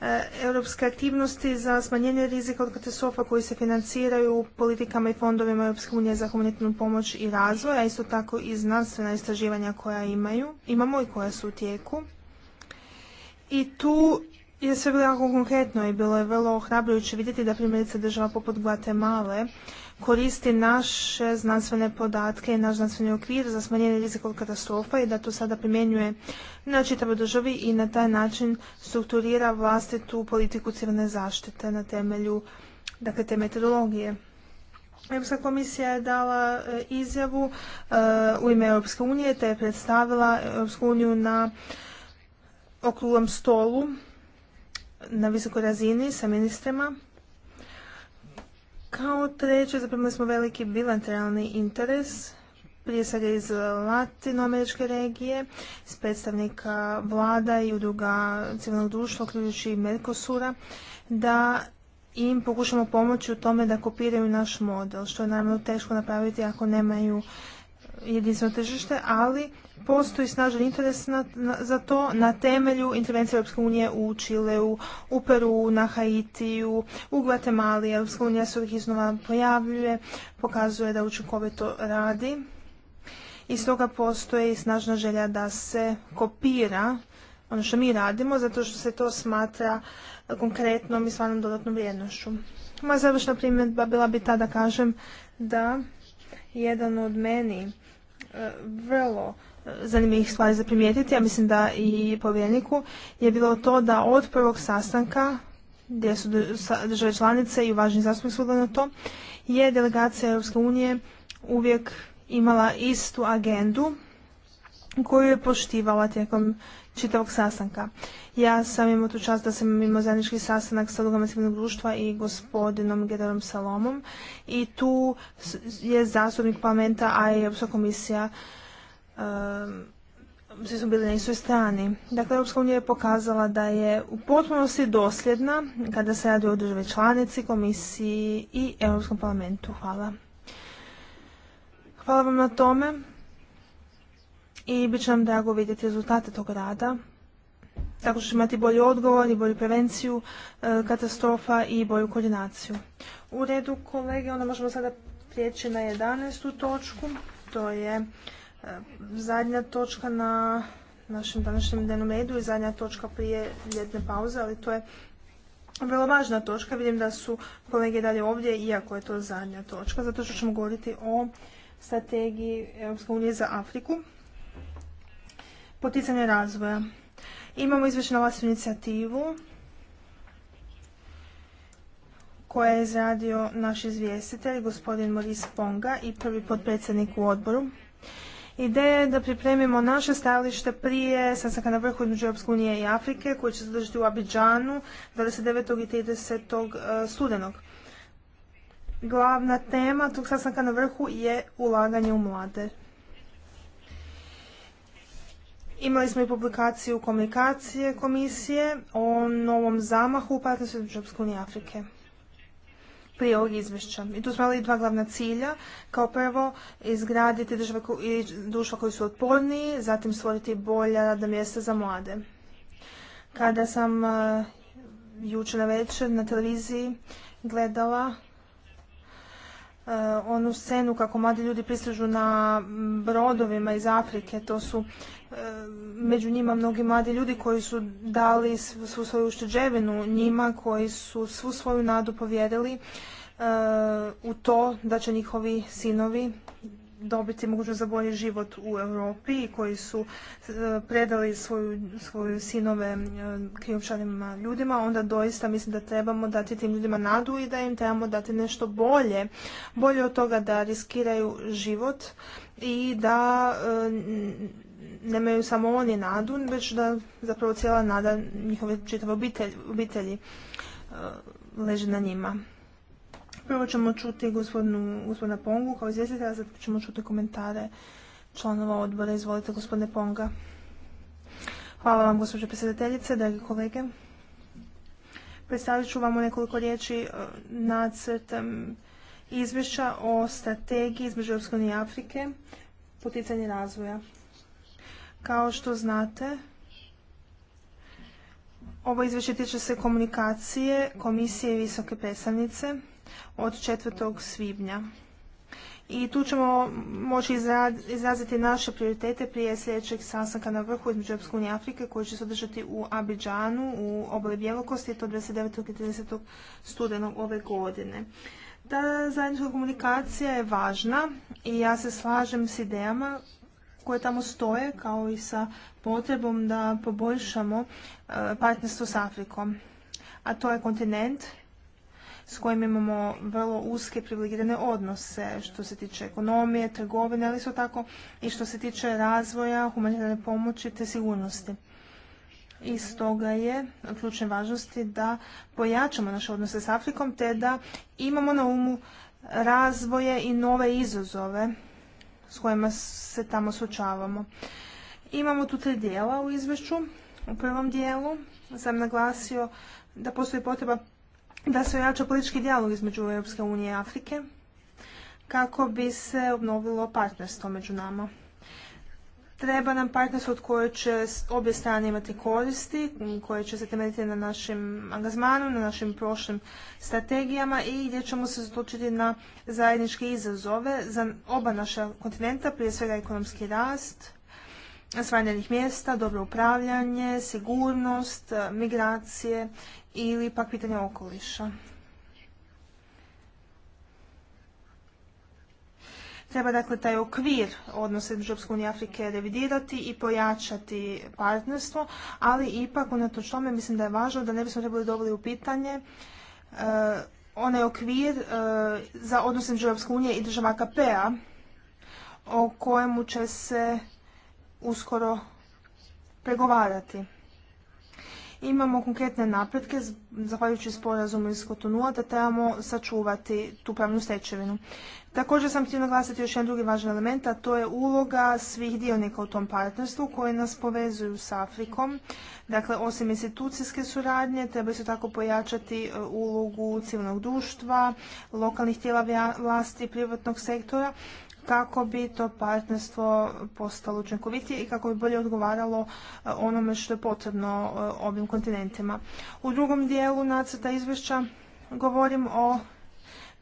Speaker 4: E, europske aktivnosti za smanjenje rizika od katastrofa koji se financiraju politikama i fondovima Europske unije za humanitarnu pomoć i razvoj, a isto tako i znanstvena istraživanja koja imaju, imamo i koja su u tijeku. I tu je sve bilo jako konkretno i bilo je vrlo ohrabrujuće vidjeti da primjerice država poput Guatemala koristi naše znanstvene podatke i naš znanstveni okvir za smanjenje rizika od katastrofa i da to sada primjenjuje na čitavoj državi i na taj način strukturira vlastitu politiku civilne zaštite na temelju dakle, te metodologije. Europska komisija je dala e, izjavu e, u ime Europske unije te je predstavila Europsku uniju na okruglom stolu na visokoj razini sa ministrima kao treće, zapravo smo veliki bilateralni interes prije svega iz latinoameričke regije, s predstavnika vlada i udruga civilnog društva, uključujući i Mercosura, da im pokušamo pomoći u tome da kopiraju naš model, što je naravno teško napraviti ako nemaju jedinstveno tržište, ali postoji snažan interes na, za to na temelju intervencije Europske unije u Čileu, u Peru, na Haitiju, u Guatemali. Europska unija se uvijek iznova pojavljuje, pokazuje da učinkovito radi. I stoga postoji snažna želja da se kopira ono što mi radimo, zato što se to smatra konkretnom i stvarnom dodatnom vrijednošću. Moja završna primjedba bila bi ta da kažem da jedan od meni vrlo e, zanimljivih stvari za primijetiti, ja mislim da i povjereniku, je bilo to da od prvog sastanka gdje su države članice i važni zastupnik su na to, je delegacija Europske unije uvijek imala istu agendu koju je poštivala tijekom čitavog sastanka. Ja sam imao tu čast da sam imao zajednički sastanak sa udrugama civilnog društva i gospodinom Gedarom Salomom i tu je zastupnik parlamenta, a i Europska komisija svi smo bili na istoj strani. Dakle, Europska unija je pokazala da je u potpunosti dosljedna kada se radi o državi članici, komisiji i Europskom parlamentu. Hvala. Hvala vam na tome i bit će nam drago vidjeti rezultate tog rada. Tako što će imati bolji odgovor i bolju prevenciju e, katastrofa i bolju koordinaciju. U redu kolege, onda možemo sada prijeći na 11. točku. To je e, zadnja točka na našem današnjem dnevnom redu i zadnja točka prije ljetne pauze, ali to je vrlo važna točka. Vidim da su kolege dalje ovdje, iako je to zadnja točka, zato što ćemo govoriti o strategiji EU za Afriku poticanje razvoja. Imamo izvršnu vlastnu inicijativu koja je izradio naš izvjestitelj, gospodin Moris Ponga i prvi potpredsjednik u odboru. Ideja je da pripremimo naše stajalište prije sastanka na vrhu između Europske unije i Afrike koji će se održati u Abidžanu 29. i 30. E, studenog. Glavna tema tog sastanka na vrhu je ulaganje u mlade. Imali smo i publikaciju komunikacije komisije o novom zamahu u partnerstvu unije Afrike prije ovog izvješća. I tu smo imali dva glavna cilja. Kao prvo, izgraditi države društva koji su otporniji, zatim stvoriti bolja radna mjesta za mlade. Kada sam uh, jučer na večer na televiziji gledala e, onu scenu kako mladi ljudi pristižu na brodovima iz Afrike, to su među njima mnogi mladi ljudi koji su dali svu svoju ušteđevinu njima, koji su svu svoju nadu povjerili e, u to da će njihovi sinovi dobiti mogućnost za bolji život u Europi i koji su e, predali svoju, svoju sinove e, krijumčanim ljudima, onda doista mislim da trebamo dati tim ljudima nadu i da im trebamo dati nešto bolje. Bolje od toga da riskiraju život i da nemaju samo oni nadu, već da zapravo cijela nada njihove čitave obitelji e, leži na njima. Prvo ćemo čuti gospodinu, gospodina Pongu kao izvjestitelja, zatim ćemo čuti komentare članova odbora. Izvolite gospodine Ponga. Hvala vam gospođo predsjedateljice, dragi kolege. Predstavit ću vam nekoliko riječi e, nacrt izvješća o strategiji između Europske i Afrike, poticanje razvoja. Kao što znate, ovo izvješće tiče se komunikacije Komisije i visoke predstavnice od 4. svibnja. I tu ćemo moći izraziti naše prioritete prije sljedećeg sastanka na vrhu između Europske unije Afrike koji će se održati u Abidžanu u obali Bjelokosti, to 29. i 30. studenog ove godine. Ta zajednička komunikacija je važna i ja se slažem s idejama koje tamo stoje, kao i sa potrebom da poboljšamo e, partnerstvo s Afrikom. A to je kontinent s kojim imamo vrlo uske privilegirane odnose što se tiče ekonomije, trgovine, ali isto tako i što se tiče razvoja, humanitarne pomoći te sigurnosti. I stoga je od ključne važnosti da pojačamo naše odnose s Afrikom te da imamo na umu razvoje i nove izazove s kojima se tamo suočavamo. Imamo tu tri dijela u izvješću. U prvom dijelu sam naglasio da postoji potreba da se ojača politički dijalog između Europske unije i Afrike kako bi se obnovilo partnerstvo među nama. Treba nam partnerstvo od koje će obje strane imati koristi, koje će se temeljiti na našem angazmanu, na našim prošlim strategijama i gdje ćemo se zatočiti na zajedničke izazove za oba naša kontinenta, prije svega ekonomski rast, svanjenih mjesta, dobro upravljanje, sigurnost, migracije ili pak pitanje okoliša. Treba dakle taj okvir odnose između Europske Afrike revidirati i pojačati partnerstvo, ali ipak unatoč tome mislim da je važno da ne bismo trebali dovoljno u pitanje eh, onaj okvir eh, za odnose između Europske i država AKP-a o kojemu će se uskoro pregovarati imamo konkretne napretke zahvaljujući sporazumu iz Kotonua da trebamo sačuvati tu pravnu stečevinu. Također sam htio naglasiti još jedan drugi važan element, a to je uloga svih dionika u tom partnerstvu koji nas povezuju s Afrikom. Dakle, osim institucijske suradnje, treba se tako pojačati e, ulogu civilnog društva, lokalnih tijela vlasti, privatnog sektora, kako bi to partnerstvo postalo učinkovitije i kako bi bolje odgovaralo eh, onome što je potrebno eh, ovim kontinentima. U drugom dijelu nacrta izvješća govorim o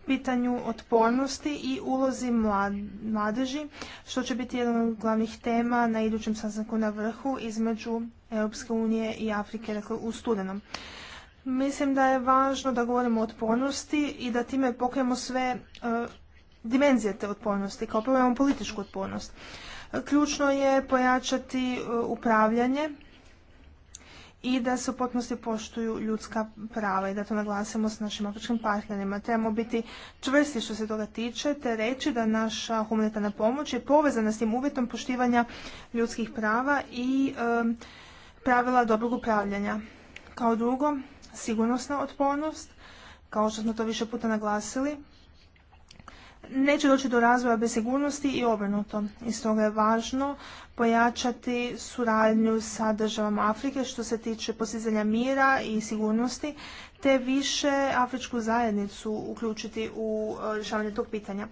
Speaker 4: pitanju otpornosti i ulozi mladeži, što će biti jedan od glavnih tema na idućem sastanku na vrhu između Europske unije i Afrike, dakle, u studenom. Mislim da je važno da govorimo o otpornosti i da time pokrijemo sve eh, dimenzije te otpornosti. Kao prvo imamo političku otpornost. Ključno je pojačati e, upravljanje i da se u potpunosti poštuju ljudska prava i da to naglasimo s našim afričkim partnerima. Trebamo biti čvrsti što se toga tiče te reći da naša humanitarna pomoć je povezana s tim uvjetom poštivanja ljudskih prava i pravila dobrog upravljanja. Kao drugo, sigurnosna otpornost, kao što smo to više puta naglasili, neće doći do razvoja bez sigurnosti i obrnuto. I stoga je važno pojačati suradnju sa državama Afrike što se tiče postizanja mira i sigurnosti, te više afričku zajednicu uključiti u e, rješavanje tog pitanja.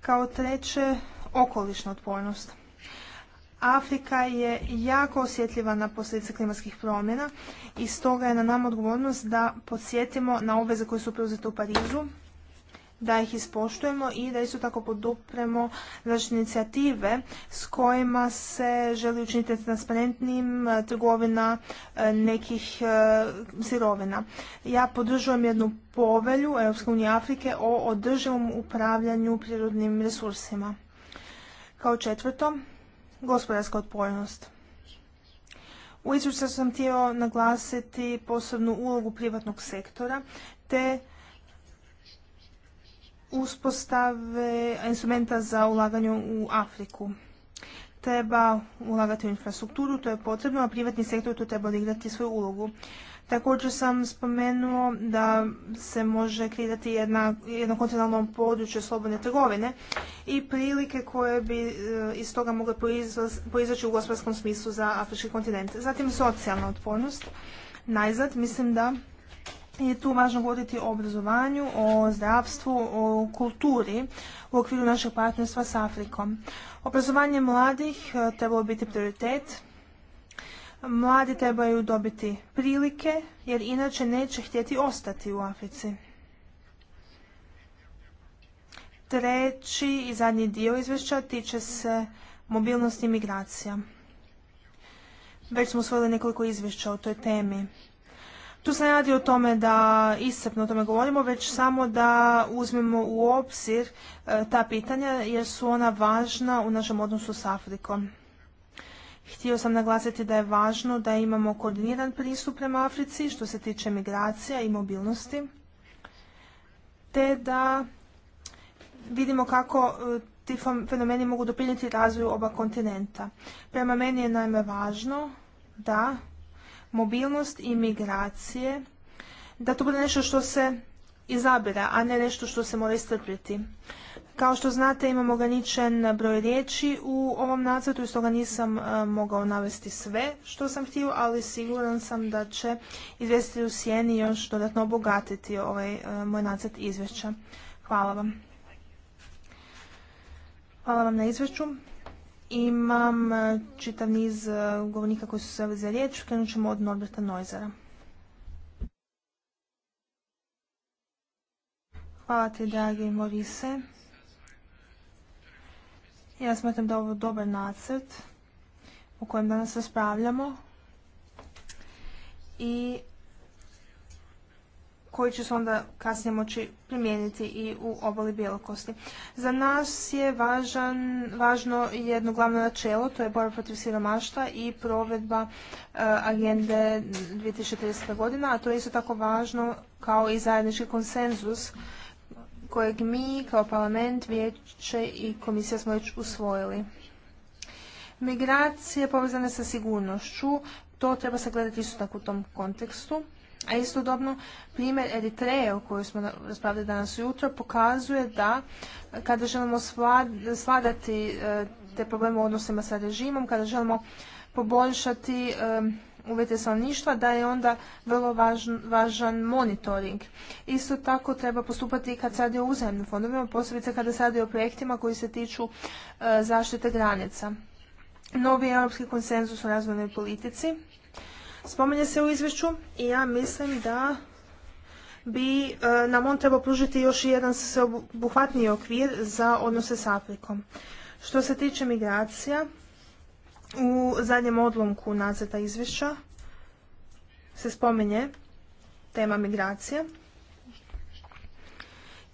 Speaker 4: Kao treće, okolišna otpornost. Afrika je jako osjetljiva na posljedice klimatskih promjena i stoga je na nama odgovornost da podsjetimo na obveze koje su preuzete u Parizu da ih ispoštujemo i da isto tako podupremo znači inicijative s kojima se želi učiniti transparentnim e, trgovina e, nekih e, sirovina. Ja podržujem jednu povelju Europske unije Afrike o održivom upravljanju prirodnim resursima. Kao četvrto, gospodarska otpornost. U izvješću sam htio naglasiti posebnu ulogu privatnog sektora te uspostave instrumenta za ulaganje u Afriku. Treba ulagati u infrastrukturu, to je potrebno, a privatni sektor tu treba odigrati svoju ulogu. Također sam spomenuo da se može kreirati jedno kontinentalno područje slobodne trgovine i prilike koje bi e, iz toga mogle proizaći u gospodarskom smislu za afrički kontinent. Zatim socijalna otpornost. Najzad mislim da je tu važno govoriti o obrazovanju, o zdravstvu, o kulturi u okviru našeg partnerstva s Afrikom. Obrazovanje mladih e, trebalo biti prioritet. Mladi trebaju dobiti prilike jer inače neće htjeti ostati u Africi. Treći i zadnji dio izvješća tiče se mobilnosti i migracija. Već smo usvojili nekoliko izvješća o toj temi. Tu se ne radi o tome da iscrpno o tome govorimo, već samo da uzmemo u obzir e, ta pitanja jer su ona važna u našem odnosu s Afrikom. Htio sam naglasiti da je važno da imamo koordiniran pristup prema Africi što se tiče migracija i mobilnosti, te da vidimo kako e, ti fenomeni mogu doprinijeti razvoju oba kontinenta. Prema meni je naime važno da mobilnost i migracije, da to bude nešto što se izabira, a ne nešto što se mora istrpiti. Kao što znate imam ograničen broj riječi u ovom nacrtu i stoga nisam e, mogao navesti sve što sam htio, ali siguran sam da će izvjestitelj u sjeni još dodatno obogatiti ovaj e, moj nacrt izvješća. Hvala vam. Hvala vam na izvješću. Imam e, čitav niz e, govornika koji su se javili za riječ. Krenut ćemo od Norberta Noizera. Hvala ti, dragi Morise. Ja smatram da je ovo dobar nacrt o kojem danas raspravljamo i koji će se onda kasnije moći primijeniti i u obali bjelokosti. Za nas je važan, važno jedno glavno načelo, to je borba protiv siromaštva i provedba e, agende 2030. godina, a to je isto tako važno kao i zajednički konsenzus kojeg mi kao parlament, vijeće i komisija smo već usvojili. Migracije povezane sa sigurnošću, to treba sagledati isto tako u tom kontekstu. A istodobno primjer Eritreje o kojoj smo raspravljali danas ujutro pokazuje da kada želimo sladati e, te probleme u odnosima sa režimom, kada želimo poboljšati e, uvjete stanovništva da je onda vrlo važan, monitoring. Isto tako treba postupati i kad se radi o uzajemnim fondovima, posebice kada se radi o projektima koji se tiču e, zaštite granica. Novi europski konsenzus o razvojnoj politici spominje se u izvješću i ja mislim da bi e, nam on trebao pružiti još jedan sveobuhvatniji okvir za odnose s Afrikom. Što se tiče migracija, u zadnjem odlomku nazeta izvješća se spominje tema migracije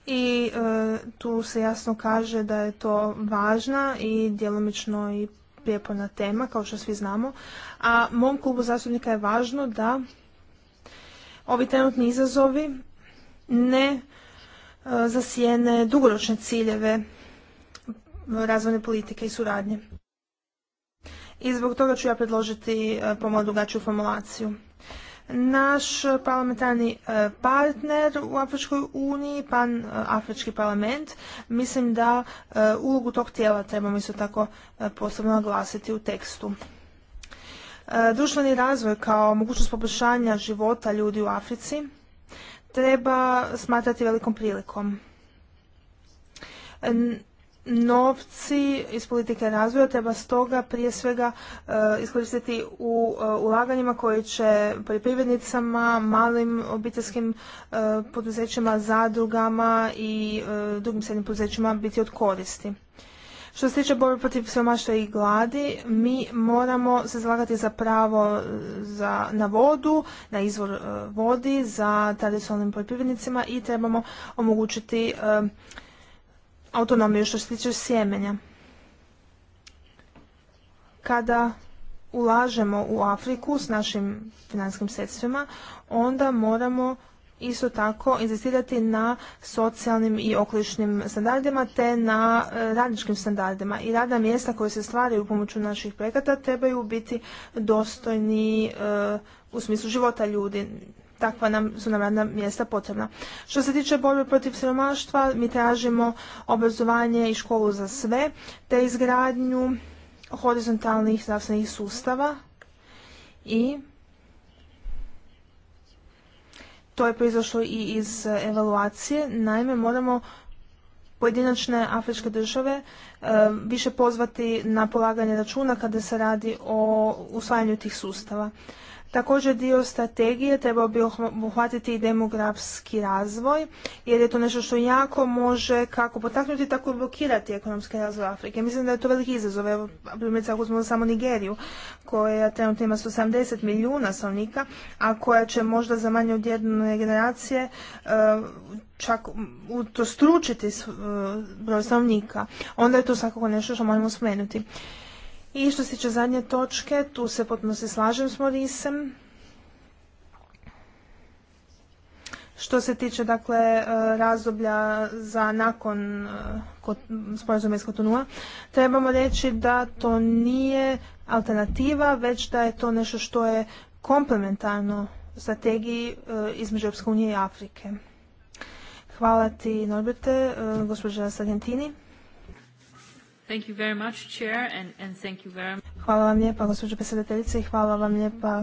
Speaker 4: i e, tu se jasno kaže da je to važna i djelomično i prijeporna tema, kao što svi znamo, a mom klubu zastupnika je važno da ovi trenutni izazovi ne e, zasijene dugoročne ciljeve razvojne politike i suradnje. I zbog toga ću ja predložiti e, pomalo drugačiju formulaciju. Naš e, parlamentarni e, partner u Afričkoj uniji, pan e, Afrički parlament, mislim da ulogu tog tijela trebamo isto tako posebno naglasiti u tekstu. Društveni razvoj kao mogućnost poboljšanja života ljudi u Africi treba smatrati velikom prilikom Novci iz politike razvoja treba stoga prije svega e, iskoristiti u e, ulaganjima koji će poljoprivrednicama, malim obiteljskim e, poduzećima, zadrugama i drugim srednjim poduzećima biti od koristi. Što se tiče borbe protiv siromaštva i gladi, mi moramo se zalagati za pravo na vodu, na izvor vodi za tradicionalnim poljoprivrednicima i trebamo omogućiti autonomiju što se tiče sjemenja. Kada ulažemo u Afriku s našim financijskim sredstvima, onda moramo isto tako inzistirati na socijalnim i okolišnim standardima te na e, radničkim standardima i radna mjesta koje se stvaraju pomoću naših projekata trebaju biti dostojni e, u smislu života ljudi takva nam, su nam radna mjesta potrebna. Što se tiče borbe protiv siromaštva, mi tražimo obrazovanje i školu za sve, te izgradnju horizontalnih zdravstvenih sustava i to je proizašlo i iz evaluacije. Naime, moramo pojedinačne afričke države e, više pozvati na polaganje računa kada se radi o usvajanju tih sustava. Također dio strategije trebao bi obuhvatiti i demografski razvoj, jer je to nešto što jako može kako potaknuti, tako i blokirati ekonomski razvoj Afrike. Mislim da je to veliki izazov. Evo, primjerice ako uzmemo samo Nigeriju, koja trenutno ima 180 milijuna stanovnika, a koja će možda za manje od jedne generacije e, čak utostručiti e, broj stanovnika. Onda je to svakako nešto što možemo spomenuti. I što se tiče zadnje točke, tu se potpuno se slažem s Morisem. Što se tiče dakle e, razdoblja za nakon e, sporazuma iz Kotonua, trebamo reći da to nije alternativa, već da je to nešto što je komplementarno strategiji e, između Europske unije i Afrike. Hvala ti Norberte, gospođa Sargentini. Thank you very Hvala vam lijepa, gospođo predsjedateljice, i hvala vam lijepa,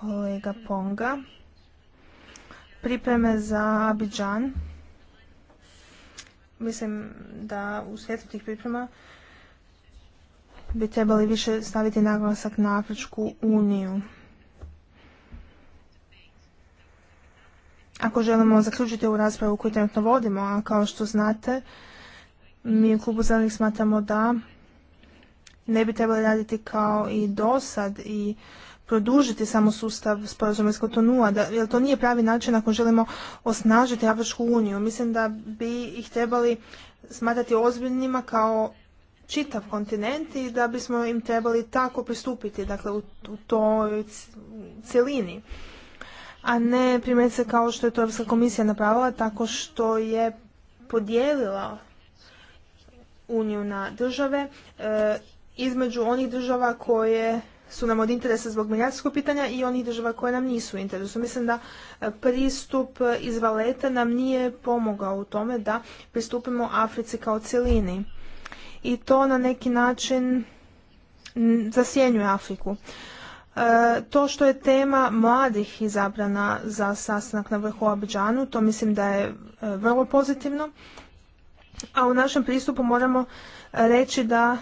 Speaker 4: kolega Ponga. Pripreme za Abidjan. Mislim da u svijetu tih priprema bi trebali više staviti naglasak na Afričku uniju. Ako želimo zaključiti ovu raspravu koju trenutno vodimo, a kao što znate, mi u klubu zelenih smatramo da ne bi trebali raditi kao i dosad i produžiti samo sustav sporazuma iz Kotonua, jer to nije pravi način ako želimo osnažiti Afričku uniju. Mislim da bi ih trebali smatrati ozbiljnima kao čitav kontinent i da bismo im trebali tako pristupiti, dakle u, u toj cjelini. A ne primjerice kao što je to Europska komisija napravila, tako što je podijelila uniju na države e, između onih država koje su nam od interesa zbog milijarskog pitanja i onih država koje nam nisu u interesu. Mislim da e, pristup iz valeta nam nije pomogao u tome da pristupimo Africi kao cjelini. I to na neki način zasjenjuje Afriku. E, to što je tema mladih izabrana za sastanak na vrhu Abidžanu, to mislim da je vrlo pozitivno a u našem pristupu moramo reći da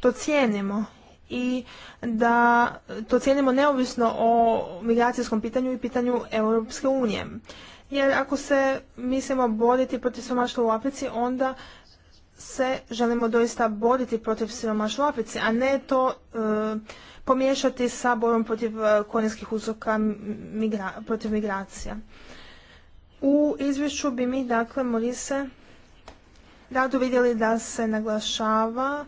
Speaker 4: to cijenimo i da to cijenimo neovisno o migracijskom pitanju i pitanju Europske unije. Jer ako se mislimo boriti protiv siromaštva u Africi, onda se želimo doista boriti protiv siromaštva u Africi, a ne to e, pomiješati sa borom protiv e, korijenskih uzroka protiv migracija. U izvješću bi mi, dakle, Morise, rado vidjeli da se naglašava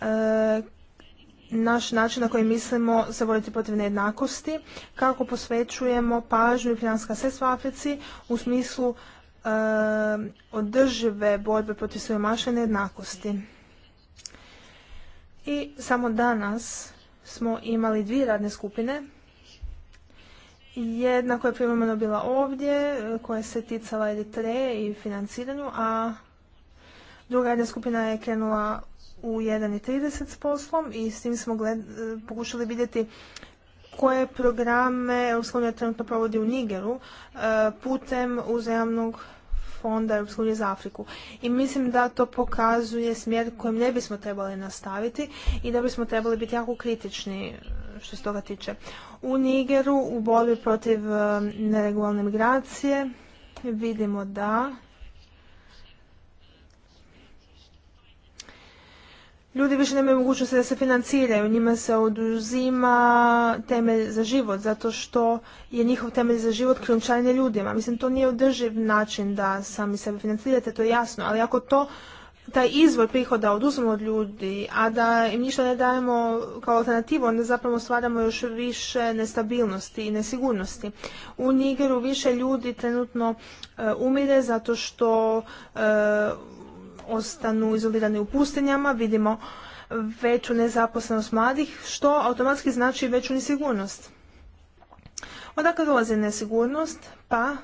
Speaker 4: e, naš način na koji mislimo se boriti protiv nejednakosti, kako posvećujemo pažnju i financijska sredstva Africi u smislu e, održive borbe protiv siromaštva i nejednakosti. I samo danas smo imali dvije radne skupine. Jedna koja je primjerno bila ovdje, e, koja se ticala Eritreje i financiranju, a Druga jedna skupina je krenula u 1.30 s poslom i s tim smo e, pokušali vidjeti koje programe EU trenutno provodi u Nigeru e, putem uzajamnog fonda EU za Afriku. I mislim da to pokazuje smjer kojim ne bismo trebali nastaviti i da bismo trebali biti jako kritični e, što se toga tiče. U Nigeru u borbi protiv neregulalne migracije vidimo da ljudi više nemaju mogućnosti da se financiraju, njima se oduzima temelj za život, zato što je njihov temelj za život krijumčarenje ljudima. Mislim, to nije održiv način da sami sebe financirate, to je jasno, ali ako to taj izvor prihoda oduzmemo od ljudi, a da im ništa ne dajemo kao alternativu, onda zapravo stvaramo još više nestabilnosti i nesigurnosti. U Nigeru više ljudi trenutno e, umire zato što e, ostanu izolirani u pustinjama, vidimo veću nezaposlenost mladih, što automatski znači veću nesigurnost. Odakle dolazi nesigurnost? Pa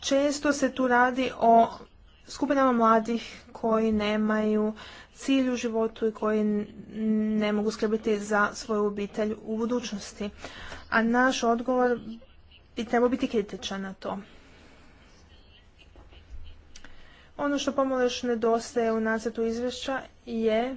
Speaker 4: često se tu radi o skupinama mladih koji nemaju cilj u životu i koji ne mogu skrbiti za svoju obitelj u budućnosti. A naš odgovor bi trebao biti kritičan na to. Ono što pomalo još nedostaje u nacrtu izvješća je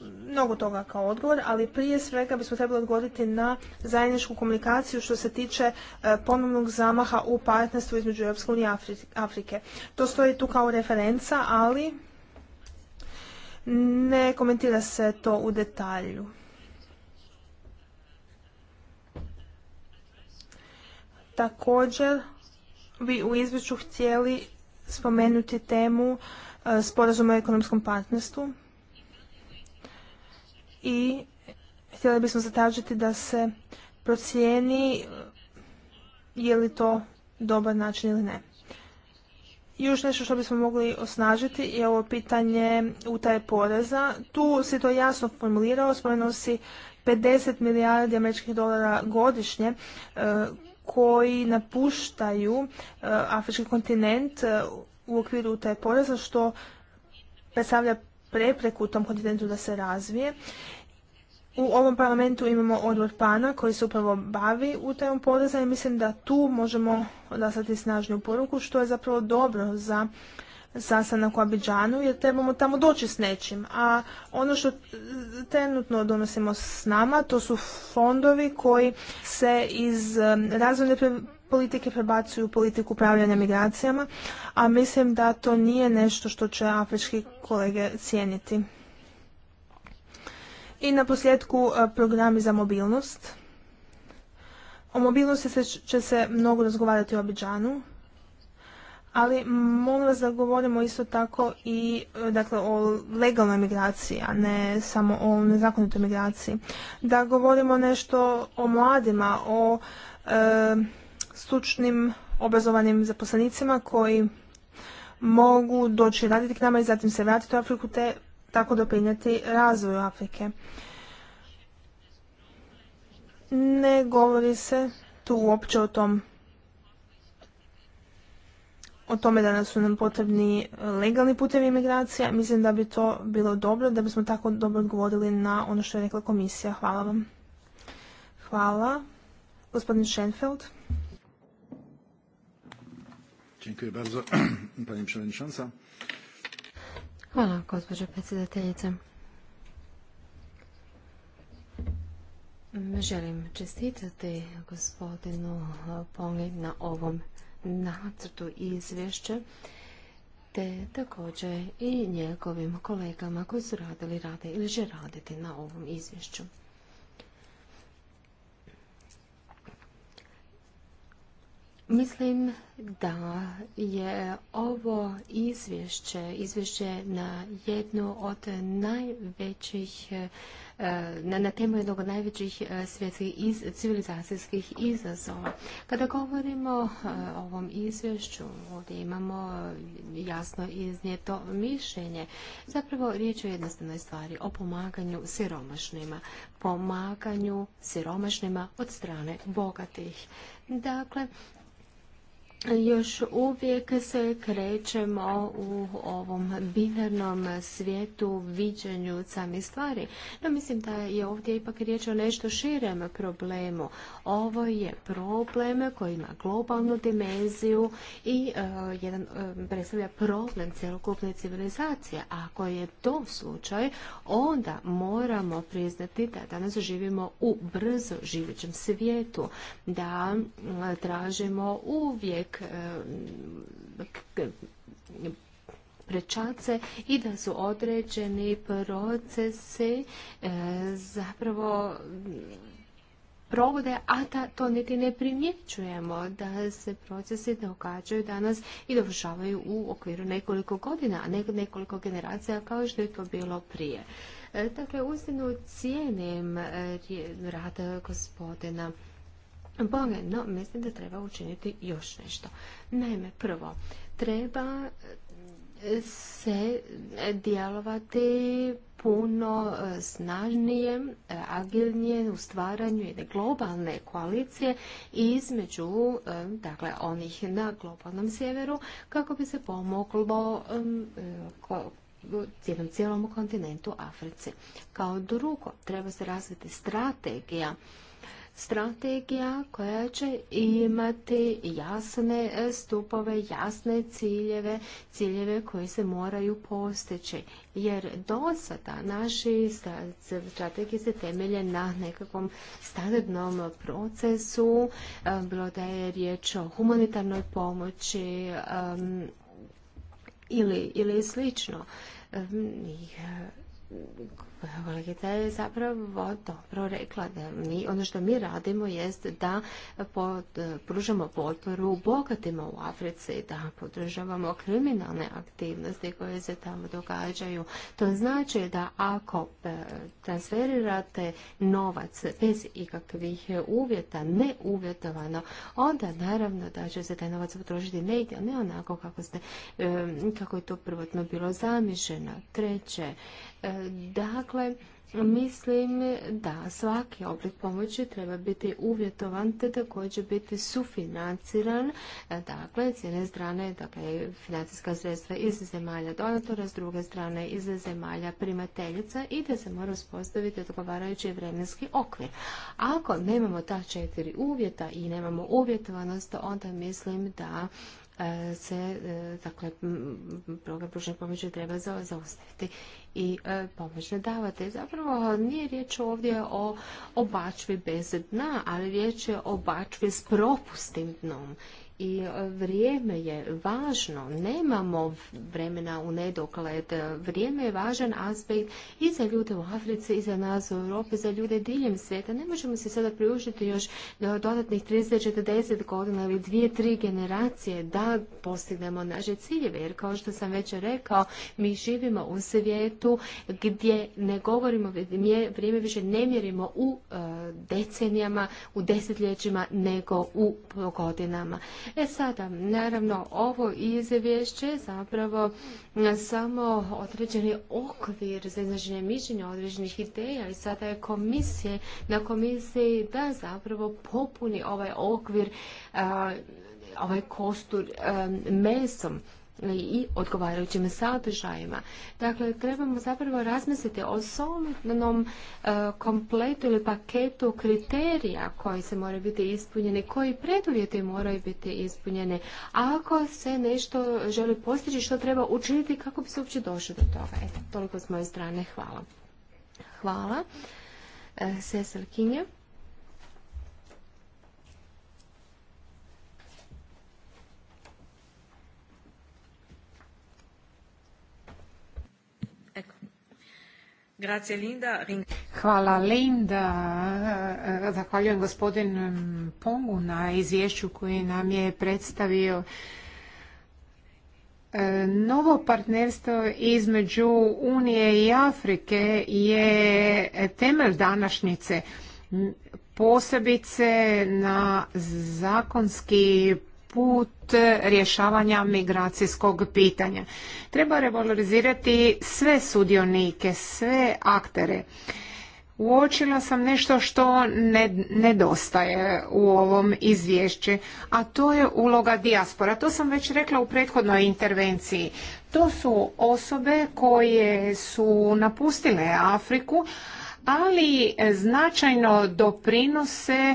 Speaker 4: mnogo toga kao odgovor, ali prije svega bismo trebali odgovoriti na zajedničku komunikaciju što se tiče e, ponovnog zamaha u partnerstvu između Europske unije i Afrike. To stoji tu kao referenca, ali ne komentira se to u detalju. Također, bi u izvješću htjeli spomenuti temu e, sporazuma o ekonomskom partnerstvu i htjeli bismo zatražiti da se procijeni e, je li to dobar način ili ne. Još nešto što bismo mogli osnažiti je ovo pitanje utaje poreza. Tu se to jasno formulirao, spomenuo si 50 milijardi američkih dolara godišnje e, koji napuštaju e, afrički kontinent e, u okviru taj poreza što predstavlja prepreku u tom kontinentu da se razvije. U ovom parlamentu imamo odbor PANA koji se upravo bavi u tajom poreza i mislim da tu možemo odasati snažnju poruku što je zapravo dobro za sastanak u Abidžanu jer trebamo tamo doći s nečim. A ono što trenutno donosimo s nama to su fondovi koji se iz razvojne politike prebacuju u politiku upravljanja migracijama, a mislim da to nije nešto što će afrički kolege cijeniti. I na posljedku e, programi za mobilnost. O mobilnosti će se mnogo razgovarati u Abidžanu, ali molim vas da govorimo isto tako i dakle, o legalnoj migraciji, a ne samo o nezakonitoj migraciji. Da govorimo nešto o mladima, o e, stručnim obrazovanim zaposlenicima koji mogu doći raditi k nama i zatim se vratiti u Afriku te tako doprinjati razvoju Afrike. Ne govori se tu uopće o tom o tome da su nam potrebni e, legalni putevi imigracija, mislim da bi to bilo dobro, da bismo tako dobro odgovorili na ono što je rekla komisija. Hvala vam. Hvala. Gospodin Schenfeld.
Speaker 3: Dziękuję bardzo, przewodnicząca.
Speaker 4: Hvala, gospođo predsjedateljice.
Speaker 1: Želim čestitati gospodinu Pongi na ovom nacrtu izvješće te također i njegovim kolegama koji su radili, rade ili će raditi na ovom izvješću. Mislim da je ovo izvješće, izvješće na jednu od najvećih E, na, temu jednog od najvećih e, svjetskih civilizacijskih izazova. Kada govorimo e, o ovom izvješću, ovdje imamo jasno iznijeto mišljenje. Zapravo riječ je o jednostavnoj stvari, o pomaganju siromašnima. Pomaganju siromašnima od strane bogatih. Dakle, još uvijek se krećemo u ovom binarnom svijetu viđenju samih stvari. No mislim da je ovdje ipak riječ o nešto širem problemu, ovo je problem koji ima globalnu dimenziju i e, jedan e, predstavlja problem cjelokupne civilizacije. ako je to slučaj, onda moramo priznati da danas živimo u brzo živećem svijetu, da e, tražimo uvijek prečace i da su određeni procesi zapravo provode, a da to niti ne primjećujemo, da se procesi događaju danas i dovršavaju u okviru nekoliko godina, a ne nekoliko generacija kao što je to bilo prije. E, dakle, uistinu cijenim e, rada gospodina Boga, no mislim da treba učiniti još nešto. Naime, prvo, treba se djelovati puno e, snažnije, e, agilnije u stvaranju jedne globalne koalicije između e, dakle, onih na globalnom sjeveru kako bi se pomoglo cijelom cijelom kontinentu Africi. Kao drugo, treba se razviti strategija strategija koja će imati jasne e, stupove, jasne ciljeve, ciljeve koji se moraju postići. Jer do sada naši strategije se temelje na nekakvom standardnom procesu, e, bilo da je riječ o humanitarnoj pomoći ili, slično kolegica je zapravo dobro rekla da mi, ono što mi radimo jest da pod, pružamo potporu bogatima u Africi, da podržavamo kriminalne aktivnosti koje se tamo događaju. To znači da ako e, transferirate novac bez ikakvih uvjeta, neuvjetovano, onda naravno da će se taj novac potrošiti negdje, ne onako kako, ste, e, kako je to prvotno bilo zamišljeno. Treće, Dakle, Mislim da svaki oblik pomoći treba biti uvjetovan te također biti sufinanciran. Dakle, s jedne strane dakle, financijska sredstva iz zemalja donatora, s druge strane iz zemalja primateljica i da se mora uspostaviti odgovarajući vremenski okvir. Ako nemamo ta četiri uvjeta i nemamo uvjetovanost, onda mislim da E, se e, dakle program pružne pomoći treba zaustaviti i e, pomoć ne davati. Zapravo nije riječ ovdje o, obačvi bez dna, ali riječ je o bačvi s propustim dnom i vrijeme je važno. Nemamo vremena u nedokled. Vrijeme je važan aspekt i za ljude u Africi, i za nas u Europi, za ljude diljem svijeta. Ne možemo se sada priuštiti još dodatnih 30-40 godina ili dvije, tri generacije da postignemo naše ciljeve. Jer kao što sam već rekao, mi živimo u svijetu gdje ne govorimo, vrijeme više ne mjerimo u e, decenijama, u desetljećima, nego u godinama. E sada, naravno, ovo izvješće zapravo samo određeni okvir za izraženje mišljenja određenih ideja i sada je komisije na komisiji da zapravo popuni ovaj okvir, ovaj kostur mesom. Dakle, i odgovarajućim sadržajima. Dakle, trebamo zapravo razmisliti o solidnom e, kompletu ili paketu kriterija koji se moraju biti ispunjeni, koji preduvjeti moraju biti ispunjeni. ako se nešto želi postići, što treba učiniti kako bi se uopće došlo do toga. Eto, toliko s moje strane. Hvala. Hvala. E, Cecil Kinja.
Speaker 2: Hvala Linda. Zahvaljujem gospodinu Pongu na izvješću koji nam je predstavio Novo partnerstvo između Unije i Afrike je temelj današnjice, posebice na zakonski put rješavanja migracijskog pitanja. Treba revalorizirati sve sudionike, sve aktere. Uočila sam nešto što nedostaje u ovom izvješću, a to je uloga dijaspora. To sam već rekla u prethodnoj intervenciji. To su osobe koje su napustile Afriku, ali e, značajno doprinose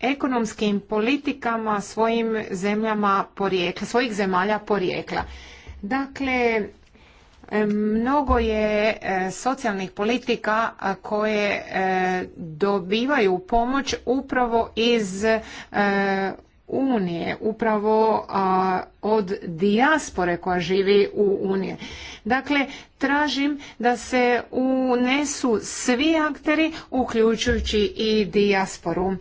Speaker 2: ekonomskim politikama svojim zemljama porijekla, svojih zemalja porijekla. Dakle, e, mnogo je e, socijalnih politika koje dobivaju pomoć upravo iz unije, upravo od dijaspore koja živi u unije. Dakle, tražim da se unesu svi akteri, uključujući i dijasporu,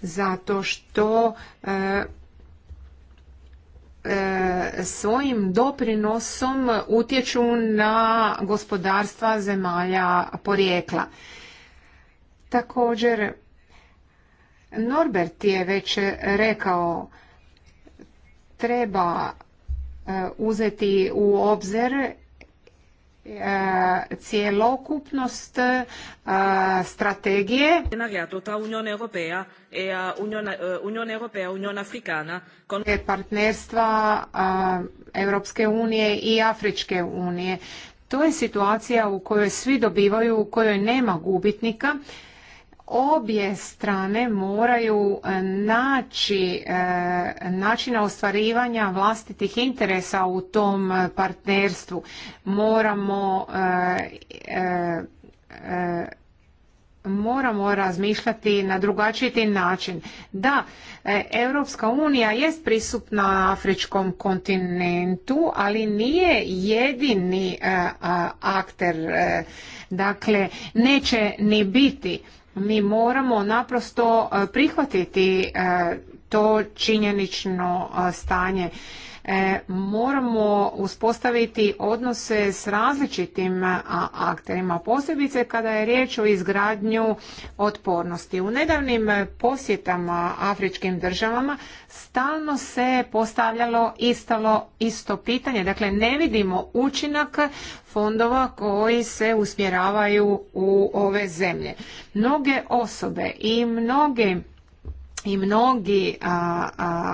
Speaker 2: zato što e, e, svojim doprinosom utječu na gospodarstva zemalja porijekla. Također Norbert je već rekao treba e, uzeti u obzir e, cjelokupnost e, strategije partnerstva Europske unije i Afričke unije. To je situacija u kojoj svi dobivaju, u kojoj nema gubitnika obje strane moraju e, naći e, načina ostvarivanja vlastitih interesa u tom e, partnerstvu. Moramo moramo razmišljati na drugačiji način. Da, Europska unija jest prisutna na afričkom kontinentu, ali nije jedini akter. Dakle, neće ni biti mi moramo naprosto e, prihvatiti e, to činjenično e, stanje E, moramo uspostaviti odnose s različitim akterima, posebice kada je riječ o izgradnju otpornosti. U nedavnim posjetama afričkim državama stalno se postavljalo istalo, isto pitanje, dakle ne vidimo učinak fondova koji se usmjeravaju u ove zemlje. Mnoge osobe i mnoge i mnogi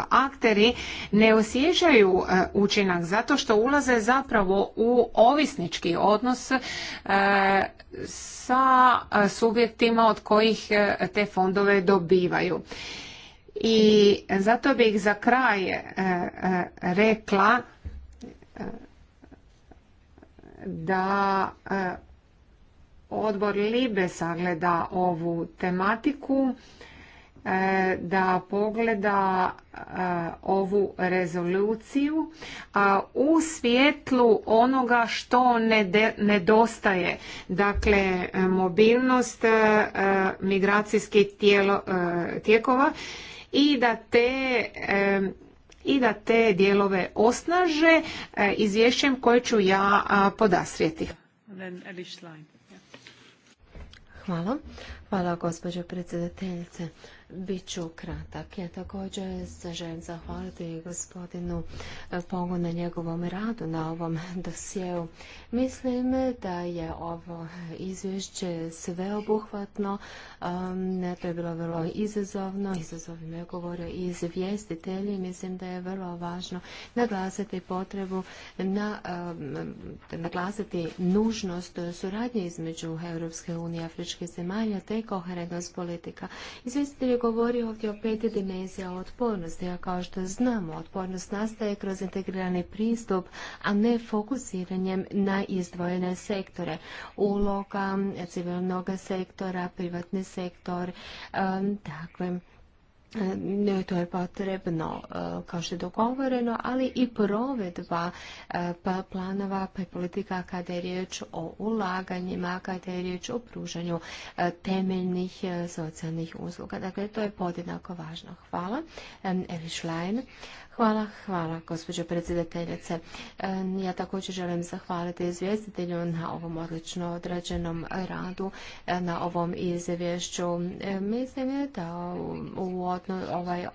Speaker 2: akteri ne osjećaju e, učinak zato što ulaze zapravo u ovisnički odnos e, sa e, subjektima od kojih te fondove dobivaju. I zato bih za kraj rekla da odbor Libe sagleda ovu tematiku Eh, da pogleda eh, ovu rezoluciju u svijetlu onoga što nedostaje. Dakle, mobilnost eh, migracijskih tijekova i da te i da te dijelove osnaže izvješćem koje ću ja podasrijeti.
Speaker 1: Hvala. Hvala gospođo predsjedateljice. Bit ću kratak. Ja također se želim zahvaliti gospodinu Pogu na njegovom radu na ovom dosjeu. Mislim da je ovo izvješće sveobuhvatno, um, ne to je bilo vrlo izazovno, izazovno je govorio i izvjestitelji. Mislim da je vrlo važno naglasiti potrebu, na, um, naglasiti nužnost suradnje između Europske unije i Afričke zemalja te koherentnost politika. Izvjestitelji govori ovdje o peti dimenzija otpornosti, a kao što znamo, otpornost nastaje kroz integrirani pristup, a ne fokusiranjem na izdvojene sektore. Uloga civilnog sektora, privatni sektor, takvim. E, e, to je potrebno e, kao što je dogovoreno, ali i provedba pa planova pa i politika kada je riječ o ulaganjima, kada je riječ o pružanju temeljnih socijalnih usluga. Dakle, to je podjednako važno. Hvala. Eli Hvala, hvala, gospođo predsjedateljice. E, ja također želim zahvaliti izvjestitelju na ovom odlično odrađenom radu, e, na ovom izvješću. E, mislim da u ovaj,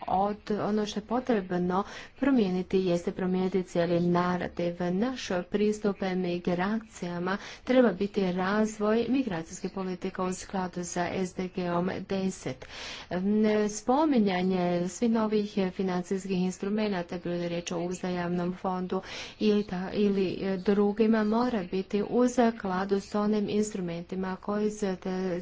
Speaker 1: ono što je potrebno promijeniti jeste promijeniti cijeli narativ. Naš pristup migracijama treba biti razvoj migracijske politike u skladu sa SDG-om 10. Spominjanje svih novih financijskih instrumenta dokumenta, bilo je riječ o uzajamnom fondu ili, ili e, drugima, mora biti u zakladu s onim instrumentima koji se,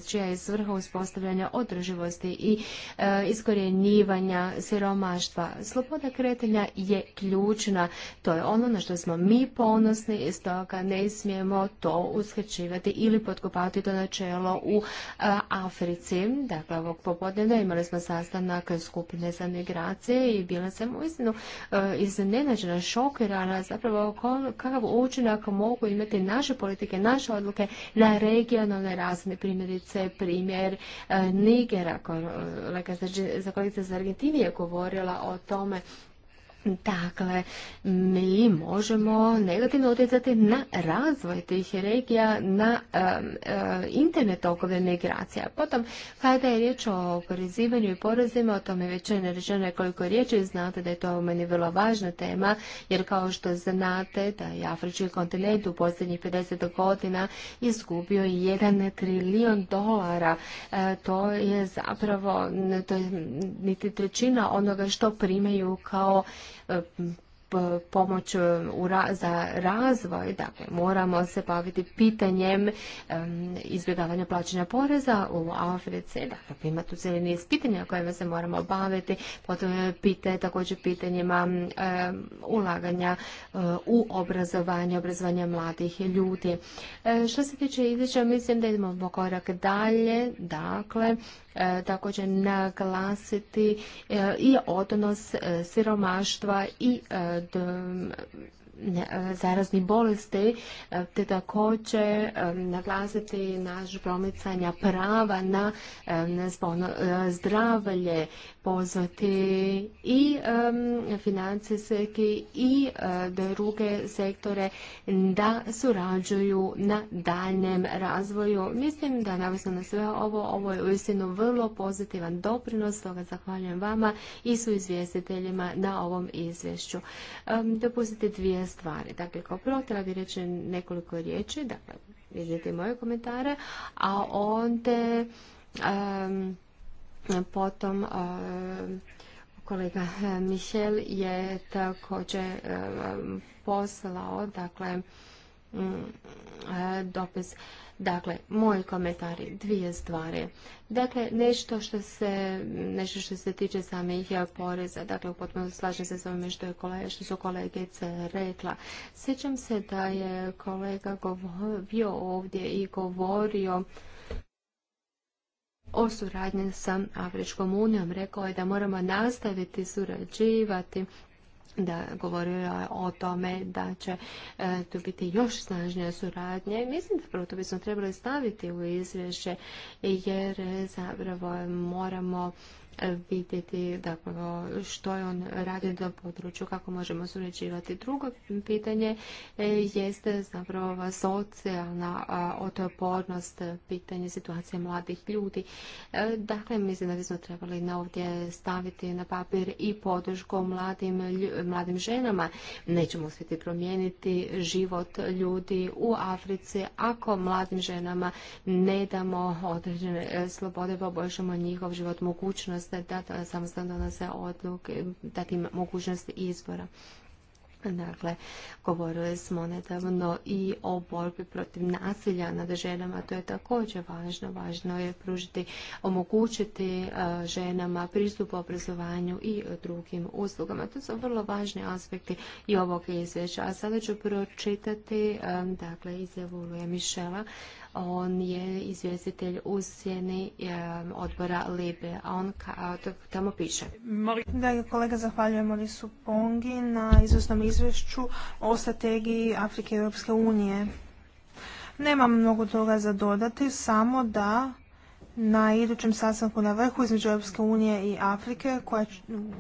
Speaker 1: čija je svrha uspostavljanja održivosti i e, iskorjenjivanja siromaštva. Sloboda kretanja je ključna, to je ono na što smo mi ponosni i stoga ne smijemo to uskrećivati ili potkopati to načelo u e, Africi. Dakle, ovog popodnjena imali smo sastanak skupine za migracije i bila sam uistinu Eh, iznenađena, šokirana zapravo kakav učinak mogu imati naše politike, naše odluke na regionalne razne primjerice, primjer eh, Nigera, eh, za kolegica iz Argentinije govorila o tome Dakle, mi možemo negativno utjecati na razvoj tih regija, na eh, internet okove migracija. Potom, kada je riječ o oporezivanju i porezima, o tome već je rečeno nekoliko riječi, znate da je to meni vrlo važna tema, jer kao što znate da je Afrički kontinent u posljednjih 50 godina izgubio 1 trilijon dolara. Eh, to je zapravo niti trećina onoga što primaju kao pomoć e, za razvoj, dakle moramo se baviti pitanjem izbjegavanja plaćanja poreza u Africi, dakle ima tu cijeli niz pitanja kojima se moramo baviti, potom pite, također pitanjima ulaganja e, u obrazovanje, obrazovanja mladih ljudi. E, što se tiče izvješća, mislim da idemo korak dalje, dakle E, također naglasiti e, i odnos e, siromaštva i zarazni bolesti, e, te također e, naglasiti naš promicanja prava na, e, zdravlje, pozvati i financije financijski i druge sektore da surađuju na daljem razvoju. Mislim da navisno na sve ovo, ovo je uistinu vrlo pozitivan doprinos, toga zahvaljujem vama i su izvjestiteljima na ovom izvješću. dopustite dvije stvari. Dakle, kao prvo treba bi reći nekoliko riječi, dakle, vidite moje komentare, a onda potom kolega Mišel je također poslao, dakle, mm, e, dopis Dakle, moji komentari, dvije stvari. Dakle, nešto što se, nešto što se tiče samih eh, poreza, dakle, potpuno slažem se s ovime što, je kolega, što su kolegice rekla. Sjećam se da je kolega govorio ovdje i govorio o suradnji sa Afričkom unijom. Rekao je da moramo nastaviti surađivati da govorila o tome da će e, tu biti još snažnija suradnja i mislim da prvo to bismo trebali staviti u izvješće jer e, zapravo moramo vidjeti dakle, što je on radio na području, kako možemo surađivati. Drugo pitanje e, jeste zapravo socijalna otopornost pitanje situacije mladih ljudi. E, dakle, mislim da bismo trebali na ovdje staviti na papir i podršku mladim, mladim ženama. Nećemo uspjeti promijeniti život ljudi u Africi ako mladim ženama ne damo određene e, slobode, poboljšamo njihov život, mogućnost da samostalno donose odluke, dati im mogućnost izbora. Dakle, govorili smo nedavno i o borbi protiv nasilja nad ženama, to je također važno. Važno je pružiti, omogućiti e, ženama pristup obrazovanju i drugim uslugama. To su vrlo važni aspekti i ovog izvješća. A sada ću pročitati e, dakle, izjavu Luja Mišela on je izvjestitelj u sjeni e, odbora Libe, a on tamo piše.
Speaker 4: Dragi kolega, zahvaljujemo Morisu Pongi na izvrsnom izvješću o strategiji Afrike i Europske unije. Nemam mnogo toga za dodati, samo da na idućem sastanku na vrhu između Europske unije i Afrike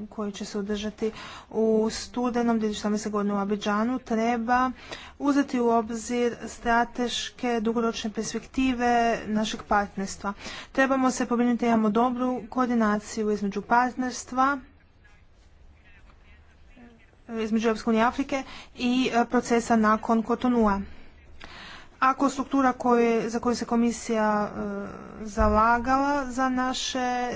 Speaker 4: koji će se održati u studenom 2018. godinu u Abidžanu treba uzeti u obzir strateške dugoročne perspektive našeg partnerstva. Trebamo se pobrinuti da imamo dobru koordinaciju između partnerstva između Europske unije i Afrike i e, procesa nakon Kotonua ako struktura za koju se komisija e, zalagala za naše e,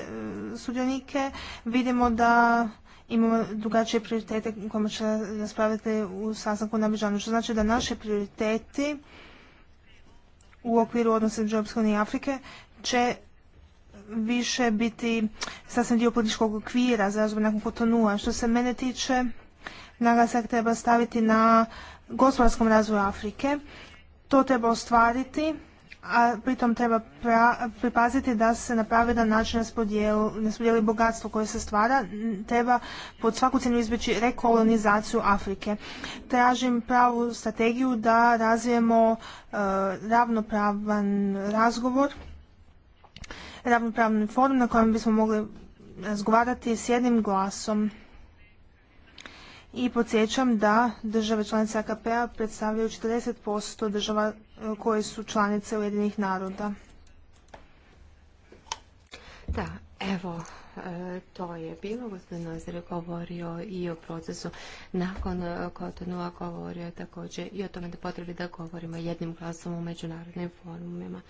Speaker 4: sudionike, vidimo da imamo drugačije prioritete kojima će raspravljati u sastanku na Bižanu. Što znači da naše prioriteti u okviru odnosa između Europske i Afrike će više biti sasvim dio političkog okvira za razvoj nakon Kotonua. Što se mene tiče, naglasak treba staviti na gospodarskom razvoju Afrike to treba ostvariti, a pritom treba pripaziti da se na pravedan način raspodijeli bogatstvo koje se stvara. Treba pod svaku cijenu izbjeći rekolonizaciju Afrike. Tražim pravu strategiju da razvijemo e, ravnopravan razgovor, ravnopravni forum na kojem bismo mogli razgovarati s jednim glasom i podsjećam da države članice AKP-a predstavljaju 40% država e, koje su članice Ujedinih naroda. Da, evo,
Speaker 1: to je bilo. Gospodin Nazir je govorio i o procesu nakon e, Kotonova, govorio je također i o tome da potrebi da govorimo jednim glasom u međunarodnim forumima.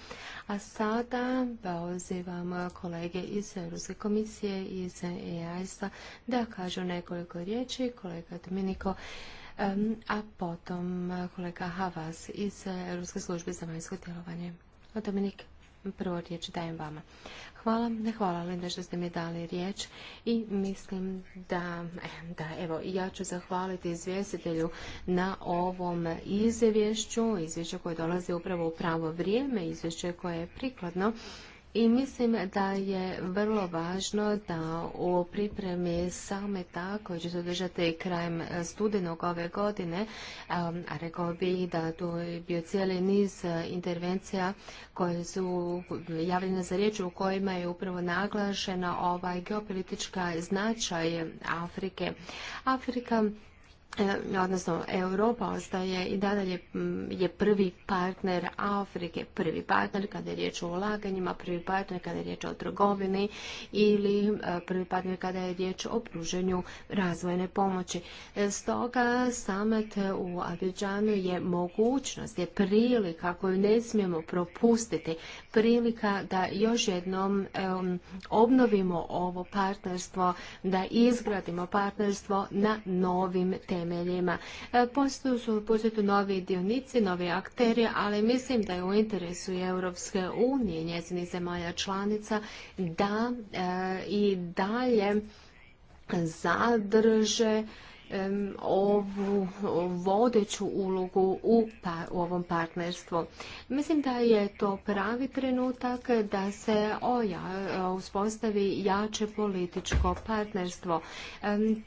Speaker 1: A sada pozivam kolege iz Europske komisije i iz EAS-a da kažu nekoliko riječi. Kolega Dominiko, a potom kolega Havas iz Europske službe za vanjsko djelovanje. Dominik, prvo riječ dajem vama. Hvala, ne hvala Linda što ste mi dali riječ i mislim da, eh, da evo, ja ću zahvaliti izvjestitelju na ovom izvješću, izvješću koje dolazi upravo u pravo vrijeme, izvješće koje je prikladno i mislim da je vrlo važno da u pripremi sameta koji će se održati krajem studenog ove godine, um, a rekao bih da tu je bio cijeli niz intervencija koje su javljene za riječ u kojima je upravo naglašena ovaj geopolitička značaj Afrike. Afrika E, odnosno Europa ostaje i dalje je prvi partner Afrike, prvi partner kada je riječ o ulaganjima, prvi partner kada je riječ o trgovini ili e, prvi partner kada je riječ o pruženju razvojne pomoći. E, stoga samet u Abidžanu je mogućnost, je prilika koju ne smijemo propustiti, prilika da još jednom obnovimo ovo partnerstvo, da izgradimo partnerstvo na novim temama temeljima. E, postoju su novi dionici, novi akteri, ali mislim da je u interesu Europske unije, njezinih zemalja članica, da e, i dalje zadrže ovu vodeću ulogu pa, u, ovom partnerstvu. Mislim da je to pravi trenutak da se oja, uspostavi jače političko partnerstvo.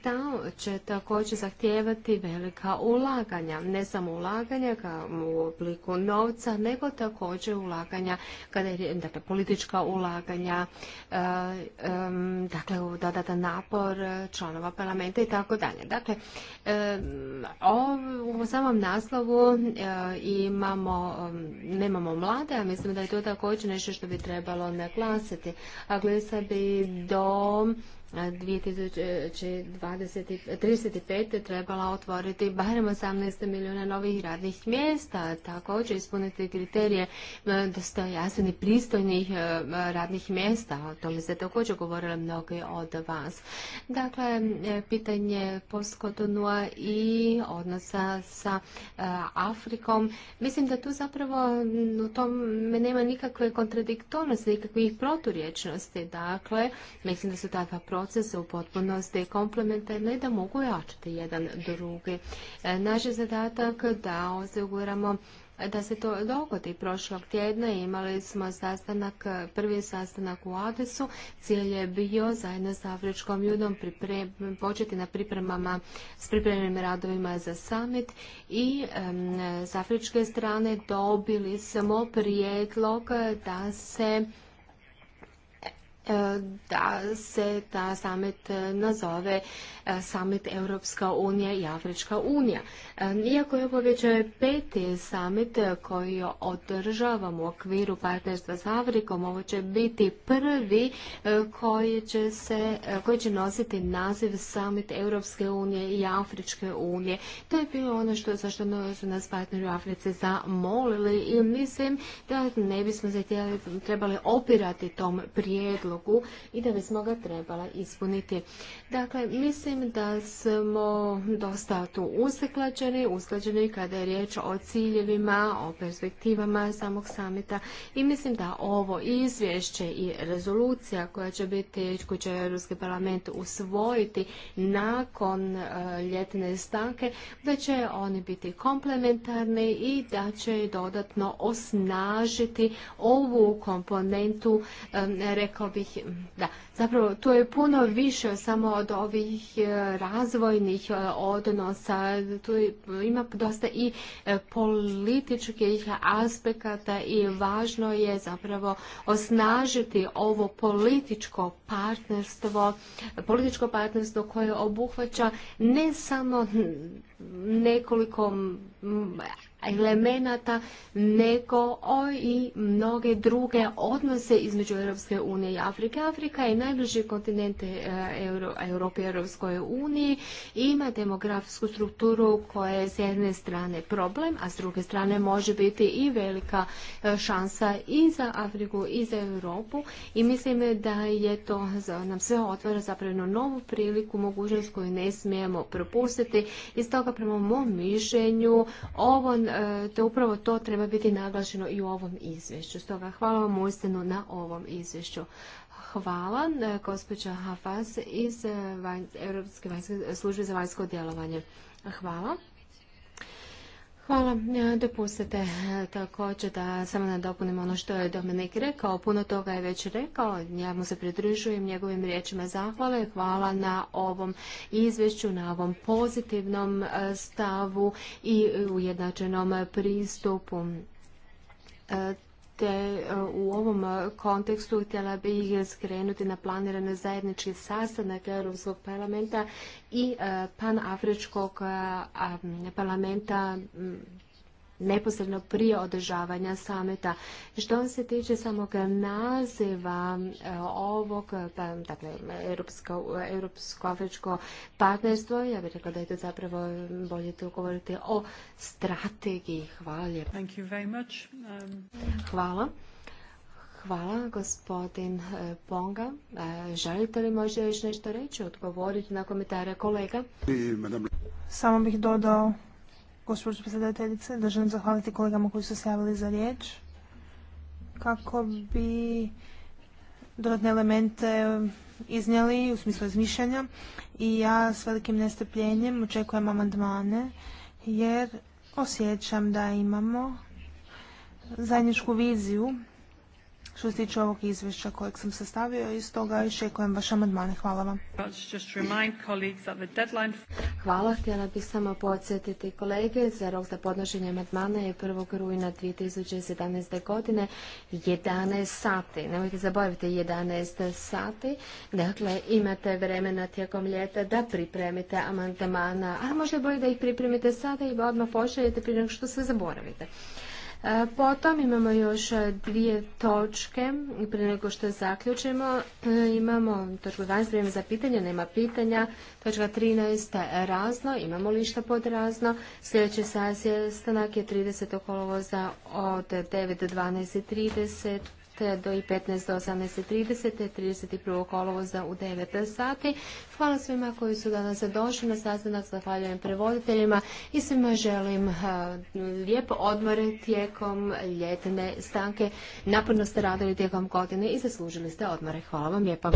Speaker 1: Ta će također zahtijevati velika ulaganja, ne samo ulaganja u obliku novca, nego također ulaganja kada je dakle, politička ulaganja, e, dakle dodatan napor članova parlamenta i tako dalje. Dakle, Dakle, e, u samom naslovu e, imamo, e, nemamo mlade, a mislim da je to također nešto što bi trebalo naglasiti. A se bi do 2035 trebala otvoriti barem 18 milijuna novih radnih mjesta, također ispuniti kriterije jasni pristojnih e, radnih mjesta. O tome ste također govorili mnogi od vas. Dakle, e, pitanje postkotonua i odnosa sa e, Afrikom. Mislim da tu zapravo u tom nema nikakve kontradiktornosti, nikakvih proturječnosti. Dakle, mislim da su takva proturječnosti procese u potpunosti komplementarne i da mogu jačati jedan drugi. E, naš je zadatak da osiguramo da se to dogodi. Prošlog tjedna imali smo sastanak, prvi sastanak u Adesu. Cilj je bio zajedno sa Afričkom judom početi na pripremama s pripremljenim radovima za summit i s afričke strane dobili smo prijedlog da se E, da se ta samit e, nazove e, summit Europska unija i Afrička unija. Iako je ovo već peti summit koji održavam u okviru partnerstva s Afrikom, ovo će biti prvi koji će, se, koji će nositi naziv summit Europske unije i Afričke unije. To je bilo ono što, zašto su nas partneri u Africi zamolili i mislim da ne bismo se trebali opirati tom prijedlogu i da bismo ga trebala ispuniti. Dakle, mislim da smo dosta tu usklađeni, usklađeni kada je riječ o ciljevima, o perspektivama samog samita i mislim da ovo izvješće i rezolucija koja će biti, koju će Europski parlament usvojiti nakon e, ljetne stanke, da će oni biti komplementarni i da će dodatno osnažiti ovu komponentu, e, rekao bi ovih, da, zapravo tu je puno više samo od ovih e, razvojnih e, odnosa, tu ima dosta i e, političkih aspekata i važno je zapravo osnažiti ovo političko partnerstvo, političko partnerstvo koje obuhvaća ne samo nekoliko elemenata, nego i mnoge druge odnose između Europske unije i Afrike. Afrika je najbliži kontinent e, Euro, Europe i Europskoj uniji i ima demografsku strukturu koja je s jedne strane problem, a s druge strane može biti i velika e, šansa i za Afriku i za Europu i mislim da je to nam sve otvara zapravo novu priliku, mogućnost koju ne smijemo propustiti i stoga prema mom mišljenju ovo e, E, te upravo to treba biti naglašeno i u ovom izvješću. Stoga hvala vam uistinu na ovom izvješću. Hvala, e, gospođa Hafaz iz e, Europske službe za vanjsko djelovanje. Hvala. Hvala. Dopustite e, također da samo nadopunim ono što je Dominik rekao. Puno toga je već rekao. Ja mu se pridružujem njegovim riječima zahvale. Hvala na ovom izvješću, na ovom pozitivnom e, stavu i ujednačenom pristupu e, te e, u ovom e, kontekstu htjela bih skrenuti na planirane zajednički sastanak Europskog parlamenta i e, panafričkog parlamenta neposredno prije održavanja sameta. Što se tiče samog naziva e, ovog, pa, dakle, europsko-afričko partnerstvo, ja bih rekla da je to zapravo bolje tu govoriti o strategiji. Hvala lijepo. Thank you very much. Um, Hvala. Hvala, gospodin e, Ponga. E, želite li možda još nešto reći, odgovoriti
Speaker 4: na komentare kolega? Samo bih dodao Gospođo predsjedateljice, da želim zahvaliti kolegama koji su se javili za riječ kako bi dodatne elemente iznijeli u smislu razmišljanja i ja s velikim nestrpljenjem očekujem amandmane jer osjećam da imamo zajedničku viziju što se tiče ovog izvješća kojeg sam sastavio i stoga iščekujem vaše amandmane. Hvala vam. Hvala. Htjela bih samo podsjetiti kolege za rok za
Speaker 1: podnošenje amandmana je 1. rujna 2017. godine 11 sati. Nemojte zaboraviti 11 sati. Dakle, imate vremena tijekom ljeta da pripremite amandmana, ali možda je bolje da ih pripremite sada i odmah pošaljete prije nego što se zaboravite. E, potom imamo još e, dvije točke. Prije nego što zaključimo, e, imamo točku 12, vrijeme za pitanje, nema pitanja. Točka 13, razno, imamo li što pod razno. Sljedeći sastanak je 30. kolovoza od 9 do 12.30 do i 15 do 18.30, 31. kolovoza u 9 sati. Hvala svima koji su danas došli na sastanak, zahvaljujem prevoditeljima i svima želim lijep odmor tijekom ljetne stanke. Naporno ste radili tijekom godine i zaslužili ste odmore. Hvala vam lijepa.